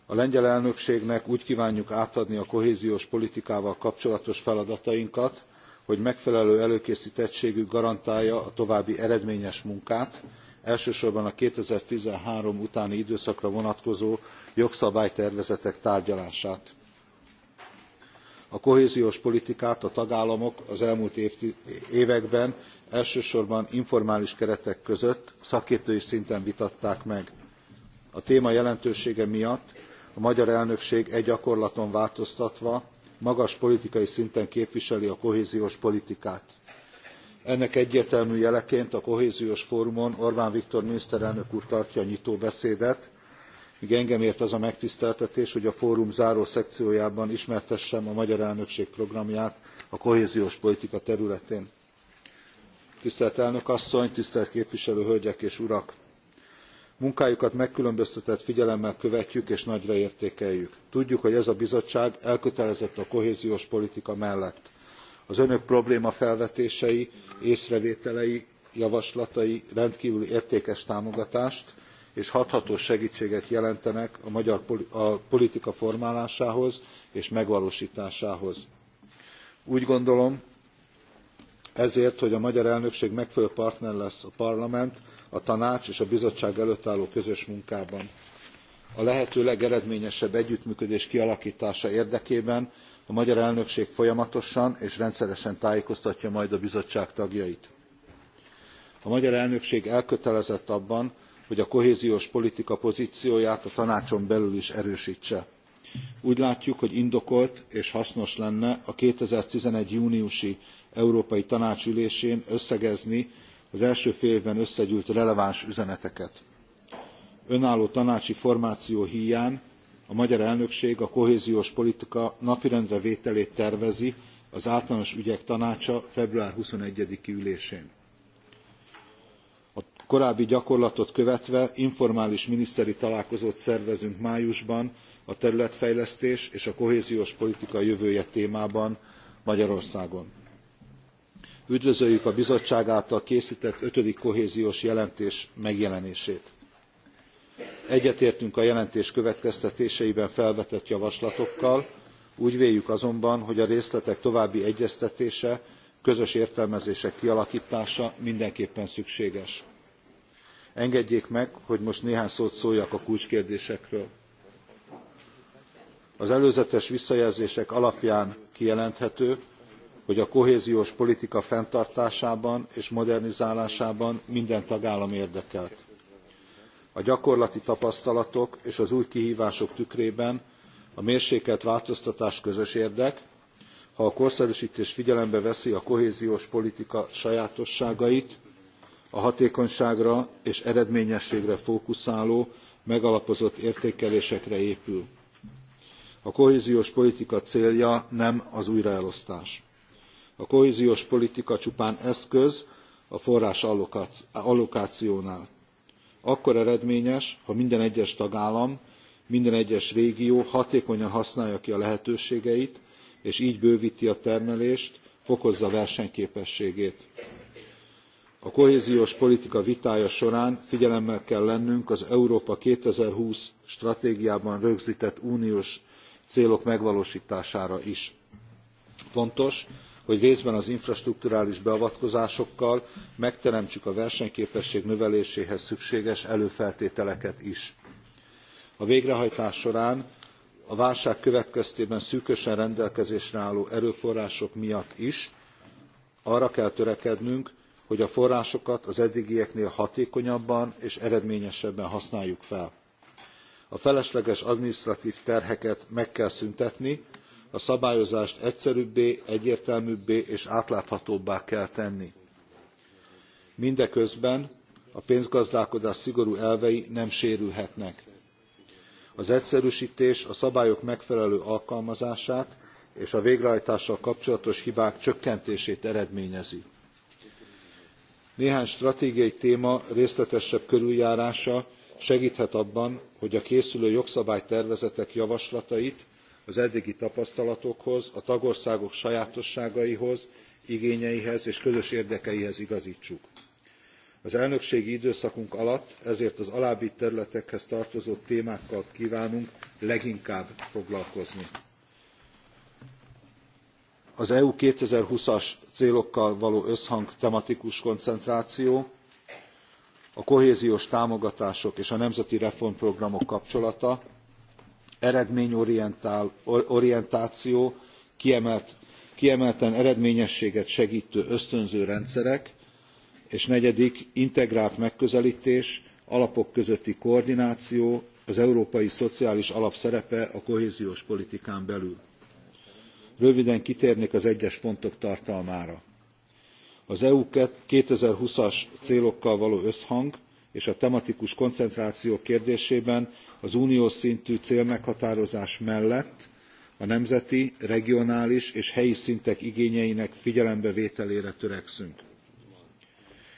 a lengyel elnökségnek úgy kvánjuk átadni a kohéziós politikával kapcsolatos feladatainkat hogy megfelelő előkésztettségű garantálja a további eredményes munkát elsősorban a two thousand and thirteen utáni időszakra vonatkozó jogszabálytervezetek tárgyalását a kohéziós politikát a tagállamok az elmúlt években elsősorban informális keretek között szakértői szinten vitatták meg. a téma jelentősége miatt a magyar elnökség e gyakorlaton változtatva magas politikai szinten képviseli a kohéziós politikát. ennek egyértelmű jeleként a kohéziós fórumon orbán viktor miniszterelnök úr tartja a nyitó beszédet míg engem ért az a megtiszteltetés, hogy a fórum záró szekciójában ismertessem a magyar elnökség programját a kohéziós politika területén. Tisztelt elnök asszony, tisztelt képviselő hölgyek és urak! Munkájukat megkülönböztetett figyelemmel követjük és nagyra értékeljük. Tudjuk, hogy ez a bizottság elkötelezett a kohéziós politika mellett. Az önök probléma felvetései, észrevételei, javaslatai rendkívül értékes támogatást, és hathatós segtséget jelentenek a magyar politika formálásához és megvalóstásához. úgy gondolom ezért hogy a magyar elnökség megfelelő partner lesz a parlament a tanács és a bizottság előtt álló közös munkában. a lehető legeredményesebb együttműködés kialaktása érdekében a magyar elnökség folyamatosan és rendszeresen tájékoztatja majd a bizottság tagjait. a magyar elnökség elkötelezett abban hogy a kohéziós politika pozcióját a tanácson belül is erőstse. úgy látjuk hogy indokolt és hasznos lenne a two thousand and eleven júniusi európai tanács ülésén összegezni az első félévben összegyűlt releváns üzeneteket. önálló tanácsi formáció hján a magyar elnökség a kohéziós politika napirendre vételét tervezi az általános ügyek tanácsa február twenty one i ülésén korábbi gyakorlatot követve informális miniszteri találkozót szervezünk májusban a területfejlesztés és a kohéziós politika jövője témában magyarországon. üdvözöljük a bizottság által késztett ötödik kohéziós jelentés megjelenését. egyetértünk a jelentés következtetéseiben felvetett javaslatokkal úgy véljük azonban hogy a részletek további egyeztetése közös értelmezések kialaktása mindenképpen szükséges Engedjék meg, hogy most néhány szót szóljak a kulcskérdésekről. Az előzetes visszajelzések alapján kijelenthető, hogy a kohéziós politika fenntartásában és modernizálásában minden tagállam érdekelt. A gyakorlati tapasztalatok és az új kihívások tükrében a mérsékelt változtatás közös érdek, ha a korszerűsítés figyelembe veszi a kohéziós politika sajátosságait, a hatékonyságra és eredményességre fókuszáló megalapozott értékelésekre épül. a kohéziós politika célja nem az újraelosztás. a kohéziós politika csupán eszköz a forrásallokációnál. akkor eredményes ha minden egyes tagállam minden egyes régió hatékonyan használja ki a lehetőségeit és gy bővti a termelést fokozza versenyképességét a kohéziós politika vitája során figyelemmel kell lennünk az európa two thousand and twenty stratégiában rögztett uniós célok megvalóstására is. fontos hogy részben az infrastrukturális beavatkozásokkal megteremtsük a versenyképesség növeléséhez szükséges előfeltételeket is. a végrehajtás során a válság következtében szűkösen rendelkezésre álló erőforrások miatt is arra kell törekednünk hogy a forrásokat az eddigieknél hatékonyabban és eredményesebben használjuk fel. A felesleges adminisztratív terheket meg kell szüntetni, a szabályozást egyszerűbbé, egyértelműbbé és átláthatóbbá kell tenni. Mindeközben a pénzgazdálkodás szigorú elvei nem sérülhetnek. Az egyszerűsítés a szabályok megfelelő alkalmazását és a végrehajtással kapcsolatos hibák csökkentését eredményezi néhány stratégiai téma részletesebb körüljárása segthet abban hogy a készülő jogszabálytervezetek javaslatait az eddigi tapasztalatokhoz a tagországok sajátosságaihoz igényeihez és közös érdekeihez igaztsuk. az elnökségi időszakunk alatt ezért az alábbi területekhez tartozó témákkal kvánunk leginkább foglalkozni az EU 2020-as célokkal való összhang tematikus koncentráció, a kohéziós támogatások és a nemzeti reformprogramok kapcsolata, eredményorientáció, kiemelt, kiemelten eredményességet segítő ösztönző rendszerek, és negyedik, integrált megközelítés, alapok közötti koordináció, az európai szociális alap szerepe a kohéziós politikán belül. Röviden kitérnék az egyes pontok tartalmára. Az EU 2020-as célokkal való összhang és a tematikus koncentráció kérdésében az uniós szintű célmeghatározás mellett a nemzeti, regionális és helyi szintek igényeinek figyelembevételére törekszünk.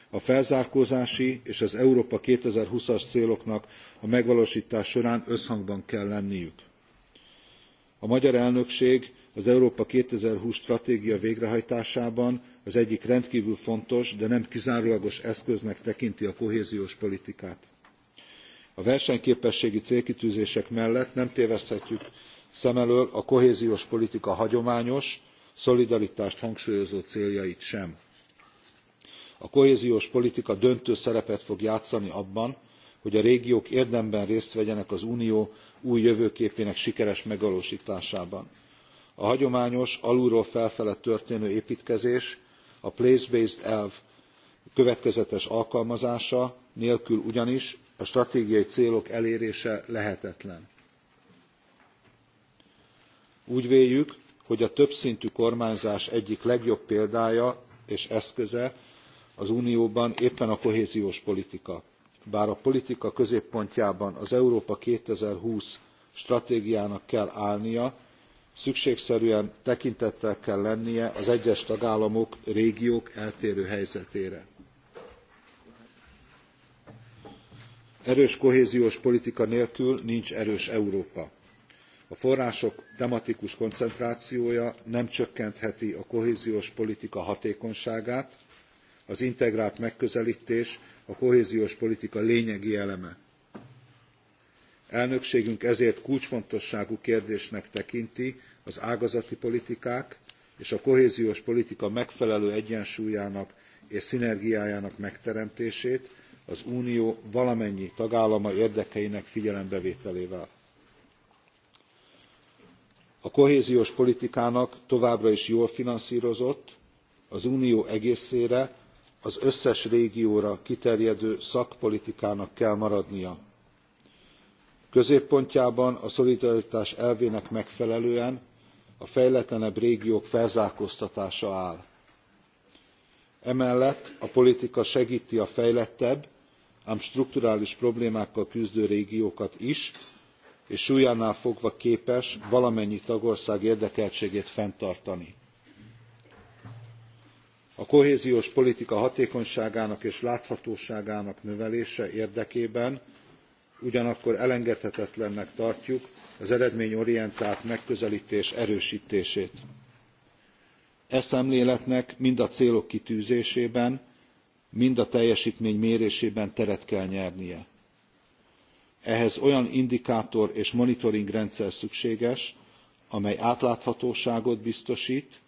A felzárkózási és az Európa 2020-as céloknak a megvalósítás során összhangban kell lenniük. A magyar elnökség az Európa 2020 stratégia végrehajtásában az egyik rendkívül fontos, de nem kizárólagos eszköznek tekinti a kohéziós politikát. A versenyképességi célkitűzések mellett nem téveszthetjük szem elől a kohéziós politika hagyományos, szolidaritást hangsúlyozó céljait sem. A kohéziós politika döntő szerepet fog játszani abban, hogy a régiók érdemben részt vegyenek az unió új jövőképének sikeres megvalósításában a hagyományos alulról felfele történő éptkezés a place based elv következetes alkalmazása nélkül ugyanis a stratégiai célok elérése lehetetlen. úgy véljük hogy a többszintű kormányzás egyik legjobb példája és eszköze az unióban éppen a kohéziós politika. bár a politika középpontjában az európa two thousand and twenty stratégiának kell állnia szükségszerűen tekintettel kell lennie az egyes tagállamok, régiók eltérő helyzetére. Erős kohéziós politika nélkül nincs erős Európa. A források tematikus koncentrációja nem csökkentheti a kohéziós politika hatékonyságát, az integrált megközelítés a kohéziós politika lényegi eleme. Elnökségünk ezért kulcsfontosságú kérdésnek tekinti az ágazati politikák és a kohéziós politika megfelelő egyensúlyának és szinergiájának megteremtését az Unió valamennyi tagállama érdekeinek figyelembevételével. A kohéziós politikának továbbra is jól finanszírozott, az Unió egészére, az összes régióra kiterjedő szakpolitikának kell maradnia Középpontjában a szolidaritás elvének megfelelően a fejletlenebb régiók felzárkóztatása áll. Emellett a politika segíti a fejlettebb, ám strukturális problémákkal küzdő régiókat is, és súlyánál fogva képes valamennyi tagország érdekeltségét fenntartani. A kohéziós politika hatékonyságának és láthatóságának növelése érdekében ugyanakkor elengedhetetlennek tartjuk az eredményorientált megközelítés erősítését. E szemléletnek mind a célok kitűzésében, mind a teljesítmény mérésében teret kell nyernie. Ehhez olyan indikátor és monitoring rendszer szükséges, amely átláthatóságot biztosít,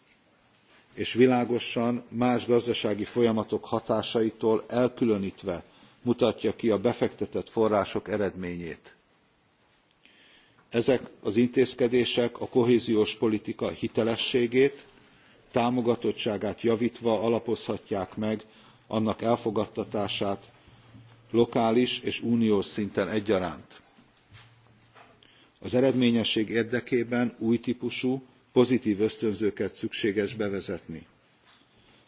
és világosan más gazdasági folyamatok hatásaitól elkülönítve mutatja ki a befektetett források eredményét. ezek az intézkedések a kohéziós politika hitelességét támogatottságát javtva alapozhatják meg annak elfogadtatását lokális és uniós szinten egyaránt. az eredményesség érdekében új tpusú pozitv ösztönzőket szükséges bevezetni.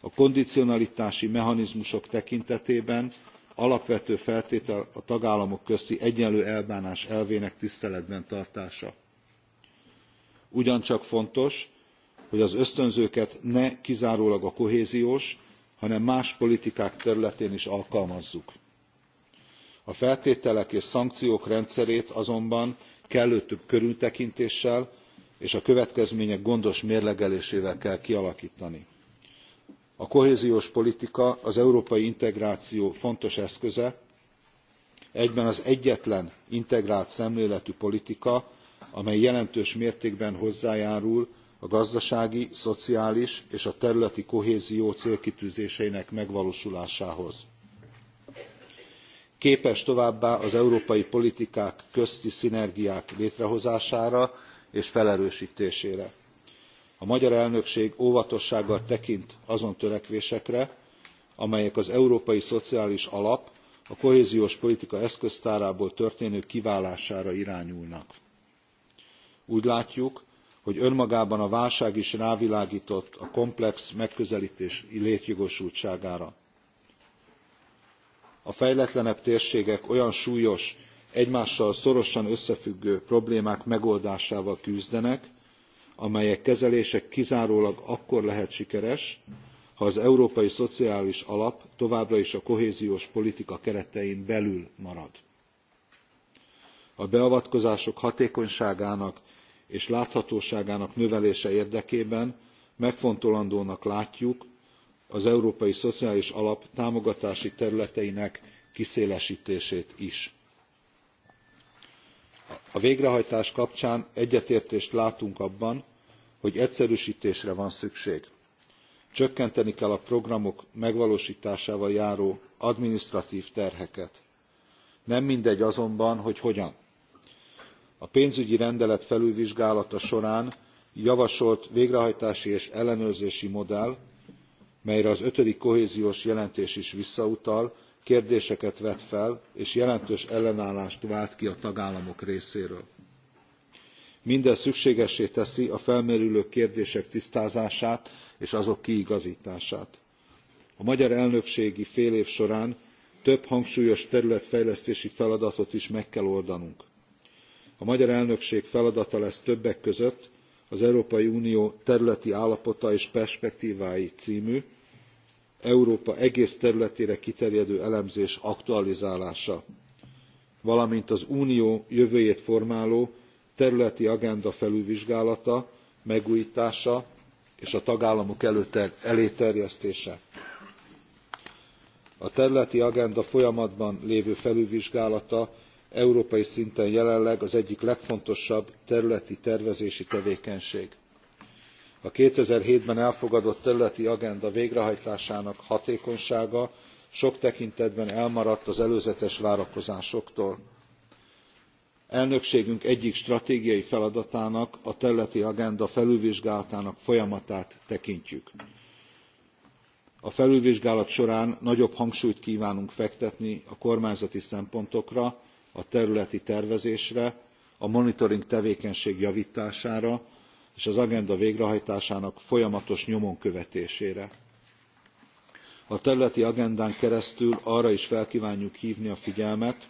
a kondicionalitási mechanizmusok tekintetében alapvető feltétel a tagállamok közti egyenlő elbánás elvének tiszteletben tartása. Ugyancsak fontos, hogy az ösztönzőket ne kizárólag a kohéziós, hanem más politikák területén is alkalmazzuk. A feltételek és szankciók rendszerét azonban kellő több körültekintéssel és a következmények gondos mérlegelésével kell kialakítani a kohéziós politika az európai integráció fontos eszköze egyben az egyetlen integrált szemléletű politika amely jelentős mértékben hozzájárul a gazdasági szociális és a területi kohézió célkitűzéseinek megvalósulásához. képes továbbá az európai politikák közti szinergiák létrehozására és felerőstésére a magyar elnökség óvatossággal tekint azon törekvésekre amelyek az európai szociális alap a kohéziós politika eszköztárából történő kiválására irányulnak. úgy látjuk hogy önmagában a válság is rávilágtott a komplex megközeltés létjogosultságára. a fejletlenebb térségek olyan súlyos egymással szorosan összefüggő problémák megoldásával küzdenek amelyek kezelése kizárólag akkor lehet sikeres, ha az európai szociális alap továbbra is a kohéziós politika keretein belül marad. A beavatkozások hatékonyságának és láthatóságának növelése érdekében megfontolandónak látjuk az európai szociális alap támogatási területeinek kiszélesítését is a végrehajtás kapcsán egyetértést látunk abban hogy egyszerűstésre van szükség csökkenteni kell a programok megvalóstásával járó adminisztratv terheket nem mindegy azonban hogy hogyan. a pénzügyi rendelet felülvizsgálata során javasolt végrehajtási és ellenőrzési modell melyre az ötödik kohéziós jelentés is visszautal kérdéseket vet fel és jelentős ellenállást vált ki a tagállamok részéről. mindez szükségessé teszi a felmerülő kérdések tisztázását és azok kiigaztását. a magyar elnökségi félév során több hangsúlyos területfejlesztési feladatot is meg kell oldanunk. a magyar elnökség feladata lesz többek között az európai unió területi állapota és perspektvái című Európa egész területére kiterjedő elemzés aktualizálása, valamint az unió jövőjét formáló területi agenda felülvizsgálata, megújítása és a tagállamok eléterjesztése. A területi agenda folyamatban lévő felülvizsgálata európai szinten jelenleg az egyik legfontosabb területi tervezési tevékenység a two thousand and seven ben elfogadott területi agenda végrehajtásának hatékonysága sok tekintetben elmaradt az előzetes várakozásoktól. elnökségünk egyik stratégiai feladatának a területi agenda felülvizsgálatának folyamatát tekintjük. a felülvizsgálat során nagyobb hangsúlyt kvánunk fektetni a kormányzati szempontokra a területi tervezésre a monitoring tevékenység javtására és az agenda végrehajtásának folyamatos nyomon követésére. A területi agendán keresztül arra is felkívánjuk hívni a figyelmet,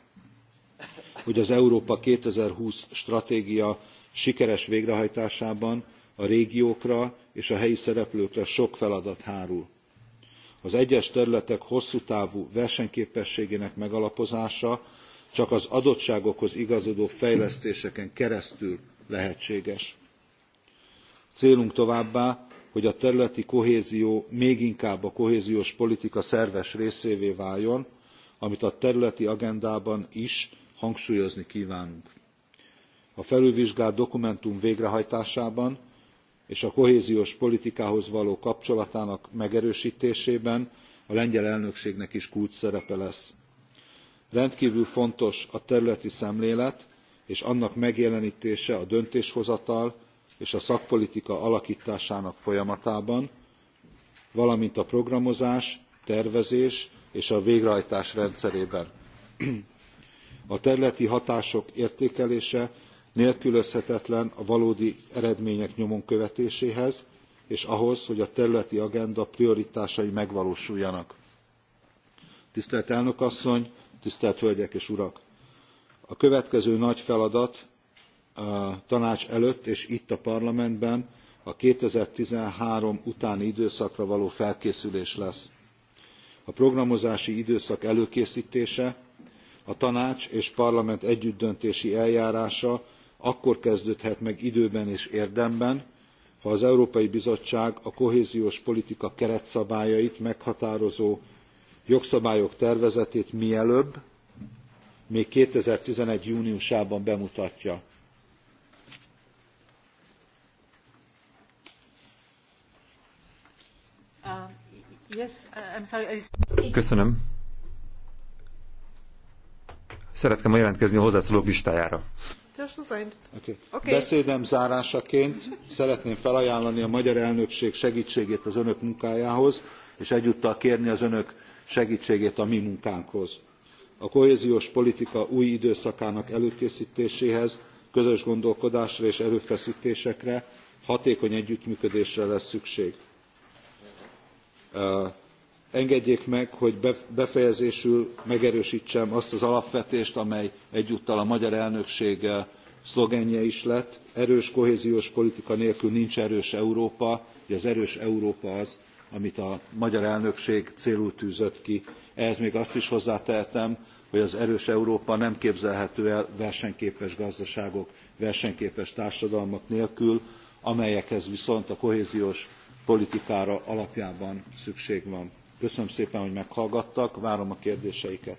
hogy az Európa 2020 stratégia sikeres végrehajtásában a régiókra és a helyi szereplőkre sok feladat hárul. Az egyes területek hosszú távú versenyképességének megalapozása csak az adottságokhoz igazodó fejlesztéseken keresztül lehetséges célunk továbbá hogy a területi kohézió még inkább a kohéziós politika szerves részévé váljon amit a területi agendában is hangsúlyozni kvánunk. a felülvizsgált dokumentum végrehajtásában és a kohéziós politikához való kapcsolatának megerőstésében a lengyel elnökségnek is kulcsszerepe lesz. rendkvül fontos a területi szemlélet és annak megjelentése a döntéshozatal és a szakpolitika alaktásának folyamatában valamint a programozás tervezés és a végrehajtás rendszerében. a területi hatások értékelése nélkülözhetetlen a valódi eredmények nyomon követéséhez és ahhoz hogy a területi agenda prioritásai megvalósuljanak. tisztelt elnök asszony tisztelt hölgyek és urak! a következő nagy feladat a tanács előtt és itt a parlamentben a 2013 utáni időszakra való felkészülés lesz. A programozási időszak előkészítése, a tanács és parlament együttdöntési eljárása akkor kezdődhet meg időben és érdemben, ha az Európai Bizottság a kohéziós politika keretszabályait meghatározó jogszabályok tervezetét mielőbb, még 2011. júniusában bemutatja. Uh, Köszönöm. Szeretném jelentkezni a hozzászólók listájára. Okay. Beszédem zárásaként szeretném felajánlani a magyar elnökség segítségét az önök munkájához, és egyúttal kérni az önök segítségét a mi munkánkhoz. A kohéziós politika új időszakának előkészítéséhez, közös gondolkodásra és erőfeszítésekre, hatékony együttműködésre lesz szükség Engedjék meg, hogy befejezésül megerősítsem azt az alapvetést, amely egyúttal a magyar elnökség szlogenje is lett. Erős kohéziós politika nélkül nincs erős Európa, hogy az erős Európa az, amit a magyar elnökség célul tűzött ki. Ehhez még azt is hozzátehetem, hogy az erős Európa nem képzelhető el versenyképes gazdaságok, versenyképes társadalmak nélkül, amelyekhez viszont a kohéziós politikára alapjában szükség van. Köszönöm szépen, hogy meghallgattak, várom a kérdéseiket.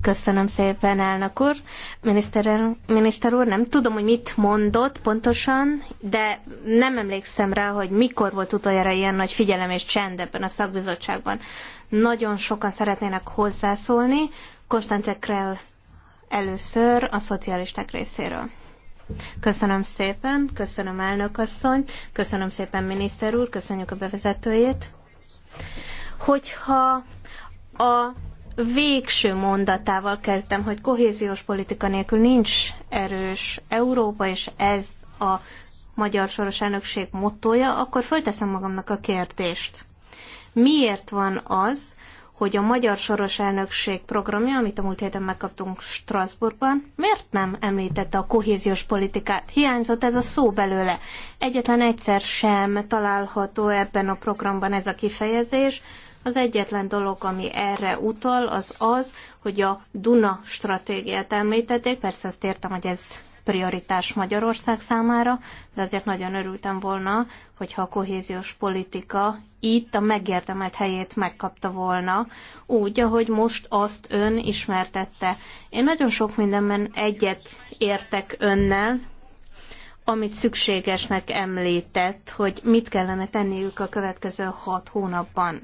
Köszönöm szépen, elnök úr. Miniszter, miniszter úr, nem tudom, hogy mit mondott pontosan, de nem emlékszem rá, hogy mikor volt utoljára ilyen nagy figyelem és csend ebben a szakbizottságban. Nagyon sokan szeretnének hozzászólni. Konstantin Krell Először a szocialisták részéről. Köszönöm szépen, köszönöm elnök asszony, köszönöm szépen miniszter úr, köszönjük a bevezetőjét. Hogyha a végső mondatával kezdem, hogy kohéziós politika nélkül nincs erős Európa, és ez a magyar soros elnökség mottoja, akkor fölteszem magamnak a kérdést. Miért van az, hogy a magyar soros elnökség programja, amit a múlt héten megkaptunk Strasbourgban, miért nem említette a kohéziós politikát? Hiányzott ez a szó belőle. Egyetlen egyszer sem található ebben a programban ez a kifejezés. Az egyetlen dolog, ami erre utal, az az, hogy a Duna stratégiát említették. Persze azt értem, hogy ez prioritás Magyarország számára, de azért nagyon örültem volna, hogyha a kohéziós politika itt a megérdemelt helyét megkapta volna, úgy, ahogy most azt ön ismertette. Én nagyon sok mindenben egyet értek önnel, amit szükségesnek említett, hogy mit kellene tenniük a következő hat hónapban.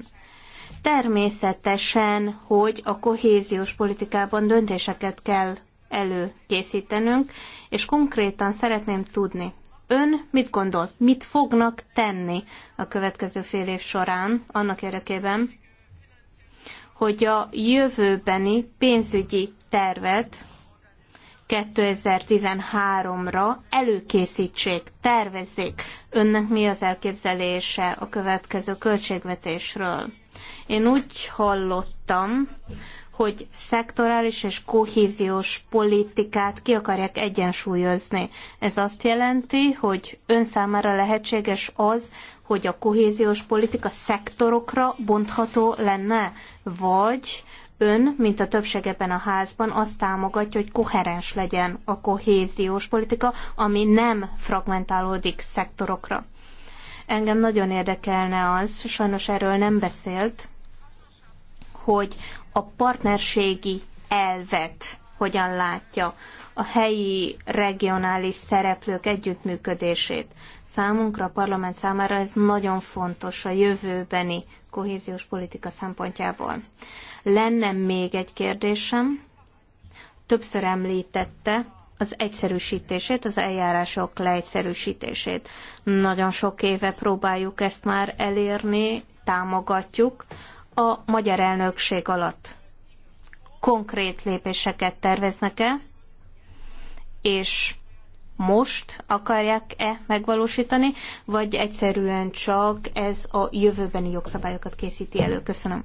Természetesen, hogy a kohéziós politikában döntéseket kell előkészítenünk, és konkrétan szeretném tudni, ön mit gondol, mit fognak tenni a következő fél év során annak érdekében, hogy a jövőbeni pénzügyi tervet 2013-ra előkészítsék, tervezzék. Önnek mi az elképzelése a következő költségvetésről? Én úgy hallottam, hogy szektorális és kohéziós politikát ki akarják egyensúlyozni. Ez azt jelenti, hogy ön számára lehetséges az, hogy a kohéziós politika szektorokra bontható lenne, vagy ön, mint a többség ebben a házban, azt támogatja, hogy koherens legyen a kohéziós politika, ami nem fragmentálódik szektorokra. Engem nagyon érdekelne az, sajnos erről nem beszélt, hogy a partnerségi elvet hogyan látja, a helyi regionális szereplők együttműködését. Számunkra, a parlament számára ez nagyon fontos a jövőbeni kohéziós politika szempontjából. Lenne még egy kérdésem. Többször említette az egyszerűsítését, az eljárások leegyszerűsítését. Nagyon sok éve próbáljuk ezt már elérni, támogatjuk a magyar elnökség alatt konkrét lépéseket terveznek-e, és most akarják-e megvalósítani, vagy egyszerűen csak ez a jövőbeni jogszabályokat készíti elő. Köszönöm.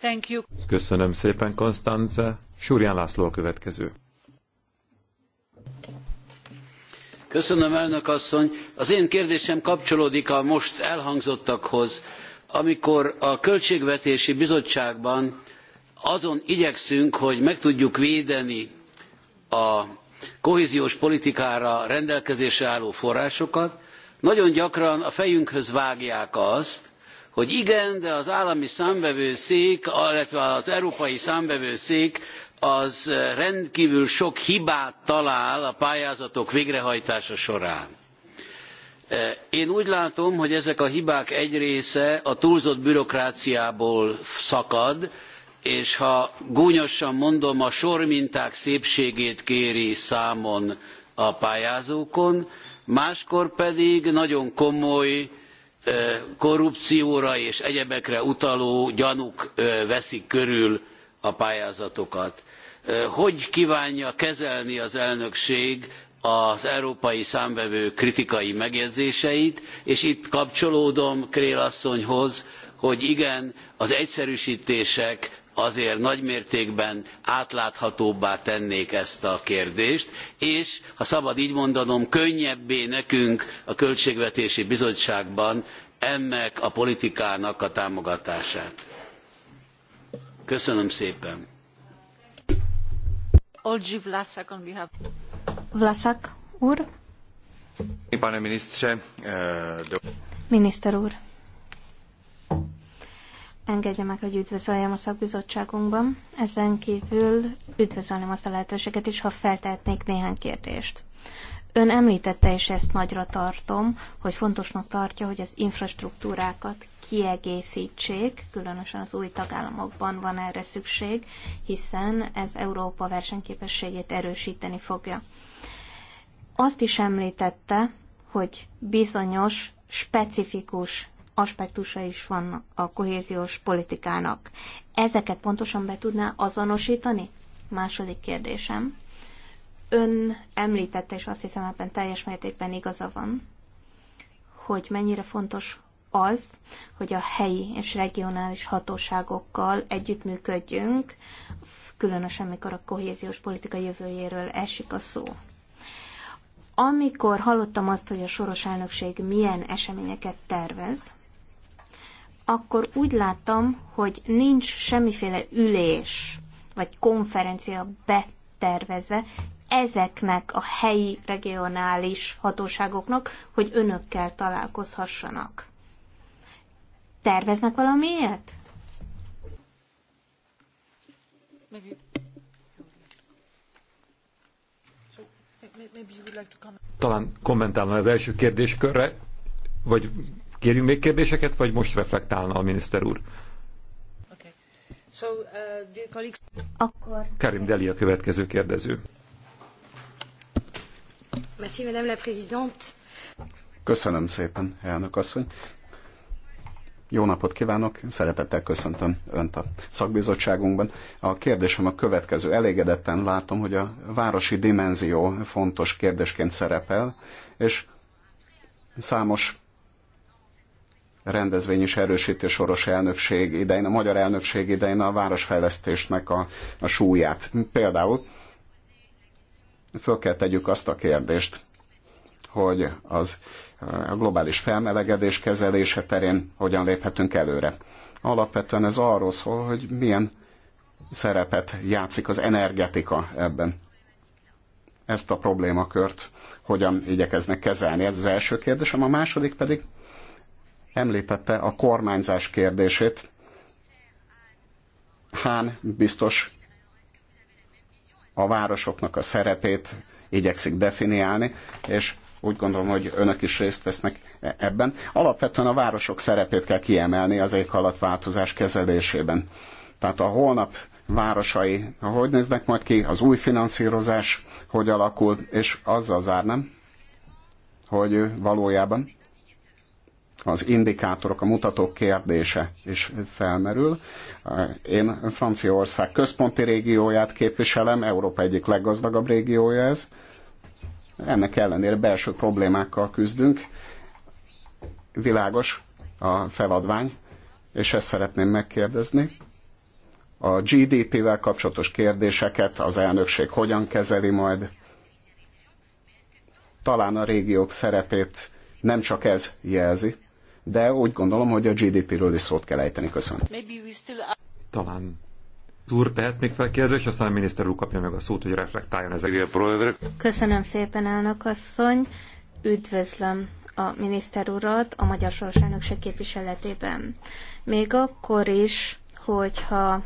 Thank you. Köszönöm szépen, Konstance. Súrján László a következő. Köszönöm, elnök asszony. Az én kérdésem kapcsolódik a most elhangzottakhoz amikor a Költségvetési Bizottságban azon igyekszünk, hogy meg tudjuk védeni a kohéziós politikára rendelkezésre álló forrásokat, nagyon gyakran a fejünkhöz vágják azt, hogy igen, de az állami számvevőszék, illetve az európai számvevőszék az rendkívül sok hibát talál a pályázatok végrehajtása során. Eh, én úgy látom, hogy ezek a hibák egy része a túlzott bürokráciából szakad, és ha gúnyosan mondom, a sorminták szépségét kéri számon a pályázókon, máskor pedig nagyon komoly eh, korrupcióra és egyebekre utaló gyanúk eh, veszik körül a pályázatokat. Hogy kvánja kezelni az elnökség az európai számvevő kritikai megjegyzéseit, és itt kapcsolódom Krél asszonyhoz, hogy igen, az egyszerűsítések azért nagymértékben átláthatóbbá tennék ezt a kérdést, és, ha szabad így mondanom, könnyebbé nekünk a Költségvetési Bizottságban ennek a politikának a támogatását. Köszönöm szépen! Olgyi Vlaszak on behalf Vlasak úr. Pane ministře, eh, do... Miniszter úr. Engedje meg, hogy üdvözöljem a szakbizottságunkban. Ezen kívül üdvözölném azt a lehetőséget is, ha feltehetnék néhány kérdést. Ön említette, és ezt nagyra tartom, hogy fontosnak tartja, hogy az infrastruktúrákat kiegészítsék, különösen az új tagállamokban van erre szükség, hiszen ez Európa versenyképességét erősíteni fogja. Azt is említette, hogy bizonyos, specifikus aspektusa is van a kohéziós politikának. Ezeket pontosan be tudná azonosítani? Második kérdésem. Ön említette, és azt hiszem ebben teljes mértékben igaza van, hogy mennyire fontos az, hogy a helyi és regionális hatóságokkal együttműködjünk, különösen mikor a kohéziós politika jövőjéről esik a szó. Amikor hallottam azt, hogy a soros elnökség milyen eseményeket tervez, akkor úgy láttam, hogy nincs semmiféle ülés vagy konferencia betervezve ezeknek a helyi regionális hatóságoknak, hogy önökkel találkozhassanak. Terveznek valamiért? Maybe Talán kommentálna az első kérdéskörre, vagy kérjünk még kérdéseket, vagy most reflektálna a miniszter úr? Uh, Akkor... Karim Deli a következő kérdező. Köszönöm szépen, elnök asszony. Jó napot kívánok, szeretettel köszöntöm Önt a szakbizottságunkban. A kérdésem a következő. Elégedetten látom, hogy a városi dimenzió fontos kérdésként szerepel, és számos rendezvény is erősíti soros elnökség idején, a magyar elnökség idején a városfejlesztésnek a, a súlyát. Például föl kell tegyük azt a kérdést, hogy az a globális felmelegedés kezelése terén hogyan léphetünk előre. Alapvetően ez arról szól, hogy milyen szerepet játszik az energetika ebben. Ezt a problémakört hogyan igyekeznek kezelni, ez az első kérdésem. A második pedig említette a kormányzás kérdését. Hán biztos a városoknak a szerepét igyekszik definiálni, és úgy gondolom, hogy önök is részt vesznek e- ebben. Alapvetően a városok szerepét kell kiemelni az éghajlatváltozás kezelésében. Tehát a holnap városai, hogy néznek majd ki, az új finanszírozás hogy alakul, és azzal zárnám, hogy valójában az indikátorok, a mutatók kérdése is felmerül. Én Franciaország központi régióját képviselem, Európa egyik leggazdagabb régiója ez, ennek ellenére belső problémákkal küzdünk. Világos a feladvány, és ezt szeretném megkérdezni. A GDP-vel kapcsolatos kérdéseket az elnökség hogyan kezeli majd? Talán a régiók szerepét nem csak ez jelzi, de úgy gondolom, hogy a GDP-ről is szót kell ejteni. Köszönöm. Talán úr tehet még fel kérdést, aztán a miniszter úr kapja meg a szót, hogy reflektáljon ezekre. Köszönöm szépen, elnök asszony. Üdvözlöm a miniszter urat a Magyar Soros Elnökség képviseletében. Még akkor is, hogyha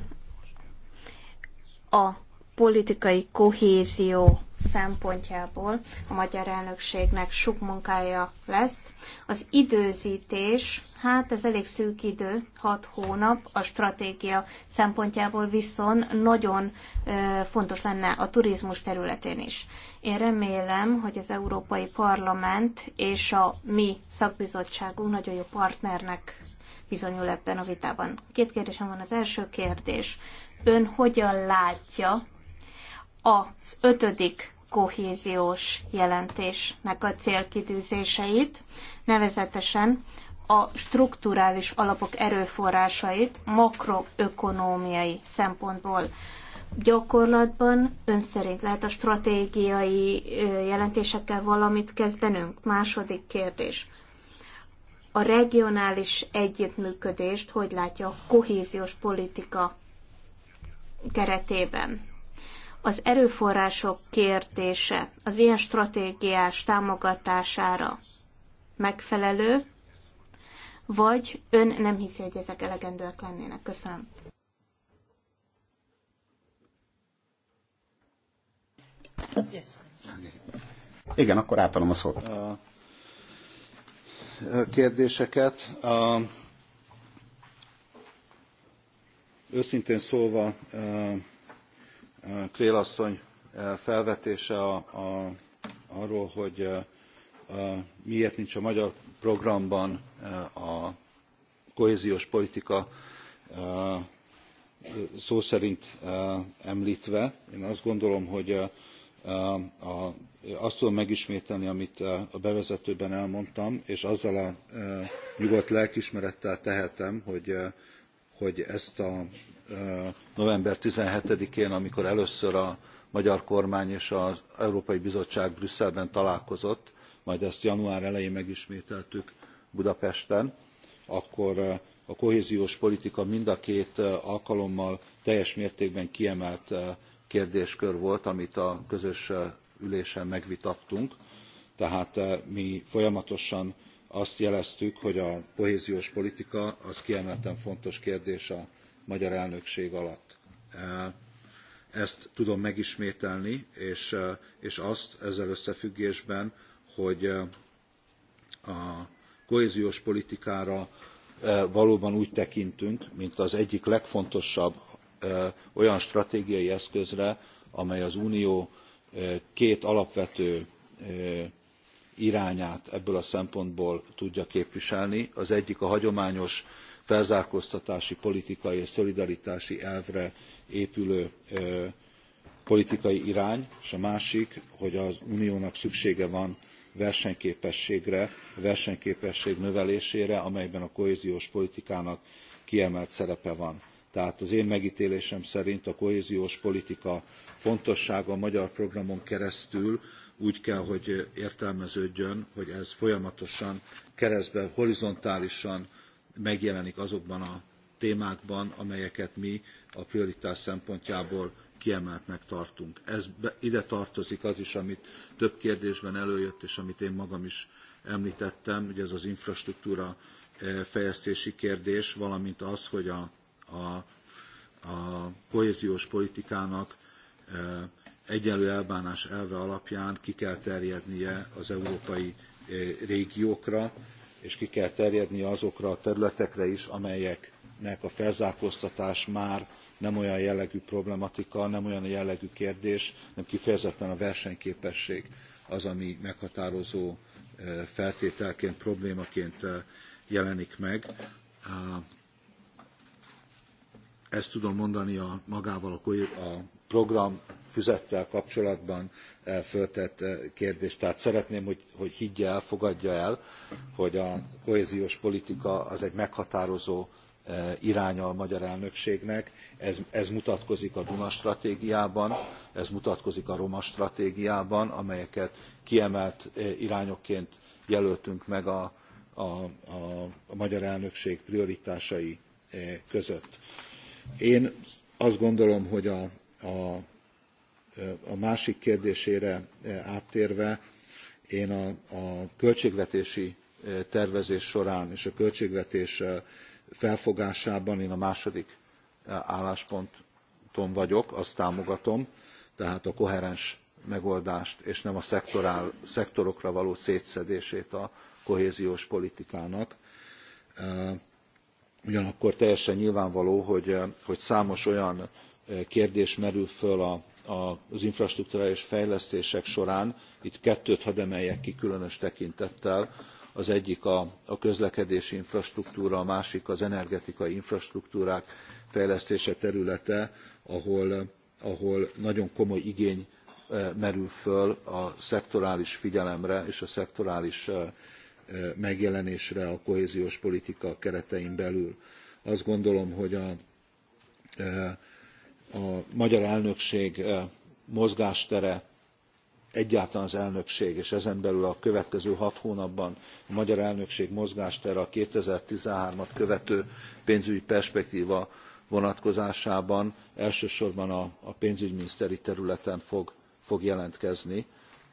a politikai kohézió szempontjából a magyar elnökségnek sok munkája lesz. Az időzítés Hát ez elég szűk idő, hat hónap a stratégia szempontjából viszont nagyon fontos lenne a turizmus területén is. Én remélem, hogy az Európai Parlament és a mi szakbizottságunk nagyon jó partnernek bizonyul ebben a vitában. Két kérdésem van. Az első kérdés, ön hogyan látja az ötödik kohéziós jelentésnek a célkitűzéseit, nevezetesen a strukturális alapok erőforrásait makroökonómiai szempontból. Gyakorlatban ön szerint lehet a stratégiai jelentésekkel valamit kezdenünk? Második kérdés. A regionális együttműködést hogy látja a kohéziós politika keretében? Az erőforrások kérdése az ilyen stratégiás támogatására megfelelő, vagy ön nem hiszi, hogy ezek elegendőek lennének? Köszönöm. Igen, akkor átadom a szót. A kérdéseket. A... Őszintén szólva, Krélasszony felvetése a, a, arról, hogy a, miért nincs a magyar programban eh, a kohéziós politika eh, szó szerint eh, emltve én azt gondolom hogy azt tudom megismételni amit a bevezetőben elmondtam és azzal a nyugodt lelkiismerettel tehetem hogy, hogy ezt a november seventeen én amikor először a magyar kormány és az európai bizottság brüsszelben találkozott majd ezt január elején megismételtük Budapesten, akkor eh, a kohéziós politika mind a két eh, alkalommal teljes mértékben kiemelt eh, kérdéskör volt, amit a közös ülésen megvitattunk. Tehát mi folyamatosan azt jeleztük, hogy a kohéziós politika az kiemelten fontos kérdés a magyar elnökség alatt. Ezt tudom megismételni, és, és azt ezzel összefüggésben, hogy eh, a kohéziós politikára eh, valóban úgy tekintünk, mint az egyik legfontosabb eh, olyan stratégiai eszközre, amely az Unió két alapvető irányát ebből a szempontból tudja képviselni. Az egyik a hagyományos felzárkóztatási politikai és szolidaritási elvre épülő politikai irány, és a másik, hogy az uniónak szüksége van versenyképességre, versenyképesség növelésére, amelyben a kohéziós politikának kiemelt szerepe van. Tehát az én megítélésem szerint a kohéziós politika fontossága a magyar programon keresztül úgy kell, hogy értelmeződjön, hogy ez folyamatosan keresztbe, horizontálisan megjelenik azokban a témákban, amelyeket mi a prioritás szempontjából kiemeltnek tartunk. Ez be, ide tartozik az is, amit több kérdésben előjött, és amit én magam is említettem, ugye ez az infrastruktúra eh, fejlesztési kérdés, valamint az, hogy a, a, a kohéziós politikának eh, egyenlő elbánás elve alapján ki kell terjednie az európai eh, régiókra, és ki kell terjednie azokra a területekre is, amelyeknek a felzárkóztatás már nem olyan jellegű problematika, nem olyan jellegű kérdés, nem kifejezetten a versenyképesség az, ami meghatározó eh, feltételként, problémaként eh, jelenik meg. Ezt tudom mondani a magával a program füzettel kapcsolatban eh, föltett kérdést. Tehát szeretném, hogy, hogy higgye el, fogadja el, hogy a kohéziós politika az egy meghatározó Eh, iránya a magyar elnökségnek ez, ez mutatkozik a duna stratégiában ez mutatkozik a roma stratégiában amelyeket kiemelt eh, irányokként jelöltünk meg a, a, a, a magyar elnökség prioritásai eh, között. én azt gondolom hogy a, másik kérdésére áttérve én a, költségvetési tervezés során és a költségvetéssel felfogásában én a második eh, állásponton vagyok, azt támogatom, tehát a koherens megoldást, és nem a szektorál, szektorokra való szétszedését a kohéziós politikának. Eh, ugyanakkor teljesen nyilvánvaló, hogy, eh, hogy számos olyan kérdés merül föl a, a, az infrastrukturális fejlesztések során, itt kettőt hadd emeljek ki különös tekintettel, az egyik a, a közlekedési infrastruktúra, a másik az energetikai infrastruktúrák fejlesztése területe, ahol, ahol nagyon komoly igény e, merül föl a szektorális figyelemre és a szektorális e, e, megjelenésre a kohéziós politika keretein belül. Azt gondolom, hogy a, a magyar elnökség mozgástere egyáltalán az elnökség, és ezen belül a következő hat hónapban a magyar elnökség mozgástere a 2013-at követő pénzügyi perspektíva vonatkozásában elsősorban a, a pénzügyminiszteri területen fog, fog jelentkezni,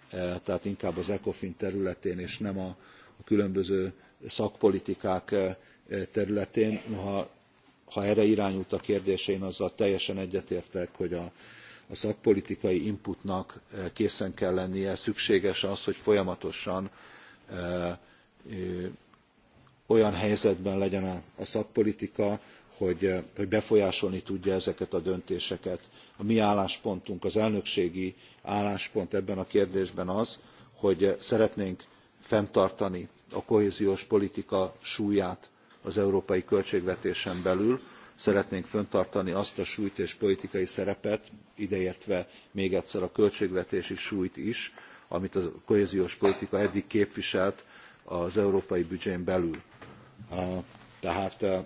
e, tehát inkább az ECOFIN területén, és nem a, a különböző szakpolitikák e, e, területén. Ha, ha erre irányult a kérdése, én azzal teljesen egyetértek, hogy a a szakpolitikai inputnak eh, készen kell lennie, szükséges az, hogy folyamatosan eh, eh, olyan helyzetben legyen a szakpolitika, hogy, hogy befolyásolni tudja ezeket a döntéseket. A mi álláspontunk, az elnökségi álláspont ebben a kérdésben az, hogy szeretnénk fenntartani a kohéziós politika súlyát az európai költségvetésen belül, szeretnénk föntartani azt a súlyt és politikai szerepet, ideértve még egyszer a költségvetési súlyt is, amit a kohéziós politika eddig képviselt az európai büdzsén belül. Tehát e,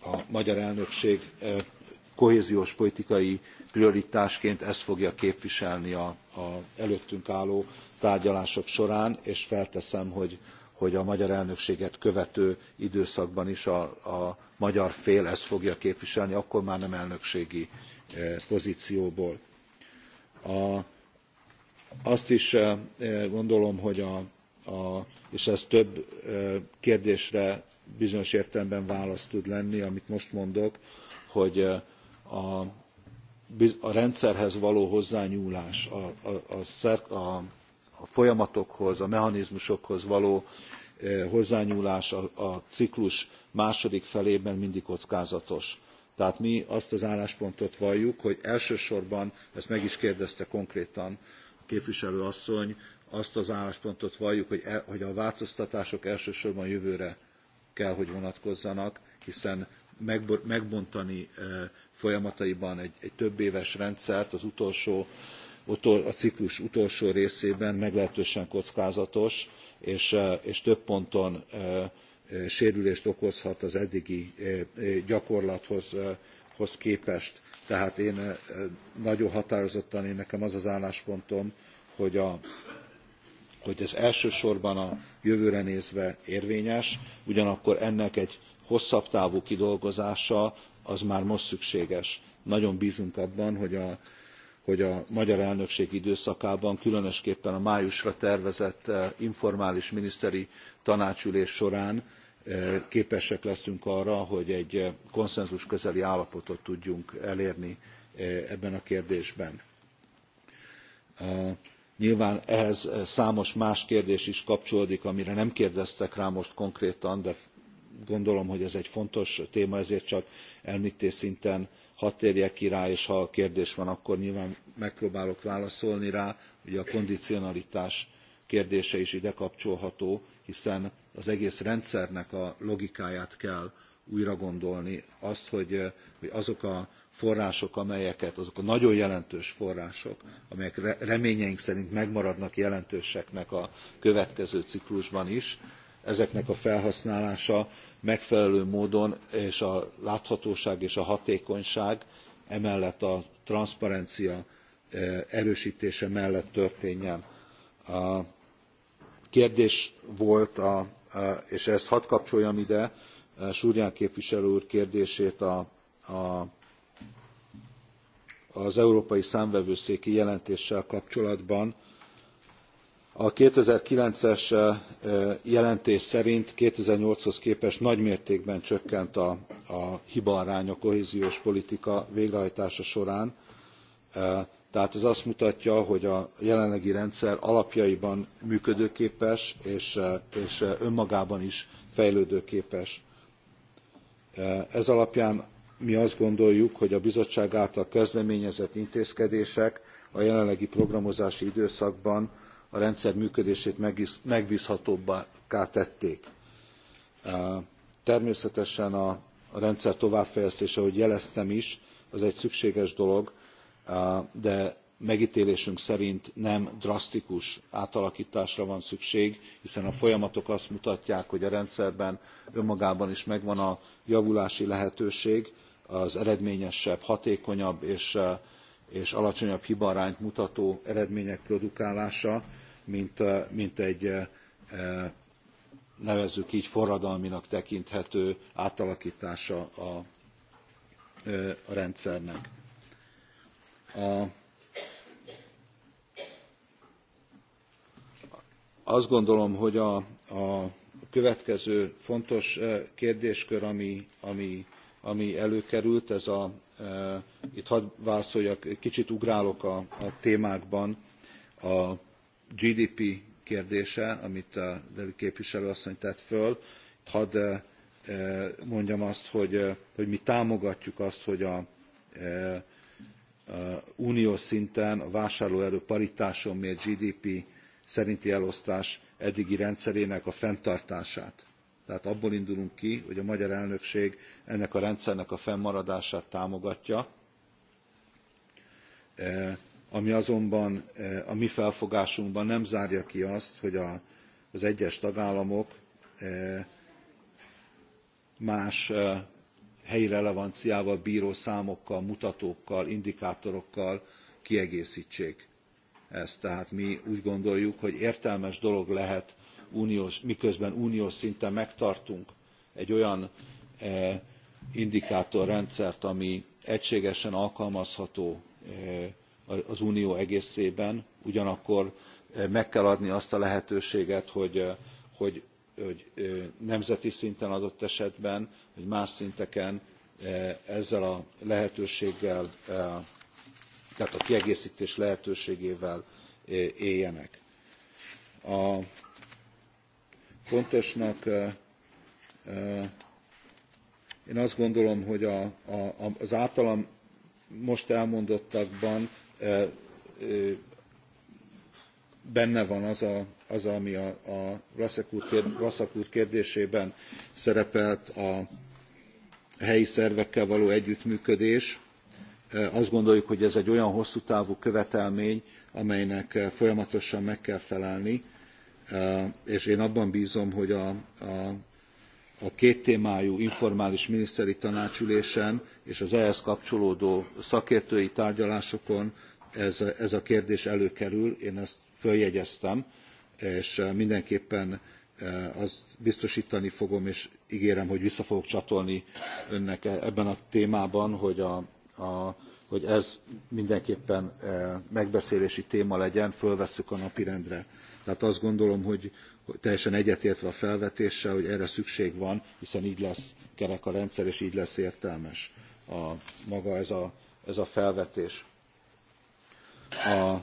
a magyar elnökség e, kohéziós politikai prioritásként ezt fogja képviselni az előttünk álló tárgyalások során, és felteszem, hogy hogy a magyar elnökséget követő időszakban is a, a magyar fél ezt fogja képviselni, akkor már nem elnökségi eh, pozícióból. A, azt is eh, gondolom, hogy a, a, és ez több eh, kérdésre bizonyos értelemben válasz tud lenni, amit most mondok, hogy a, a rendszerhez való hozzányúlás, a, a, a, a a folyamatokhoz, a mechanizmusokhoz való eh, hozzányúlás a ciklus második felében mindig kockázatos. Tehát mi azt az álláspontot valljuk, hogy elsősorban, ezt meg is kérdezte konkrétan a képviselő asszony, azt az álláspontot valljuk, hogy, e, hogy a változtatások elsősorban jövőre kell, hogy vonatkozzanak, hiszen megbontani eh, folyamataiban egy, egy több éves rendszert az utolsó a ciklus utolsó részében meglehetősen kockázatos, és, e, és több ponton e, e, sérülést okozhat az eddigi gyakorlathoz hoz képest. Tehát én nagyon határozottan, én nekem az az álláspontom, hogy, a, hogy ez elsősorban a jövőre nézve érvényes, ugyanakkor ennek egy hosszabb távú kidolgozása az már most szükséges. Nagyon bízunk abban, hogy a hogy a magyar elnökség időszakában, különösképpen a májusra tervezett eh, informális miniszteri tanácsülés során eh, képesek leszünk arra, hogy egy eh, konszenzus közeli állapotot tudjunk elérni ebben a kérdésben. Nyilván ehhez számos más kérdés is kapcsolódik, amire nem kérdeztek rá most konkrétan, de gondolom, hogy ez egy fontos téma, ezért csak említés szinten hadd térjek ki rá, és ha kérdés van, akkor nyilván megpróbálok válaszolni rá. Ugye a kondicionalitás kérdése is ide kapcsolható, hiszen az egész rendszernek a logikáját kell újra gondolni, azt, hogy, hogy azok a források, amelyeket, azok a nagyon jelentős források, amelyek reményeink szerint megmaradnak jelentőseknek a következő ciklusban is, ezeknek a felhasználása megfelelő módon és a láthatóság és a hatékonyság emellett a transzparencia eh, erősítése mellett történjen. A kérdés volt, a, eh, és ezt hadd kapcsoljam ide, eh, Súrján képviselő úr kérdését a, a, az Európai Számvevőszéki jelentéssel kapcsolatban, a 2009-es jelentés szerint 2008-hoz képest nagymértékben csökkent a, a hibaarány a kohéziós politika végrehajtása során, tehát ez azt mutatja, hogy a jelenlegi rendszer alapjaiban működőképes és, és önmagában is fejlődőképes. Ez alapján mi azt gondoljuk, hogy a bizottság által kezdeményezett intézkedések a jelenlegi programozási időszakban a rendszer működését megbízhatóbbá tették. Természetesen a rendszer továbbfejlesztése, ahogy jeleztem is, az egy szükséges dolog, de megítélésünk szerint nem drasztikus átalakításra van szükség, hiszen a folyamatok azt mutatják, hogy a rendszerben önmagában is megvan a javulási lehetőség, az eredményesebb, hatékonyabb és, és alacsonyabb hibarányt mutató eredmények produkálása mint, mint egy nevezzük így forradalminak tekinthető átalakítása a, a rendszernek. A, azt gondolom, hogy a, a következő fontos kérdéskör, ami, ami, ami előkerült, ez a, itt hadd válaszoljak, kicsit ugrálok a, a témákban, a GDP kérdése, amit a Deli képviselő asszony tett föl. Hadd eh, eh, mondjam azt, hogy, eh, hogy mi támogatjuk azt, hogy a, a uniós szinten a vásárlóerő paritáson mért GDP szerinti elosztás eddigi rendszerének a fenntartását. Tehát abból indulunk ki, hogy a magyar elnökség ennek a rendszernek a fennmaradását támogatja ami azonban eh, a mi felfogásunkban nem zárja ki azt, hogy a, az egyes tagállamok eh, más eh, helyi relevanciával bíró számokkal, mutatókkal, indikátorokkal kiegészítsék ezt. Tehát mi úgy gondoljuk, hogy értelmes dolog lehet, uniós, miközben uniós szinten megtartunk egy olyan indikátorrendszert, ami egységesen alkalmazható az unió egészében ugyanakkor eh, meg kell adni azt a lehetőséget hogy, eh, hogy, hogy eh, nemzeti szinten adott esetben vagy más szinteken ezzel a lehetőséggel tehát a kiegésztés lehetőségével éljenek. A fontosnak én azt gondolom hogy a, az általam most elmondottakban benne van az, a, az ami a, a úr kérdésében szerepelt a helyi szervekkel való együttműködés. Azt gondoljuk, hogy ez egy olyan hosszú távú követelmény, amelynek folyamatosan meg kell felelni, és én abban bízom, hogy a, a a kéttémájú informális miniszteri tanácsülésen és az ehhez kapcsolódó szakértői tárgyalásokon ez, ez a kérdés előkerül, én ezt följegyeztem, és eh, mindenképpen eh, azt biztosítani fogom, és ígérem, hogy vissza fogok csatolni önnek e, ebben a témában, hogy, a, a, hogy ez mindenképpen eh, megbeszélési téma legyen, fölvesszük a napirendre. Tehát azt gondolom, hogy teljesen egyetértve a felvetéssel, hogy erre szükség van, hiszen így lesz kerek a rendszer, és így lesz értelmes a, maga ez a, ez a felvetés a,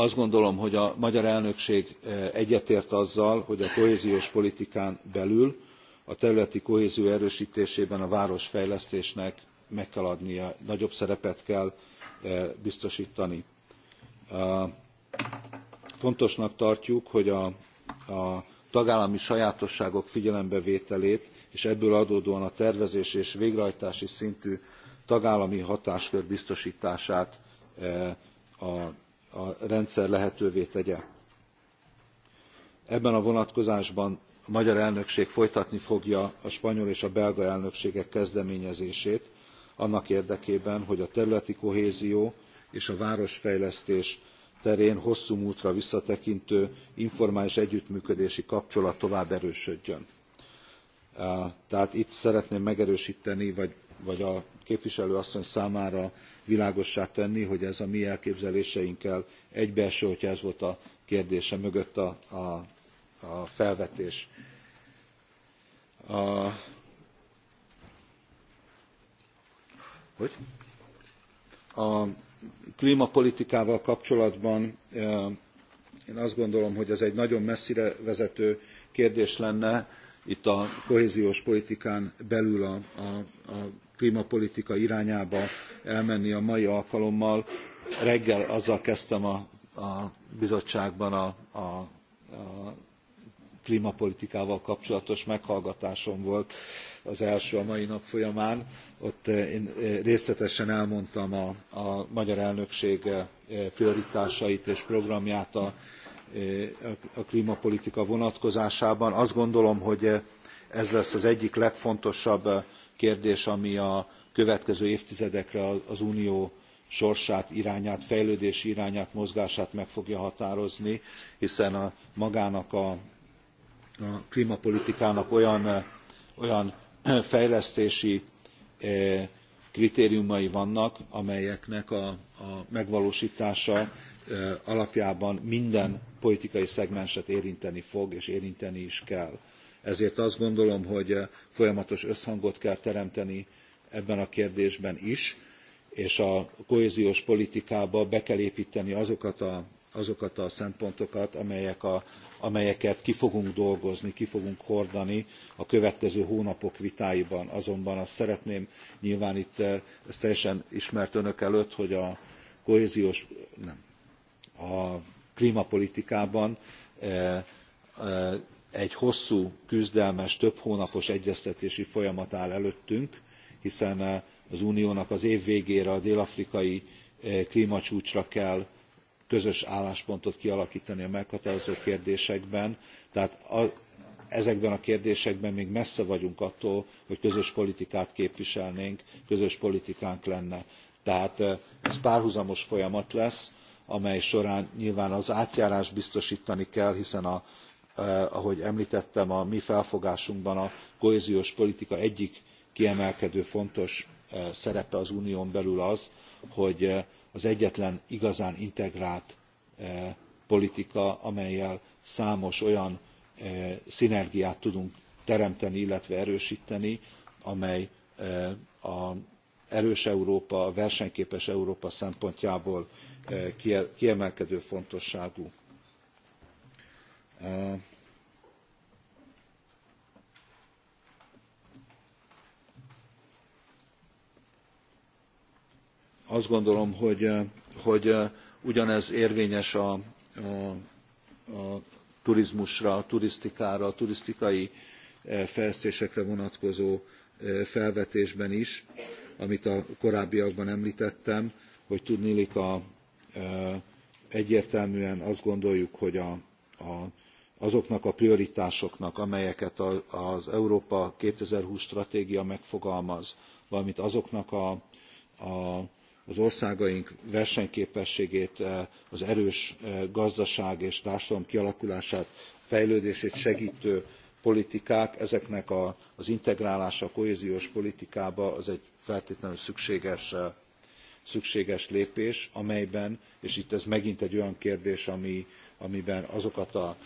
azt gondolom, hogy a magyar elnökség e, egyetért azzal, hogy a kohéziós politikán belül a területi kohézió erősítésében a városfejlesztésnek meg kell adnia, nagyobb szerepet kell e, biztosítani. Fontosnak tartjuk, hogy a, a tagállami sajátosságok figyelembevételét és ebből adódóan a tervezés és végrehajtási szintű tagállami hatáskör biztosítását eh, a, a rendszer lehetővé tegye. Ebben a vonatkozásban a magyar elnökség folytatni fogja a spanyol és a belga elnökségek kezdeményezését annak érdekében, hogy a területi kohézió és a városfejlesztés terén hosszú múltra visszatekintő informális együttműködési kapcsolat tovább erősödjön. Eh, tehát itt szeretném megerősíteni, vagy vagy a képviselő asszony számára világossá tenni, hogy ez a mi elképzeléseinkkel egybeeső, hogyha ez volt a kérdése mögött a, a, a felvetés. A... Hogy? A klímapolitikával kapcsolatban e, én azt gondolom, hogy ez egy nagyon messzire vezető kérdés lenne itt a kohéziós politikán belül a, a, a klímapolitika irányába elmenni a mai alkalommal. Reggel azzal kezdtem a, a bizottságban a, a, a klímapolitikával kapcsolatos meghallgatásom volt az első a mai nap folyamán. Ott eh, én eh, részletesen elmondtam a, a magyar elnökség eh, prioritásait és programját a, a klímapolitika vonatkozásában. Azt gondolom, hogy ez lesz az egyik legfontosabb kérdés, ami a következő évtizedekre az unió sorsát, irányát, fejlődési irányát, mozgását meg fogja határozni, hiszen a magának a, a klímapolitikának olyan, olyan fejlesztési eh, kritériumai vannak, amelyeknek a, a megvalósítása eh, alapjában minden politikai szegmenset érinteni fog, és érinteni is kell ezért azt gondolom, hogy eh, folyamatos összhangot kell teremteni ebben a kérdésben is, és a kohéziós politikába be kell építeni azokat a, azokat a szempontokat, amelyek a, amelyeket ki fogunk dolgozni, ki fogunk hordani a következő hónapok vitáiban. Azonban azt szeretném nyilván itt, eh, ez teljesen ismert önök előtt, hogy a kohéziós, nem, a klímapolitikában e, e, egy hosszú, küzdelmes, több hónapos egyeztetési folyamat áll előttünk, hiszen eh, az Uniónak az év végére a dél-afrikai eh, klímacsúcsra kell közös álláspontot kialakítani a meghatározó kérdésekben. Tehát a, ezekben a kérdésekben még messze vagyunk attól, hogy közös politikát képviselnénk, közös politikánk lenne. Tehát eh, ez párhuzamos folyamat lesz, amely során nyilván az átjárást biztosítani kell, hiszen a Eh, ahogy emltettem a mi felfogásunkban a kohéziós politika egyik kiemelkedő fontos eh, szerepe az unión belül az hogy eh, az egyetlen igazán integrált politika amellyel számos olyan szinergiát tudunk teremteni illetve erősteni amely az erős európa a versenyképes európa szempontjából kiemelkedő fontosságú azt gondolom, hogy, eh, hogy eh, ugyanez érvényes a, a, a turizmusra, a turisztikára, a turisztikai eh, fejlesztésekre vonatkozó felvetésben is, amit a korábbiakban említettem, hogy tudnélik a, egyértelműen azt gondoljuk, hogy a, a azoknak a prioritásoknak amelyeket az európa two thousand and twenty stratégia megfogalmaz valamint azoknak a, a, az országaink versenyképességét e, az erős e, gazdaság és társadalom kialakulását fejlődését segtő politikák ezeknek a, az integrálása a kohéziós politikába az egy feltétlenül szükséges, e, szükséges lépés amelyben és itt ez megint egy olyan kérdés ami, amiben azokat a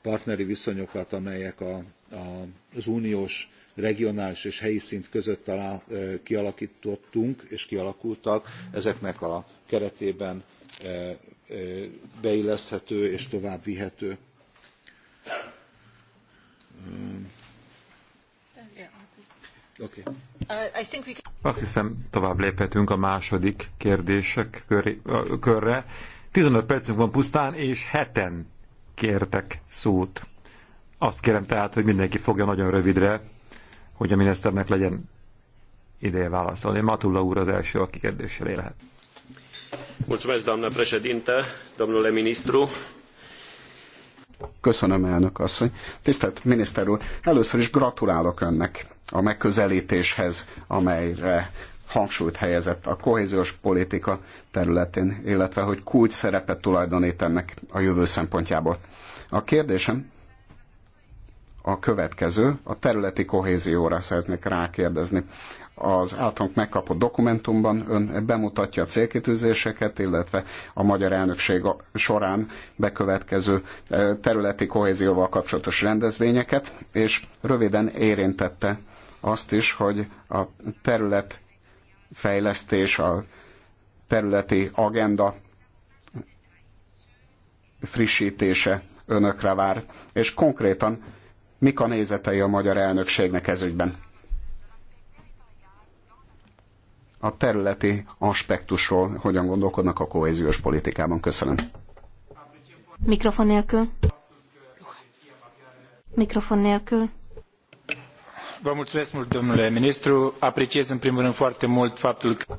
partneri viszonyokat, amelyek a, a, az uniós, regionális és helyi szint között talál, kialakítottunk és kialakultak, ezeknek a keretében beilleszthető és tovább vihető. Okay. Azt hiszem, tovább léphetünk a második kérdések köré, a, körre. 15 percünk van pusztán, és heten kértek szót. Azt kérem tehát, hogy mindenki fogja nagyon rövidre, hogy a miniszternek legyen ideje válaszolni. Matulla úr az első, aki kérdéssel élhet. Mulțumesc, doamna președinte, domnule ministru. Köszönöm, elnök asszony. Tisztelt miniszter úr, először is gratulálok önnek a megközelítéshez, amelyre hangsúlyt helyezett a kohéziós politika területén, illetve hogy kulcs szerepet tulajdonít ennek a jövő szempontjából. A kérdésem a következő, a területi kohézióra szeretnék rákérdezni. Az általunk megkapott dokumentumban ön bemutatja a célkitűzéseket, illetve a magyar elnökség során bekövetkező e, területi kohézióval kapcsolatos rendezvényeket, és röviden érintette azt is, hogy a terület fejlesztés, a területi agenda frissítése önökre vár, és konkrétan mik a nézetei a magyar elnökségnek ezügyben? A területi aspektusról hogyan gondolkodnak a kohéziós politikában? Köszönöm. Mikrofon nélkül. Mikrofon nélkül.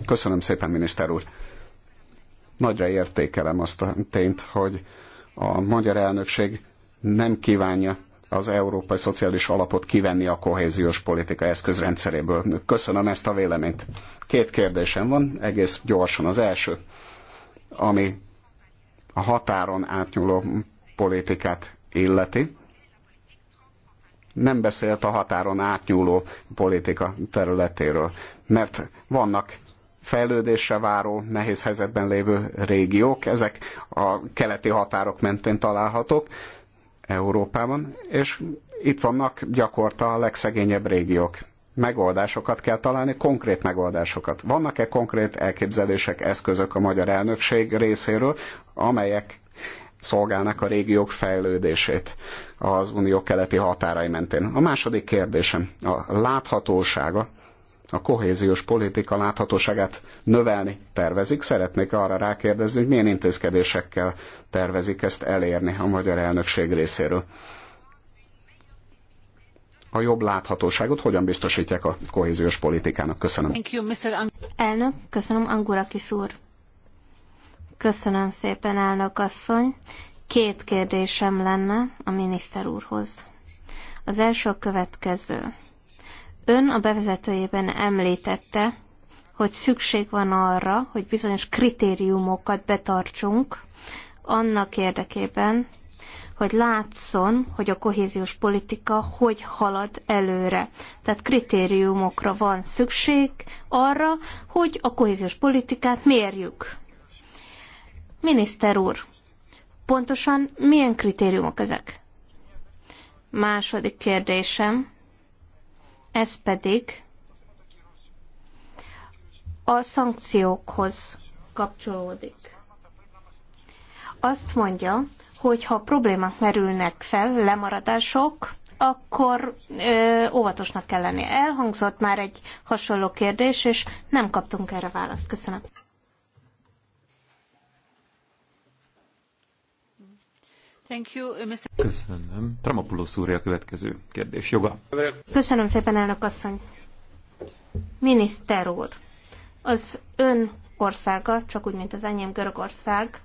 Köszönöm szépen, miniszter úr. Nagyra értékelem azt a tényt, hogy a magyar elnökség nem kívánja az Európai Szociális Alapot kivenni a kohéziós politika eszközrendszeréből. Köszönöm ezt a véleményt. Két kérdésem van, egész gyorsan. Az első, ami a határon átnyúló politikát illeti, nem beszélt a határon átnyúló politika területéről, mert vannak fejlődésre váró, nehéz helyzetben lévő régiók, ezek a keleti határok mentén találhatók Európában, és itt vannak gyakorta a legszegényebb régiók. Megoldásokat kell találni, konkrét megoldásokat. Vannak-e konkrét elképzelések, eszközök a magyar elnökség részéről, amelyek szolgálnak a régiók fejlődését az unió keleti határai mentén. A második kérdésem, a láthatósága, a kohéziós politika láthatóságát növelni tervezik. Szeretnék arra rákérdezni, hogy milyen intézkedésekkel tervezik ezt elérni a magyar elnökség részéről. A jobb láthatóságot hogyan biztosítják a kohéziós politikának? Köszönöm. Thank you, Mr. Elnök, köszönöm, Angura Kiszúr. Köszönöm szépen, elnök asszony. Két kérdésem lenne a miniszter úrhoz. Az első a következő. Ön a bevezetőjében említette, hogy szükség van arra, hogy bizonyos kritériumokat betartsunk annak érdekében, hogy látszon, hogy a kohéziós politika hogy halad előre. Tehát kritériumokra van szükség arra, hogy a kohéziós politikát mérjük. Miniszter úr, pontosan milyen kritériumok ezek? Második kérdésem, ez pedig a szankciókhoz kapcsolódik. Azt mondja, hogy ha problémák merülnek fel, lemaradások, akkor ö, óvatosnak kell lenni. Elhangzott már egy hasonló kérdés, és nem kaptunk erre választ. Köszönöm. Uh, Köszönöm. Tramapulos úr a következő kérdés. Joga. Köszönöm szépen, elnök asszony. Miniszter úr, az ön országa, csak úgy, mint az enyém Görögország,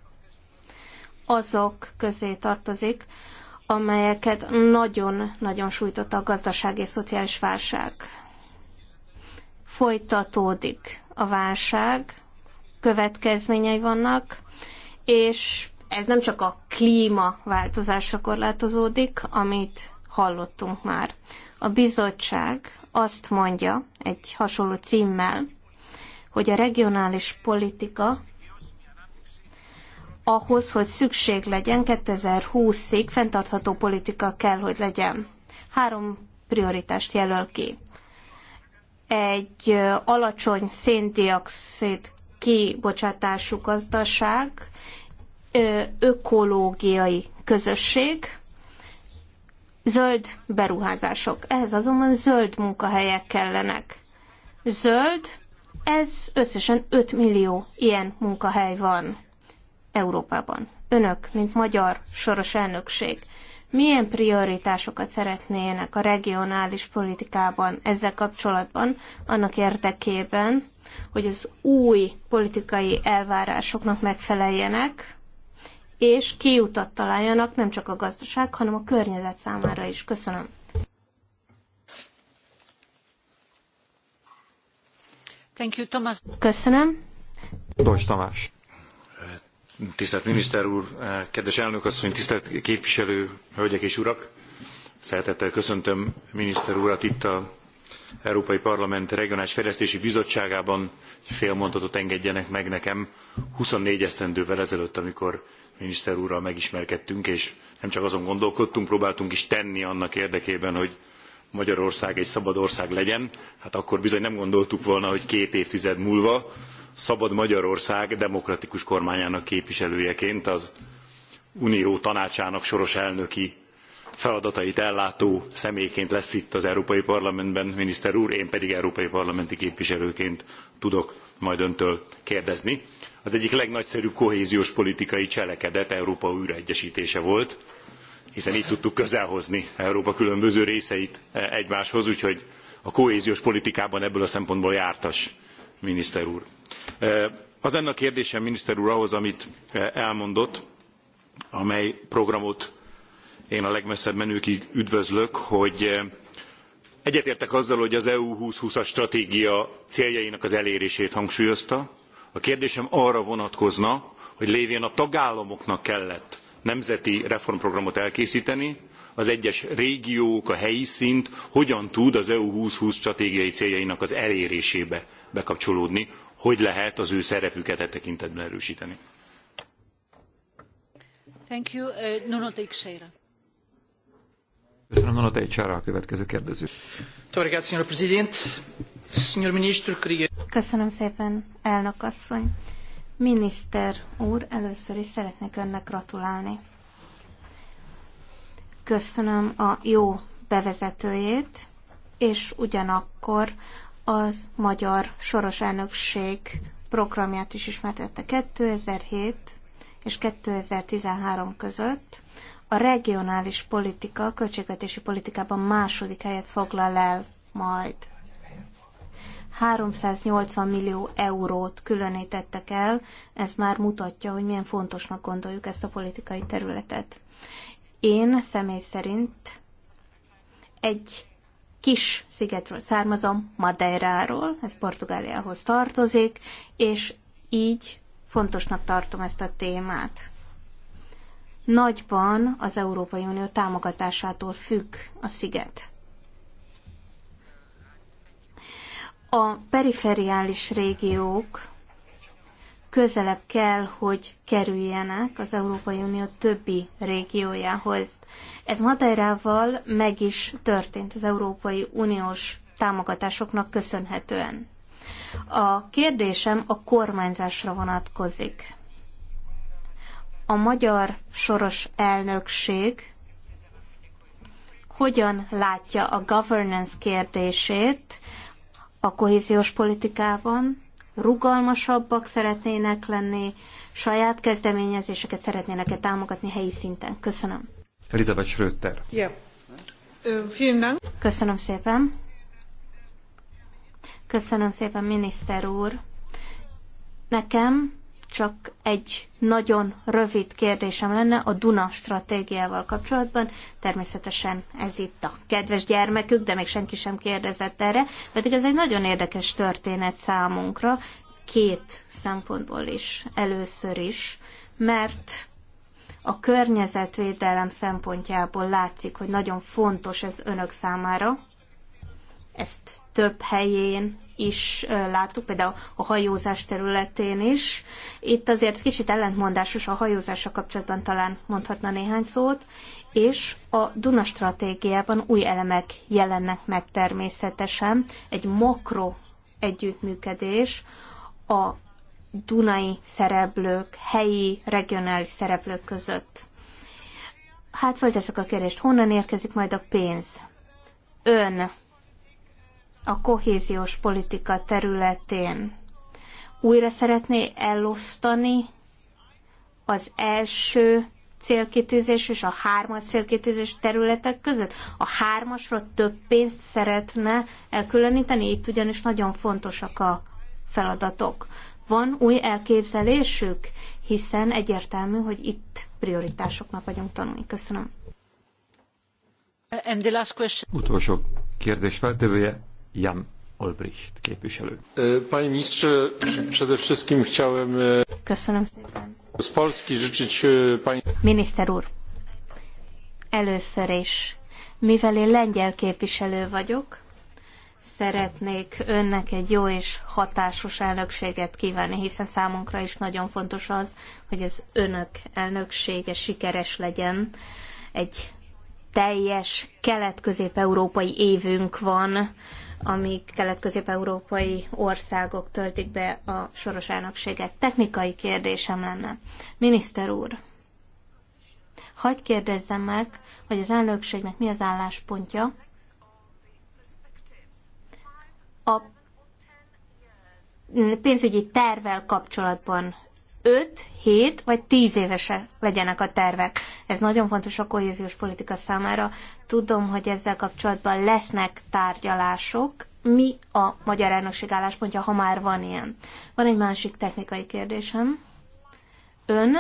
azok közé tartozik, amelyeket nagyon-nagyon sújtotta a gazdasági és szociális válság. Folytatódik a válság, következményei vannak, és ez nem csak a klímaváltozásra korlátozódik, amit hallottunk már. A bizottság azt mondja egy hasonló címmel, hogy a regionális politika ahhoz, hogy szükség legyen, 2020-ig fenntartható politika kell, hogy legyen. Három prioritást jelöl ki. Egy alacsony széndiokszid kibocsátású gazdaság ökológiai közösség, zöld beruházások. Ehhez azonban zöld munkahelyek kellenek. Zöld, ez összesen 5 millió ilyen munkahely van Európában. Önök, mint magyar soros elnökség, milyen prioritásokat szeretnének a regionális politikában ezzel kapcsolatban, annak érdekében, hogy az új politikai elvárásoknak megfeleljenek, és kiutat találjanak nem csak a gazdaság, hanem a környezet számára is. Köszönöm. Thank you, Thomas. Köszönöm. Dons Tamás. Tisztelt miniszter úr, kedves elnök asszony, tisztelt képviselő, hölgyek és urak! Szeretettel köszöntöm miniszter urat itt a Európai Parlament Regionális Fejlesztési Bizottságában. Fél mondatot engedjenek meg nekem. 24 esztendővel ezelőtt, amikor miniszter úrral megismerkedtünk, és nem csak azon gondolkodtunk, próbáltunk is tenni annak érdekében, hogy Magyarország egy szabad ország legyen. Hát akkor bizony nem gondoltuk volna, hogy két évtized múlva szabad Magyarország demokratikus kormányának képviselőjeként az Unió tanácsának soros elnöki feladatait ellátó személyként lesz itt az Európai Parlamentben, miniszter úr, én pedig Európai Parlamenti képviselőként tudok majd öntől kérdezni az egyik legnagyszerűbb kohéziós politikai cselekedet Európa újraegyesítése volt, hiszen így tudtuk közelhozni Európa különböző részeit e, egymáshoz, úgyhogy a kohéziós politikában ebből a szempontból jártas, miniszter úr. E, az lenne a kérdésem, miniszter úr, ahhoz, amit e, elmondott, amely programot én a legmesszebb menőkig üdvözlök, hogy egyetértek azzal, hogy az EU 2020-as stratégia céljainak az elérését hangsúlyozta, a kérdésem arra vonatkozna, hogy lévén a tagállamoknak kellett nemzeti reformprogramot elkészíteni, az egyes régiók, a helyi szint hogyan tud az EU 2020 stratégiai céljainak az elérésébe bekapcsolódni, hogy lehet az ő szerepüket e tekintetben erősíteni. Thank you. Uh, Nuno Teixeira. Köszönöm, Nuno Teixeira a következő kérdező. Torigát, Köszönöm szépen, elnök asszony. Miniszter úr, először is szeretnék önnek gratulálni. Köszönöm a jó bevezetőjét, és ugyanakkor az magyar soros elnökség programját is ismertette 2007 és 2013 között. A regionális politika, költségvetési politikában második helyet foglal el majd 380 millió eurót különítettek el, ez már mutatja, hogy milyen fontosnak gondoljuk ezt a politikai területet. Én személy szerint egy kis szigetről származom, Madeiráról, ez Portugáliához tartozik, és így fontosnak tartom ezt a témát. Nagyban az Európai Unió támogatásától függ a sziget. A perifériális régiók közelebb kell, hogy kerüljenek az Európai Unió többi régiójához. Ez Madeirával meg is történt az Európai Uniós támogatásoknak köszönhetően. A kérdésem a kormányzásra vonatkozik. A magyar soros elnökség hogyan látja a governance kérdését a kohéziós politikában, rugalmasabbak szeretnének lenni, saját kezdeményezéseket szeretnének -e támogatni helyi szinten. Köszönöm. Elizabeth Schröter. Ja. Köszönöm szépen. Köszönöm szépen, miniszter úr. Nekem csak egy nagyon rövid kérdésem lenne a Duna stratégiával kapcsolatban. Természetesen ez itt a kedves gyermekük, de még senki sem kérdezett erre, pedig ez egy nagyon érdekes történet számunkra, két szempontból is, először is, mert a környezetvédelem szempontjából látszik, hogy nagyon fontos ez önök számára, ezt több helyén is láttuk, például a hajózás területén is. Itt azért kicsit ellentmondásos a hajózással kapcsolatban talán mondhatna néhány szót, és a Duna stratégiában új elemek jelennek meg természetesen. Egy makro együttműködés a dunai szereplők, helyi, regionális szereplők között. Hát fölteszek a kérdést, honnan érkezik majd a pénz? Ön a kohéziós politika területén újra szeretné elosztani az első célkitűzés és a hármas célkitűzés területek között? A hármasra több pénzt szeretne elkülöníteni? Itt ugyanis nagyon fontosak a feladatok. Van új elképzelésük, hiszen egyértelmű, hogy itt prioritásoknak vagyunk tanulni. Köszönöm. Utolsó kérdés feltevője Jan Olbricht képviselő. E, panie ministrze, przede wszystkim chciałem... E, Köszönöm szépen. Z Polski życzyć e, pani... Miniszter úr, először is, mivel én lengyel képviselő vagyok, szeretnék önnek egy jó és hatásos elnökséget kívánni, hiszen számunkra is nagyon fontos az, hogy az önök elnöksége sikeres legyen. Egy teljes kelet-közép-európai évünk van, amíg kelet-közép-európai országok töltik be a soros elnökséget. Technikai kérdésem lenne. Miniszter úr, hagyj kérdezzem meg, hogy az elnökségnek mi az álláspontja a pénzügyi tervel kapcsolatban 5, 7 vagy 10 évese legyenek a tervek. Ez nagyon fontos a kohéziós politika számára. Tudom, hogy ezzel kapcsolatban lesznek tárgyalások. Mi a magyar elnökség álláspontja, ha már van ilyen? Van egy másik technikai kérdésem. Ön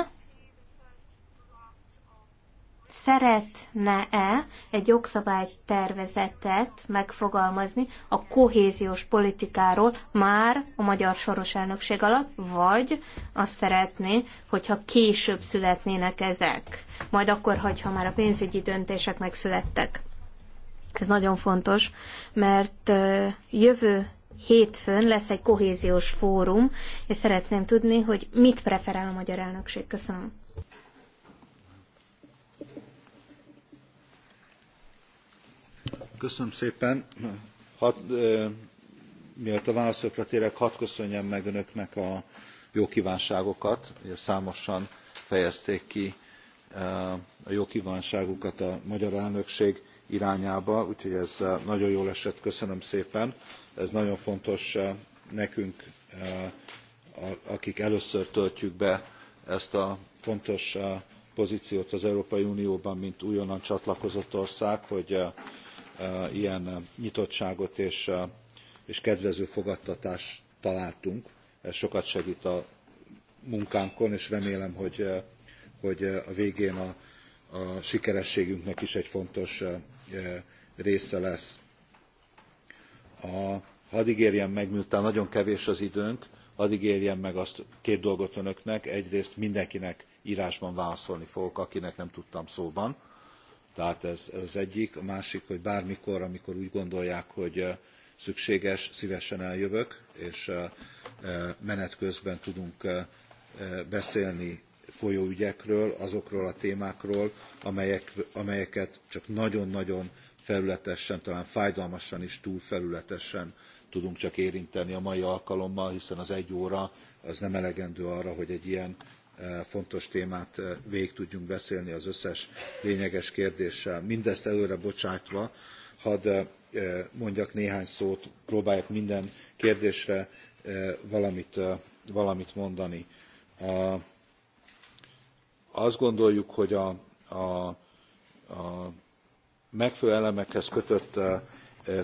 szeretne-e egy jogszabálytervezetet megfogalmazni a kohéziós politikáról már a magyar soros elnökség alatt, vagy azt szeretné, hogyha később születnének ezek, majd akkor, hogyha már a pénzügyi döntések megszülettek. Ez nagyon fontos, mert jövő hétfőn lesz egy kohéziós fórum, és szeretném tudni, hogy mit preferál a magyar elnökség. Köszönöm. Köszönöm szépen. Hat, ö, mielőtt a válaszokra térek, hadd köszönjem meg önöknek a jó kívánságokat. Ugye számosan fejezték ki a jó kívánságukat a magyar elnökség irányába, úgyhogy ez nagyon jól esett, köszönöm szépen. Ez nagyon fontos nekünk, akik először töltjük be ezt a fontos pozíciót az Európai Unióban, mint újonnan csatlakozott ország, hogy ilyen nyitottságot és, és kedvező fogadtatást találtunk. Ez sokat segít a munkánkon, és remélem, hogy, hogy a végén a, a sikerességünknek is egy fontos része lesz. A, hadd ígérjem meg, miután nagyon kevés az időnk, hadd ígérjem meg azt két dolgot önöknek. Egyrészt mindenkinek írásban válaszolni fogok, akinek nem tudtam szóban tehát ez az egyik. A másik, hogy bármikor, amikor úgy gondolják, hogy eh, szükséges, szívesen eljövök, és eh, eh, menet közben tudunk beszélni folyóügyekről, azokról a témákról, amelyek, amelyeket csak nagyon-nagyon felületesen, talán fájdalmasan is túlfelületesen tudunk csak érinteni a mai alkalommal, hiszen az egy óra az nem elegendő arra, hogy egy ilyen E, fontos témát e, végig tudjunk beszélni az összes lényeges kérdéssel. Mindezt előre bocsátva, hadd e, mondjak néhány szót, próbáljak minden kérdésre valamit, valamit mondani. Azt gondoljuk, hogy a, a, a megfelelő elemekhez kötött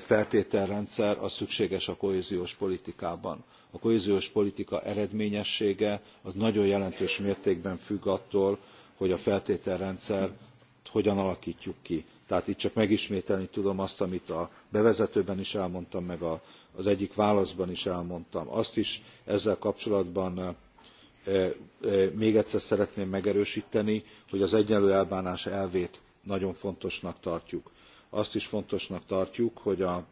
feltételrendszer az szükséges a kohéziós politikában a kohéziós politika eredményessége az nagyon jelentős mértékben függ attól, hogy a feltételrendszer hogyan alakítjuk ki. Tehát itt csak megismételni tudom azt, amit a bevezetőben is elmondtam, meg az egyik válaszban is elmondtam. Azt is ezzel kapcsolatban még egyszer szeretném megerősíteni, hogy az egyenlő elbánás elvét nagyon fontosnak tartjuk. Azt is fontosnak tartjuk, hogy, a,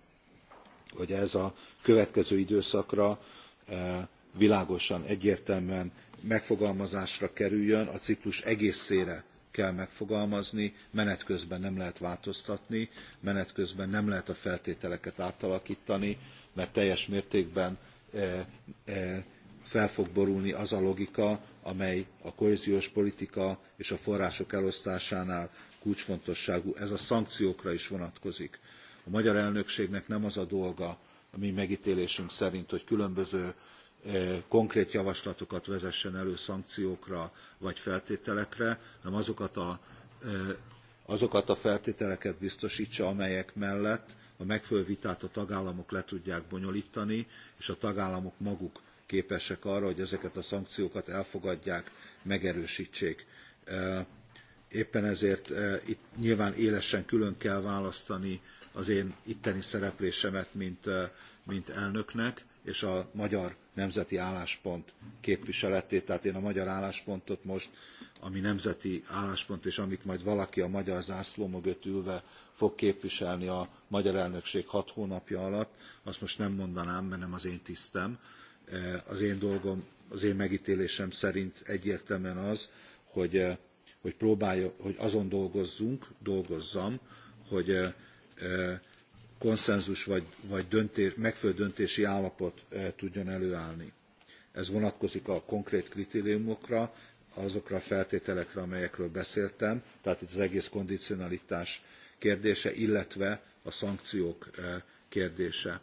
hogy ez a következő időszakra világosan, egyértelműen megfogalmazásra kerüljön, a ciklus egészére kell megfogalmazni, menet közben nem lehet változtatni, menet közben nem lehet a feltételeket átalakítani, mert teljes mértékben fel fog borulni az a logika, amely a kohéziós politika és a források elosztásánál kulcsfontosságú. Ez a szankciókra is vonatkozik. A magyar elnökségnek nem az a dolga, a mi megítélésünk szerint, hogy különböző eh, konkrét javaslatokat vezessen elő szankciókra vagy feltételekre, hanem azokat a, eh, azokat a feltételeket biztosítsa, amelyek mellett a megfelelő vitát a tagállamok le tudják bonyolítani, és a tagállamok maguk képesek arra, hogy ezeket a szankciókat elfogadják, megerősítsék. Eh, éppen ezért itt nyilván élesen külön kell választani az én itteni szereplésemet, mint, mint elnöknek, és a magyar nemzeti álláspont képviseletét. Tehát én a magyar álláspontot most, ami nemzeti álláspont, és amit majd valaki a magyar zászló mögött ülve fog képviselni a magyar elnökség hat hónapja alatt, azt most nem mondanám, mert nem az én tisztem. Az én dolgom, az én megítélésem szerint egyértelműen az, hogy, hogy, próbálja, hogy azon dolgozzunk, dolgozzam, hogy konszenzus vagy, vagy döntés, megfelelő döntési állapot tudjon előállni. Ez vonatkozik a konkrét kritériumokra, azokra a feltételekre, amelyekről beszéltem, tehát itt az egész kondicionalitás kérdése, illetve a szankciók kérdése.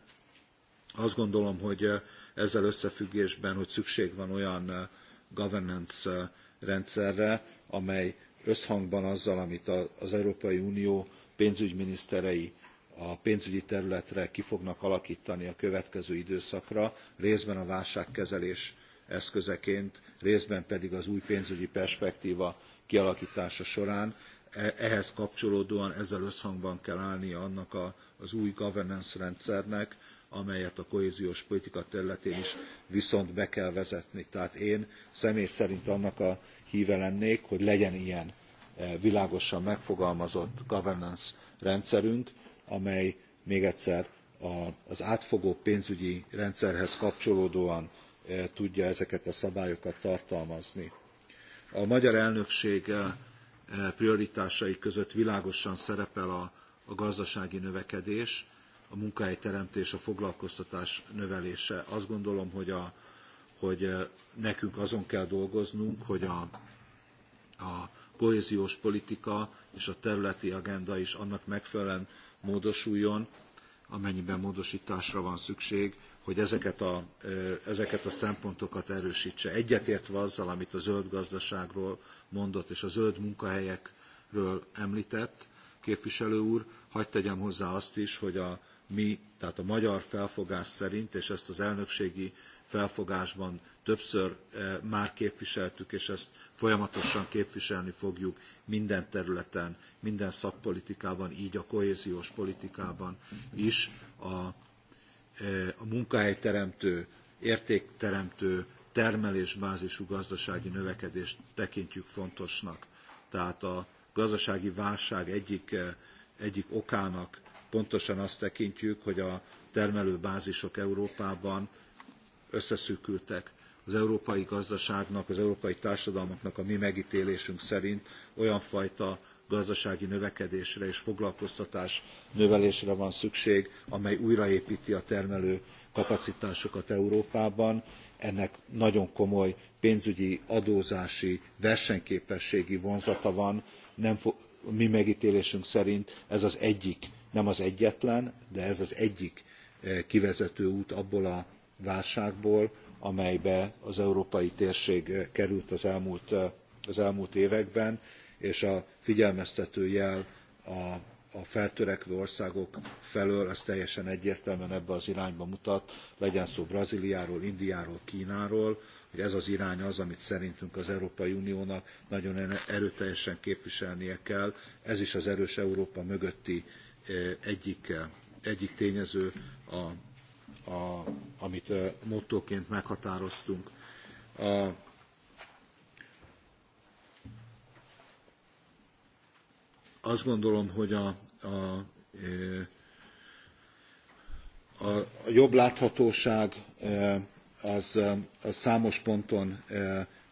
Azt gondolom, hogy ezzel összefüggésben, hogy szükség van olyan governance rendszerre, amely összhangban azzal, amit az Európai Unió pénzügyminiszterei a pénzügyi területre ki fognak alakítani a következő időszakra, részben a válságkezelés eszközeként, részben pedig az új pénzügyi perspektíva kialakítása során. E, ehhez kapcsolódóan ezzel összhangban kell állnia annak a, az új governance rendszernek, amelyet a kohéziós politika területén is viszont be kell vezetni. Tehát én személy szerint annak a híve lennék, hogy legyen ilyen E, világosan megfogalmazott governance rendszerünk, amely még egyszer az átfogó pénzügyi rendszerhez kapcsolódóan e, tudja ezeket a szabályokat tartalmazni. A magyar elnökség e, prioritásai között világosan szerepel a, a gazdasági növekedés, a munkahelyteremtés, a foglalkoztatás növelése. Azt gondolom, hogy, a, hogy nekünk azon kell dolgoznunk, hogy a, a kohéziós politika és a területi agenda is annak megfelelően módosuljon, amennyiben módosításra van szükség, hogy ezeket a, ezeket a szempontokat erősítse. Egyetértve azzal, amit a zöld gazdaságról mondott, és a zöld munkahelyekről említett képviselő úr, hagy tegyem hozzá azt is, hogy a mi, tehát a magyar felfogás szerint, és ezt az elnökségi felfogásban többször eh, már képviseltük, és ezt folyamatosan képviselni fogjuk minden területen, minden szakpolitikában, így a kohéziós politikában is a, eh, a munkahelyteremtő, értékteremtő, termelésbázisú gazdasági növekedést tekintjük fontosnak. Tehát a gazdasági válság egyik, eh, egyik okának pontosan azt tekintjük, hogy a termelőbázisok Európában összeszűkültek az európai gazdaságnak, az európai társadalmaknak a mi megítélésünk szerint olyan fajta gazdasági növekedésre és foglalkoztatás növelésre van szükség, amely újraépíti a termelő kapacitásokat Európában. Ennek nagyon komoly pénzügyi, adózási, versenyképességi vonzata van. Nem fo- mi megítélésünk szerint ez az egyik, nem az egyetlen, de ez az egyik eh, kivezető út abból a válságból, amelybe az európai térség eh, került az elmúlt, eh, az elmúlt években, és a figyelmeztető jel a, a feltörekvő országok felől, az teljesen egyértelműen ebbe az irányba mutat, legyen szó Brazíliáról, Indiáról, Kínáról, hogy ez az irány az, amit szerintünk az Európai Uniónak nagyon erőteljesen képviselnie kell. Ez is az erős Európa mögötti eh, egyik, egyik tényező a a, amit mottóként meghatároztunk. Azt gondolom, hogy a, a, a jobb láthatóság az, az számos ponton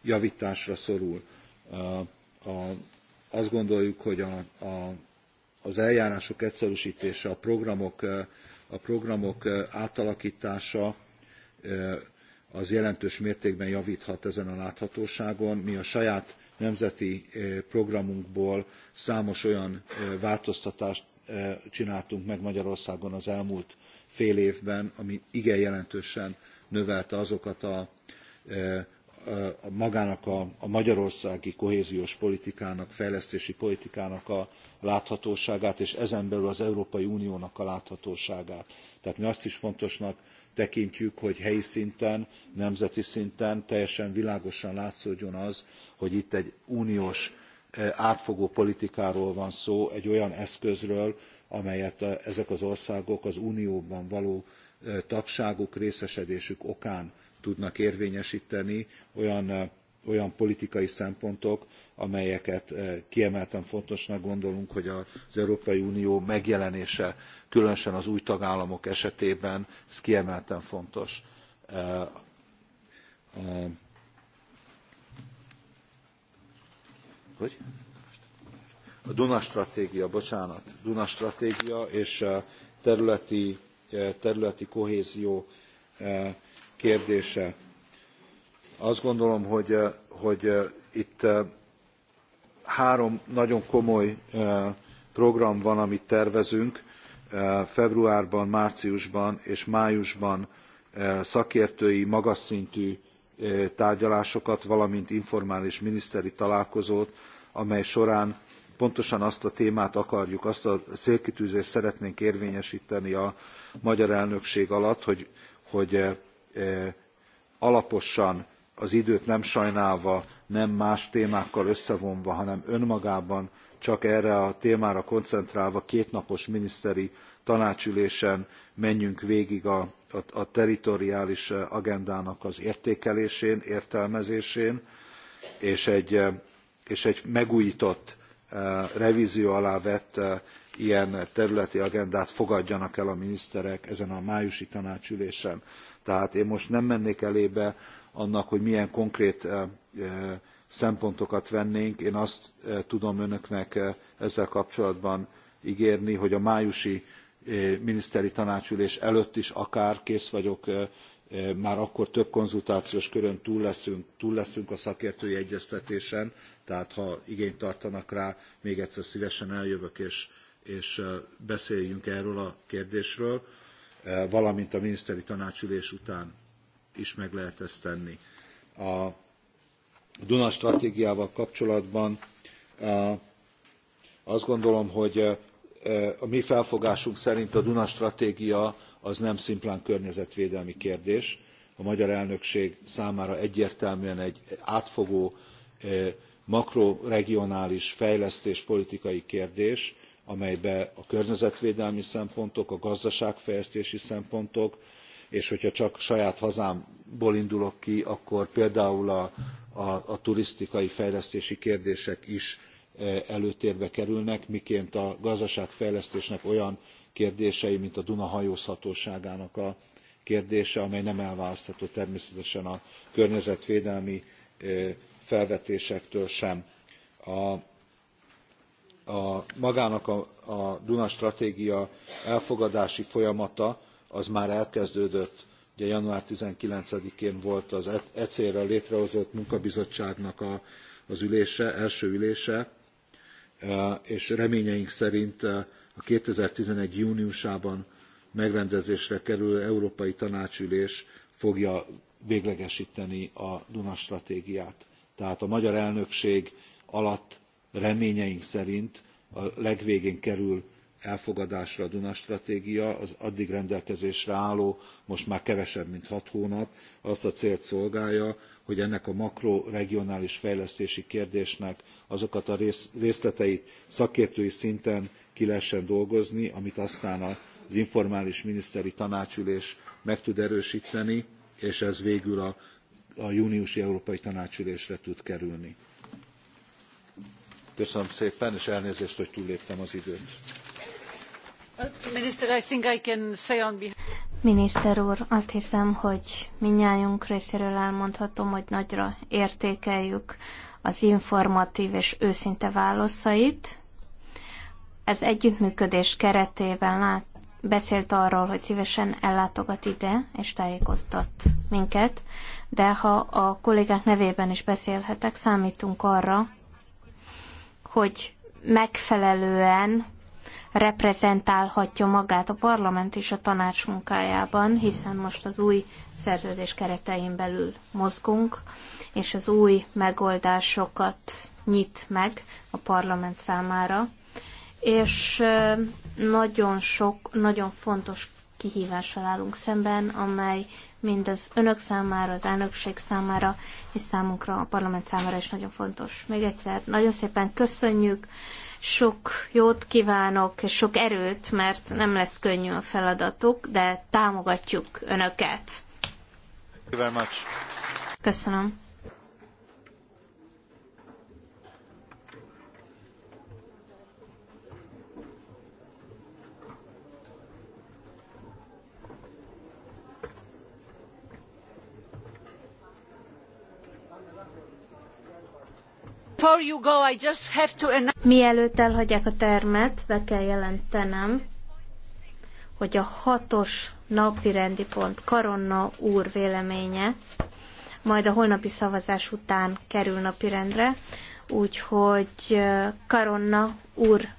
javításra szorul. A, azt gondoljuk, hogy a, a, az eljárások egyszerűsítése, a programok a programok átalakítása az jelentős mértékben javíthat ezen a láthatóságon. Mi a saját nemzeti programunkból számos olyan változtatást csináltunk meg Magyarországon az elmúlt fél évben, ami igen jelentősen növelte azokat a, a magának a, a magyarországi kohéziós politikának, fejlesztési politikának a láthatóságát és ezen belül az európai uniónak a láthatóságát. tehát mi azt is fontosnak tekintjük hogy helyi szinten nemzeti szinten teljesen világosan látszódjon az hogy itt egy uniós e, átfogó politikáról van szó egy olyan eszközről amelyet e, ezek az országok az unióban való e, tagságuk részesedésük okán tudnak érvényesteni olyan olyan politikai szempontok, amelyeket eh, kiemelten fontosnak gondolunk, hogy az Európai Unió megjelenése, különösen az új tagállamok esetében, ez kiemelten fontos. Eh, eh, hogy? A Duna stratégia, bocsánat, Duna stratégia és területi, területi kohézió kérdése azt gondolom, hogy, eh, hogy eh, itt eh, három nagyon komoly program van, amit tervezünk. Februárban, márciusban és májusban szakértői, magas szintű tárgyalásokat, valamint informális miniszteri találkozót, amely során pontosan azt a témát akarjuk, azt a célkitűzést szeretnénk érvényesíteni a magyar elnökség alatt, hogy, hogy alaposan az időt nem sajnálva, nem más témákkal összevonva, hanem önmagában csak erre a témára koncentrálva kétnapos miniszteri tanácsülésen menjünk végig a, a, a teritoriális agendának az értékelésén, értelmezésén, és egy, és egy megújított, eh, revízió alá vett eh, ilyen területi agendát fogadjanak el a miniszterek ezen a májusi tanácsülésen. Tehát én most nem mennék elébe annak, hogy milyen konkrét eh, eh, szempontokat vennénk. Én azt eh, tudom önöknek ezzel kapcsolatban ígérni, hogy a májusi miniszteri tanácsülés előtt is akár kész vagyok, már akkor több konzultációs körön túl leszünk, túl leszünk a szakértői egyeztetésen, tehát ha igényt tartanak rá, még egyszer szívesen eljövök, és, és beszéljünk erről a kérdésről, valamint a miniszteri tanácsülés után is meg lehet ezt tenni. A Duna stratégiával kapcsolatban e, azt gondolom, hogy e, e, a mi felfogásunk szerint a Duna stratégia az nem szimplán környezetvédelmi kérdés. A magyar elnökség számára egyértelműen egy átfogó makroregionális fejlesztéspolitikai kérdés, amelybe a környezetvédelmi szempontok, a gazdaságfejlesztési szempontok, és hogyha csak saját hazámból indulok ki, akkor például a, a, a turisztikai fejlesztési kérdések is e, előtérbe kerülnek, miként a gazdaságfejlesztésnek olyan kérdései, mint a Duna hajózhatóságának a kérdése, amely nem elválasztható természetesen a környezetvédelmi e, felvetésektől sem. A, a magának a, a Duna stratégia elfogadási folyamata az már elkezdődött. Ugye január 19-én volt az ECR-re e létrehozott munkabizottságnak a, az ülése, első ülése, e, és reményeink szerint e, a 2011. júniusában megrendezésre kerülő Európai Tanácsülés fogja véglegesíteni a Duna stratégiát. Tehát a magyar elnökség alatt reményeink szerint a legvégén kerül elfogadásra a Duna stratégia, az addig rendelkezésre álló, most már kevesebb, mint hat hónap, azt a célt szolgálja, hogy ennek a makroregionális fejlesztési kérdésnek azokat a részleteit szakértői szinten ki lehessen dolgozni, amit aztán az informális miniszteri tanácsülés meg tud erősíteni, és ez végül a, a júniusi európai tanácsülésre tud kerülni. Köszönöm szépen, és elnézést, hogy túlléptem az időt. Miniszter úr, azt hiszem, hogy minnyájunk részéről elmondhatom, hogy nagyra értékeljük az informatív és őszinte válaszait. Ez együttműködés keretében lát, beszélt arról, hogy szívesen ellátogat ide és tájékoztat minket, de ha a kollégák nevében is beszélhetek, számítunk arra, hogy megfelelően reprezentálhatja magát a parlament és a tanács munkájában, hiszen most az új szerződés keretein belül mozgunk, és az új megoldásokat nyit meg a parlament számára, és nagyon sok, nagyon fontos kihívással állunk szemben, amely mind az önök számára, az elnökség számára, és számunkra, a parlament számára is nagyon fontos. Még egyszer nagyon szépen köszönjük, sok jót kívánok, és sok erőt, mert nem lesz könnyű a feladatuk, de támogatjuk Önöket. Köszönöm. Mielőtt elhagyják a termet, be kell jelentenem, hogy a hatos napi rendi pont Karonna úr véleménye majd a holnapi szavazás után kerül napirendre, úgyhogy eh, Karonna úr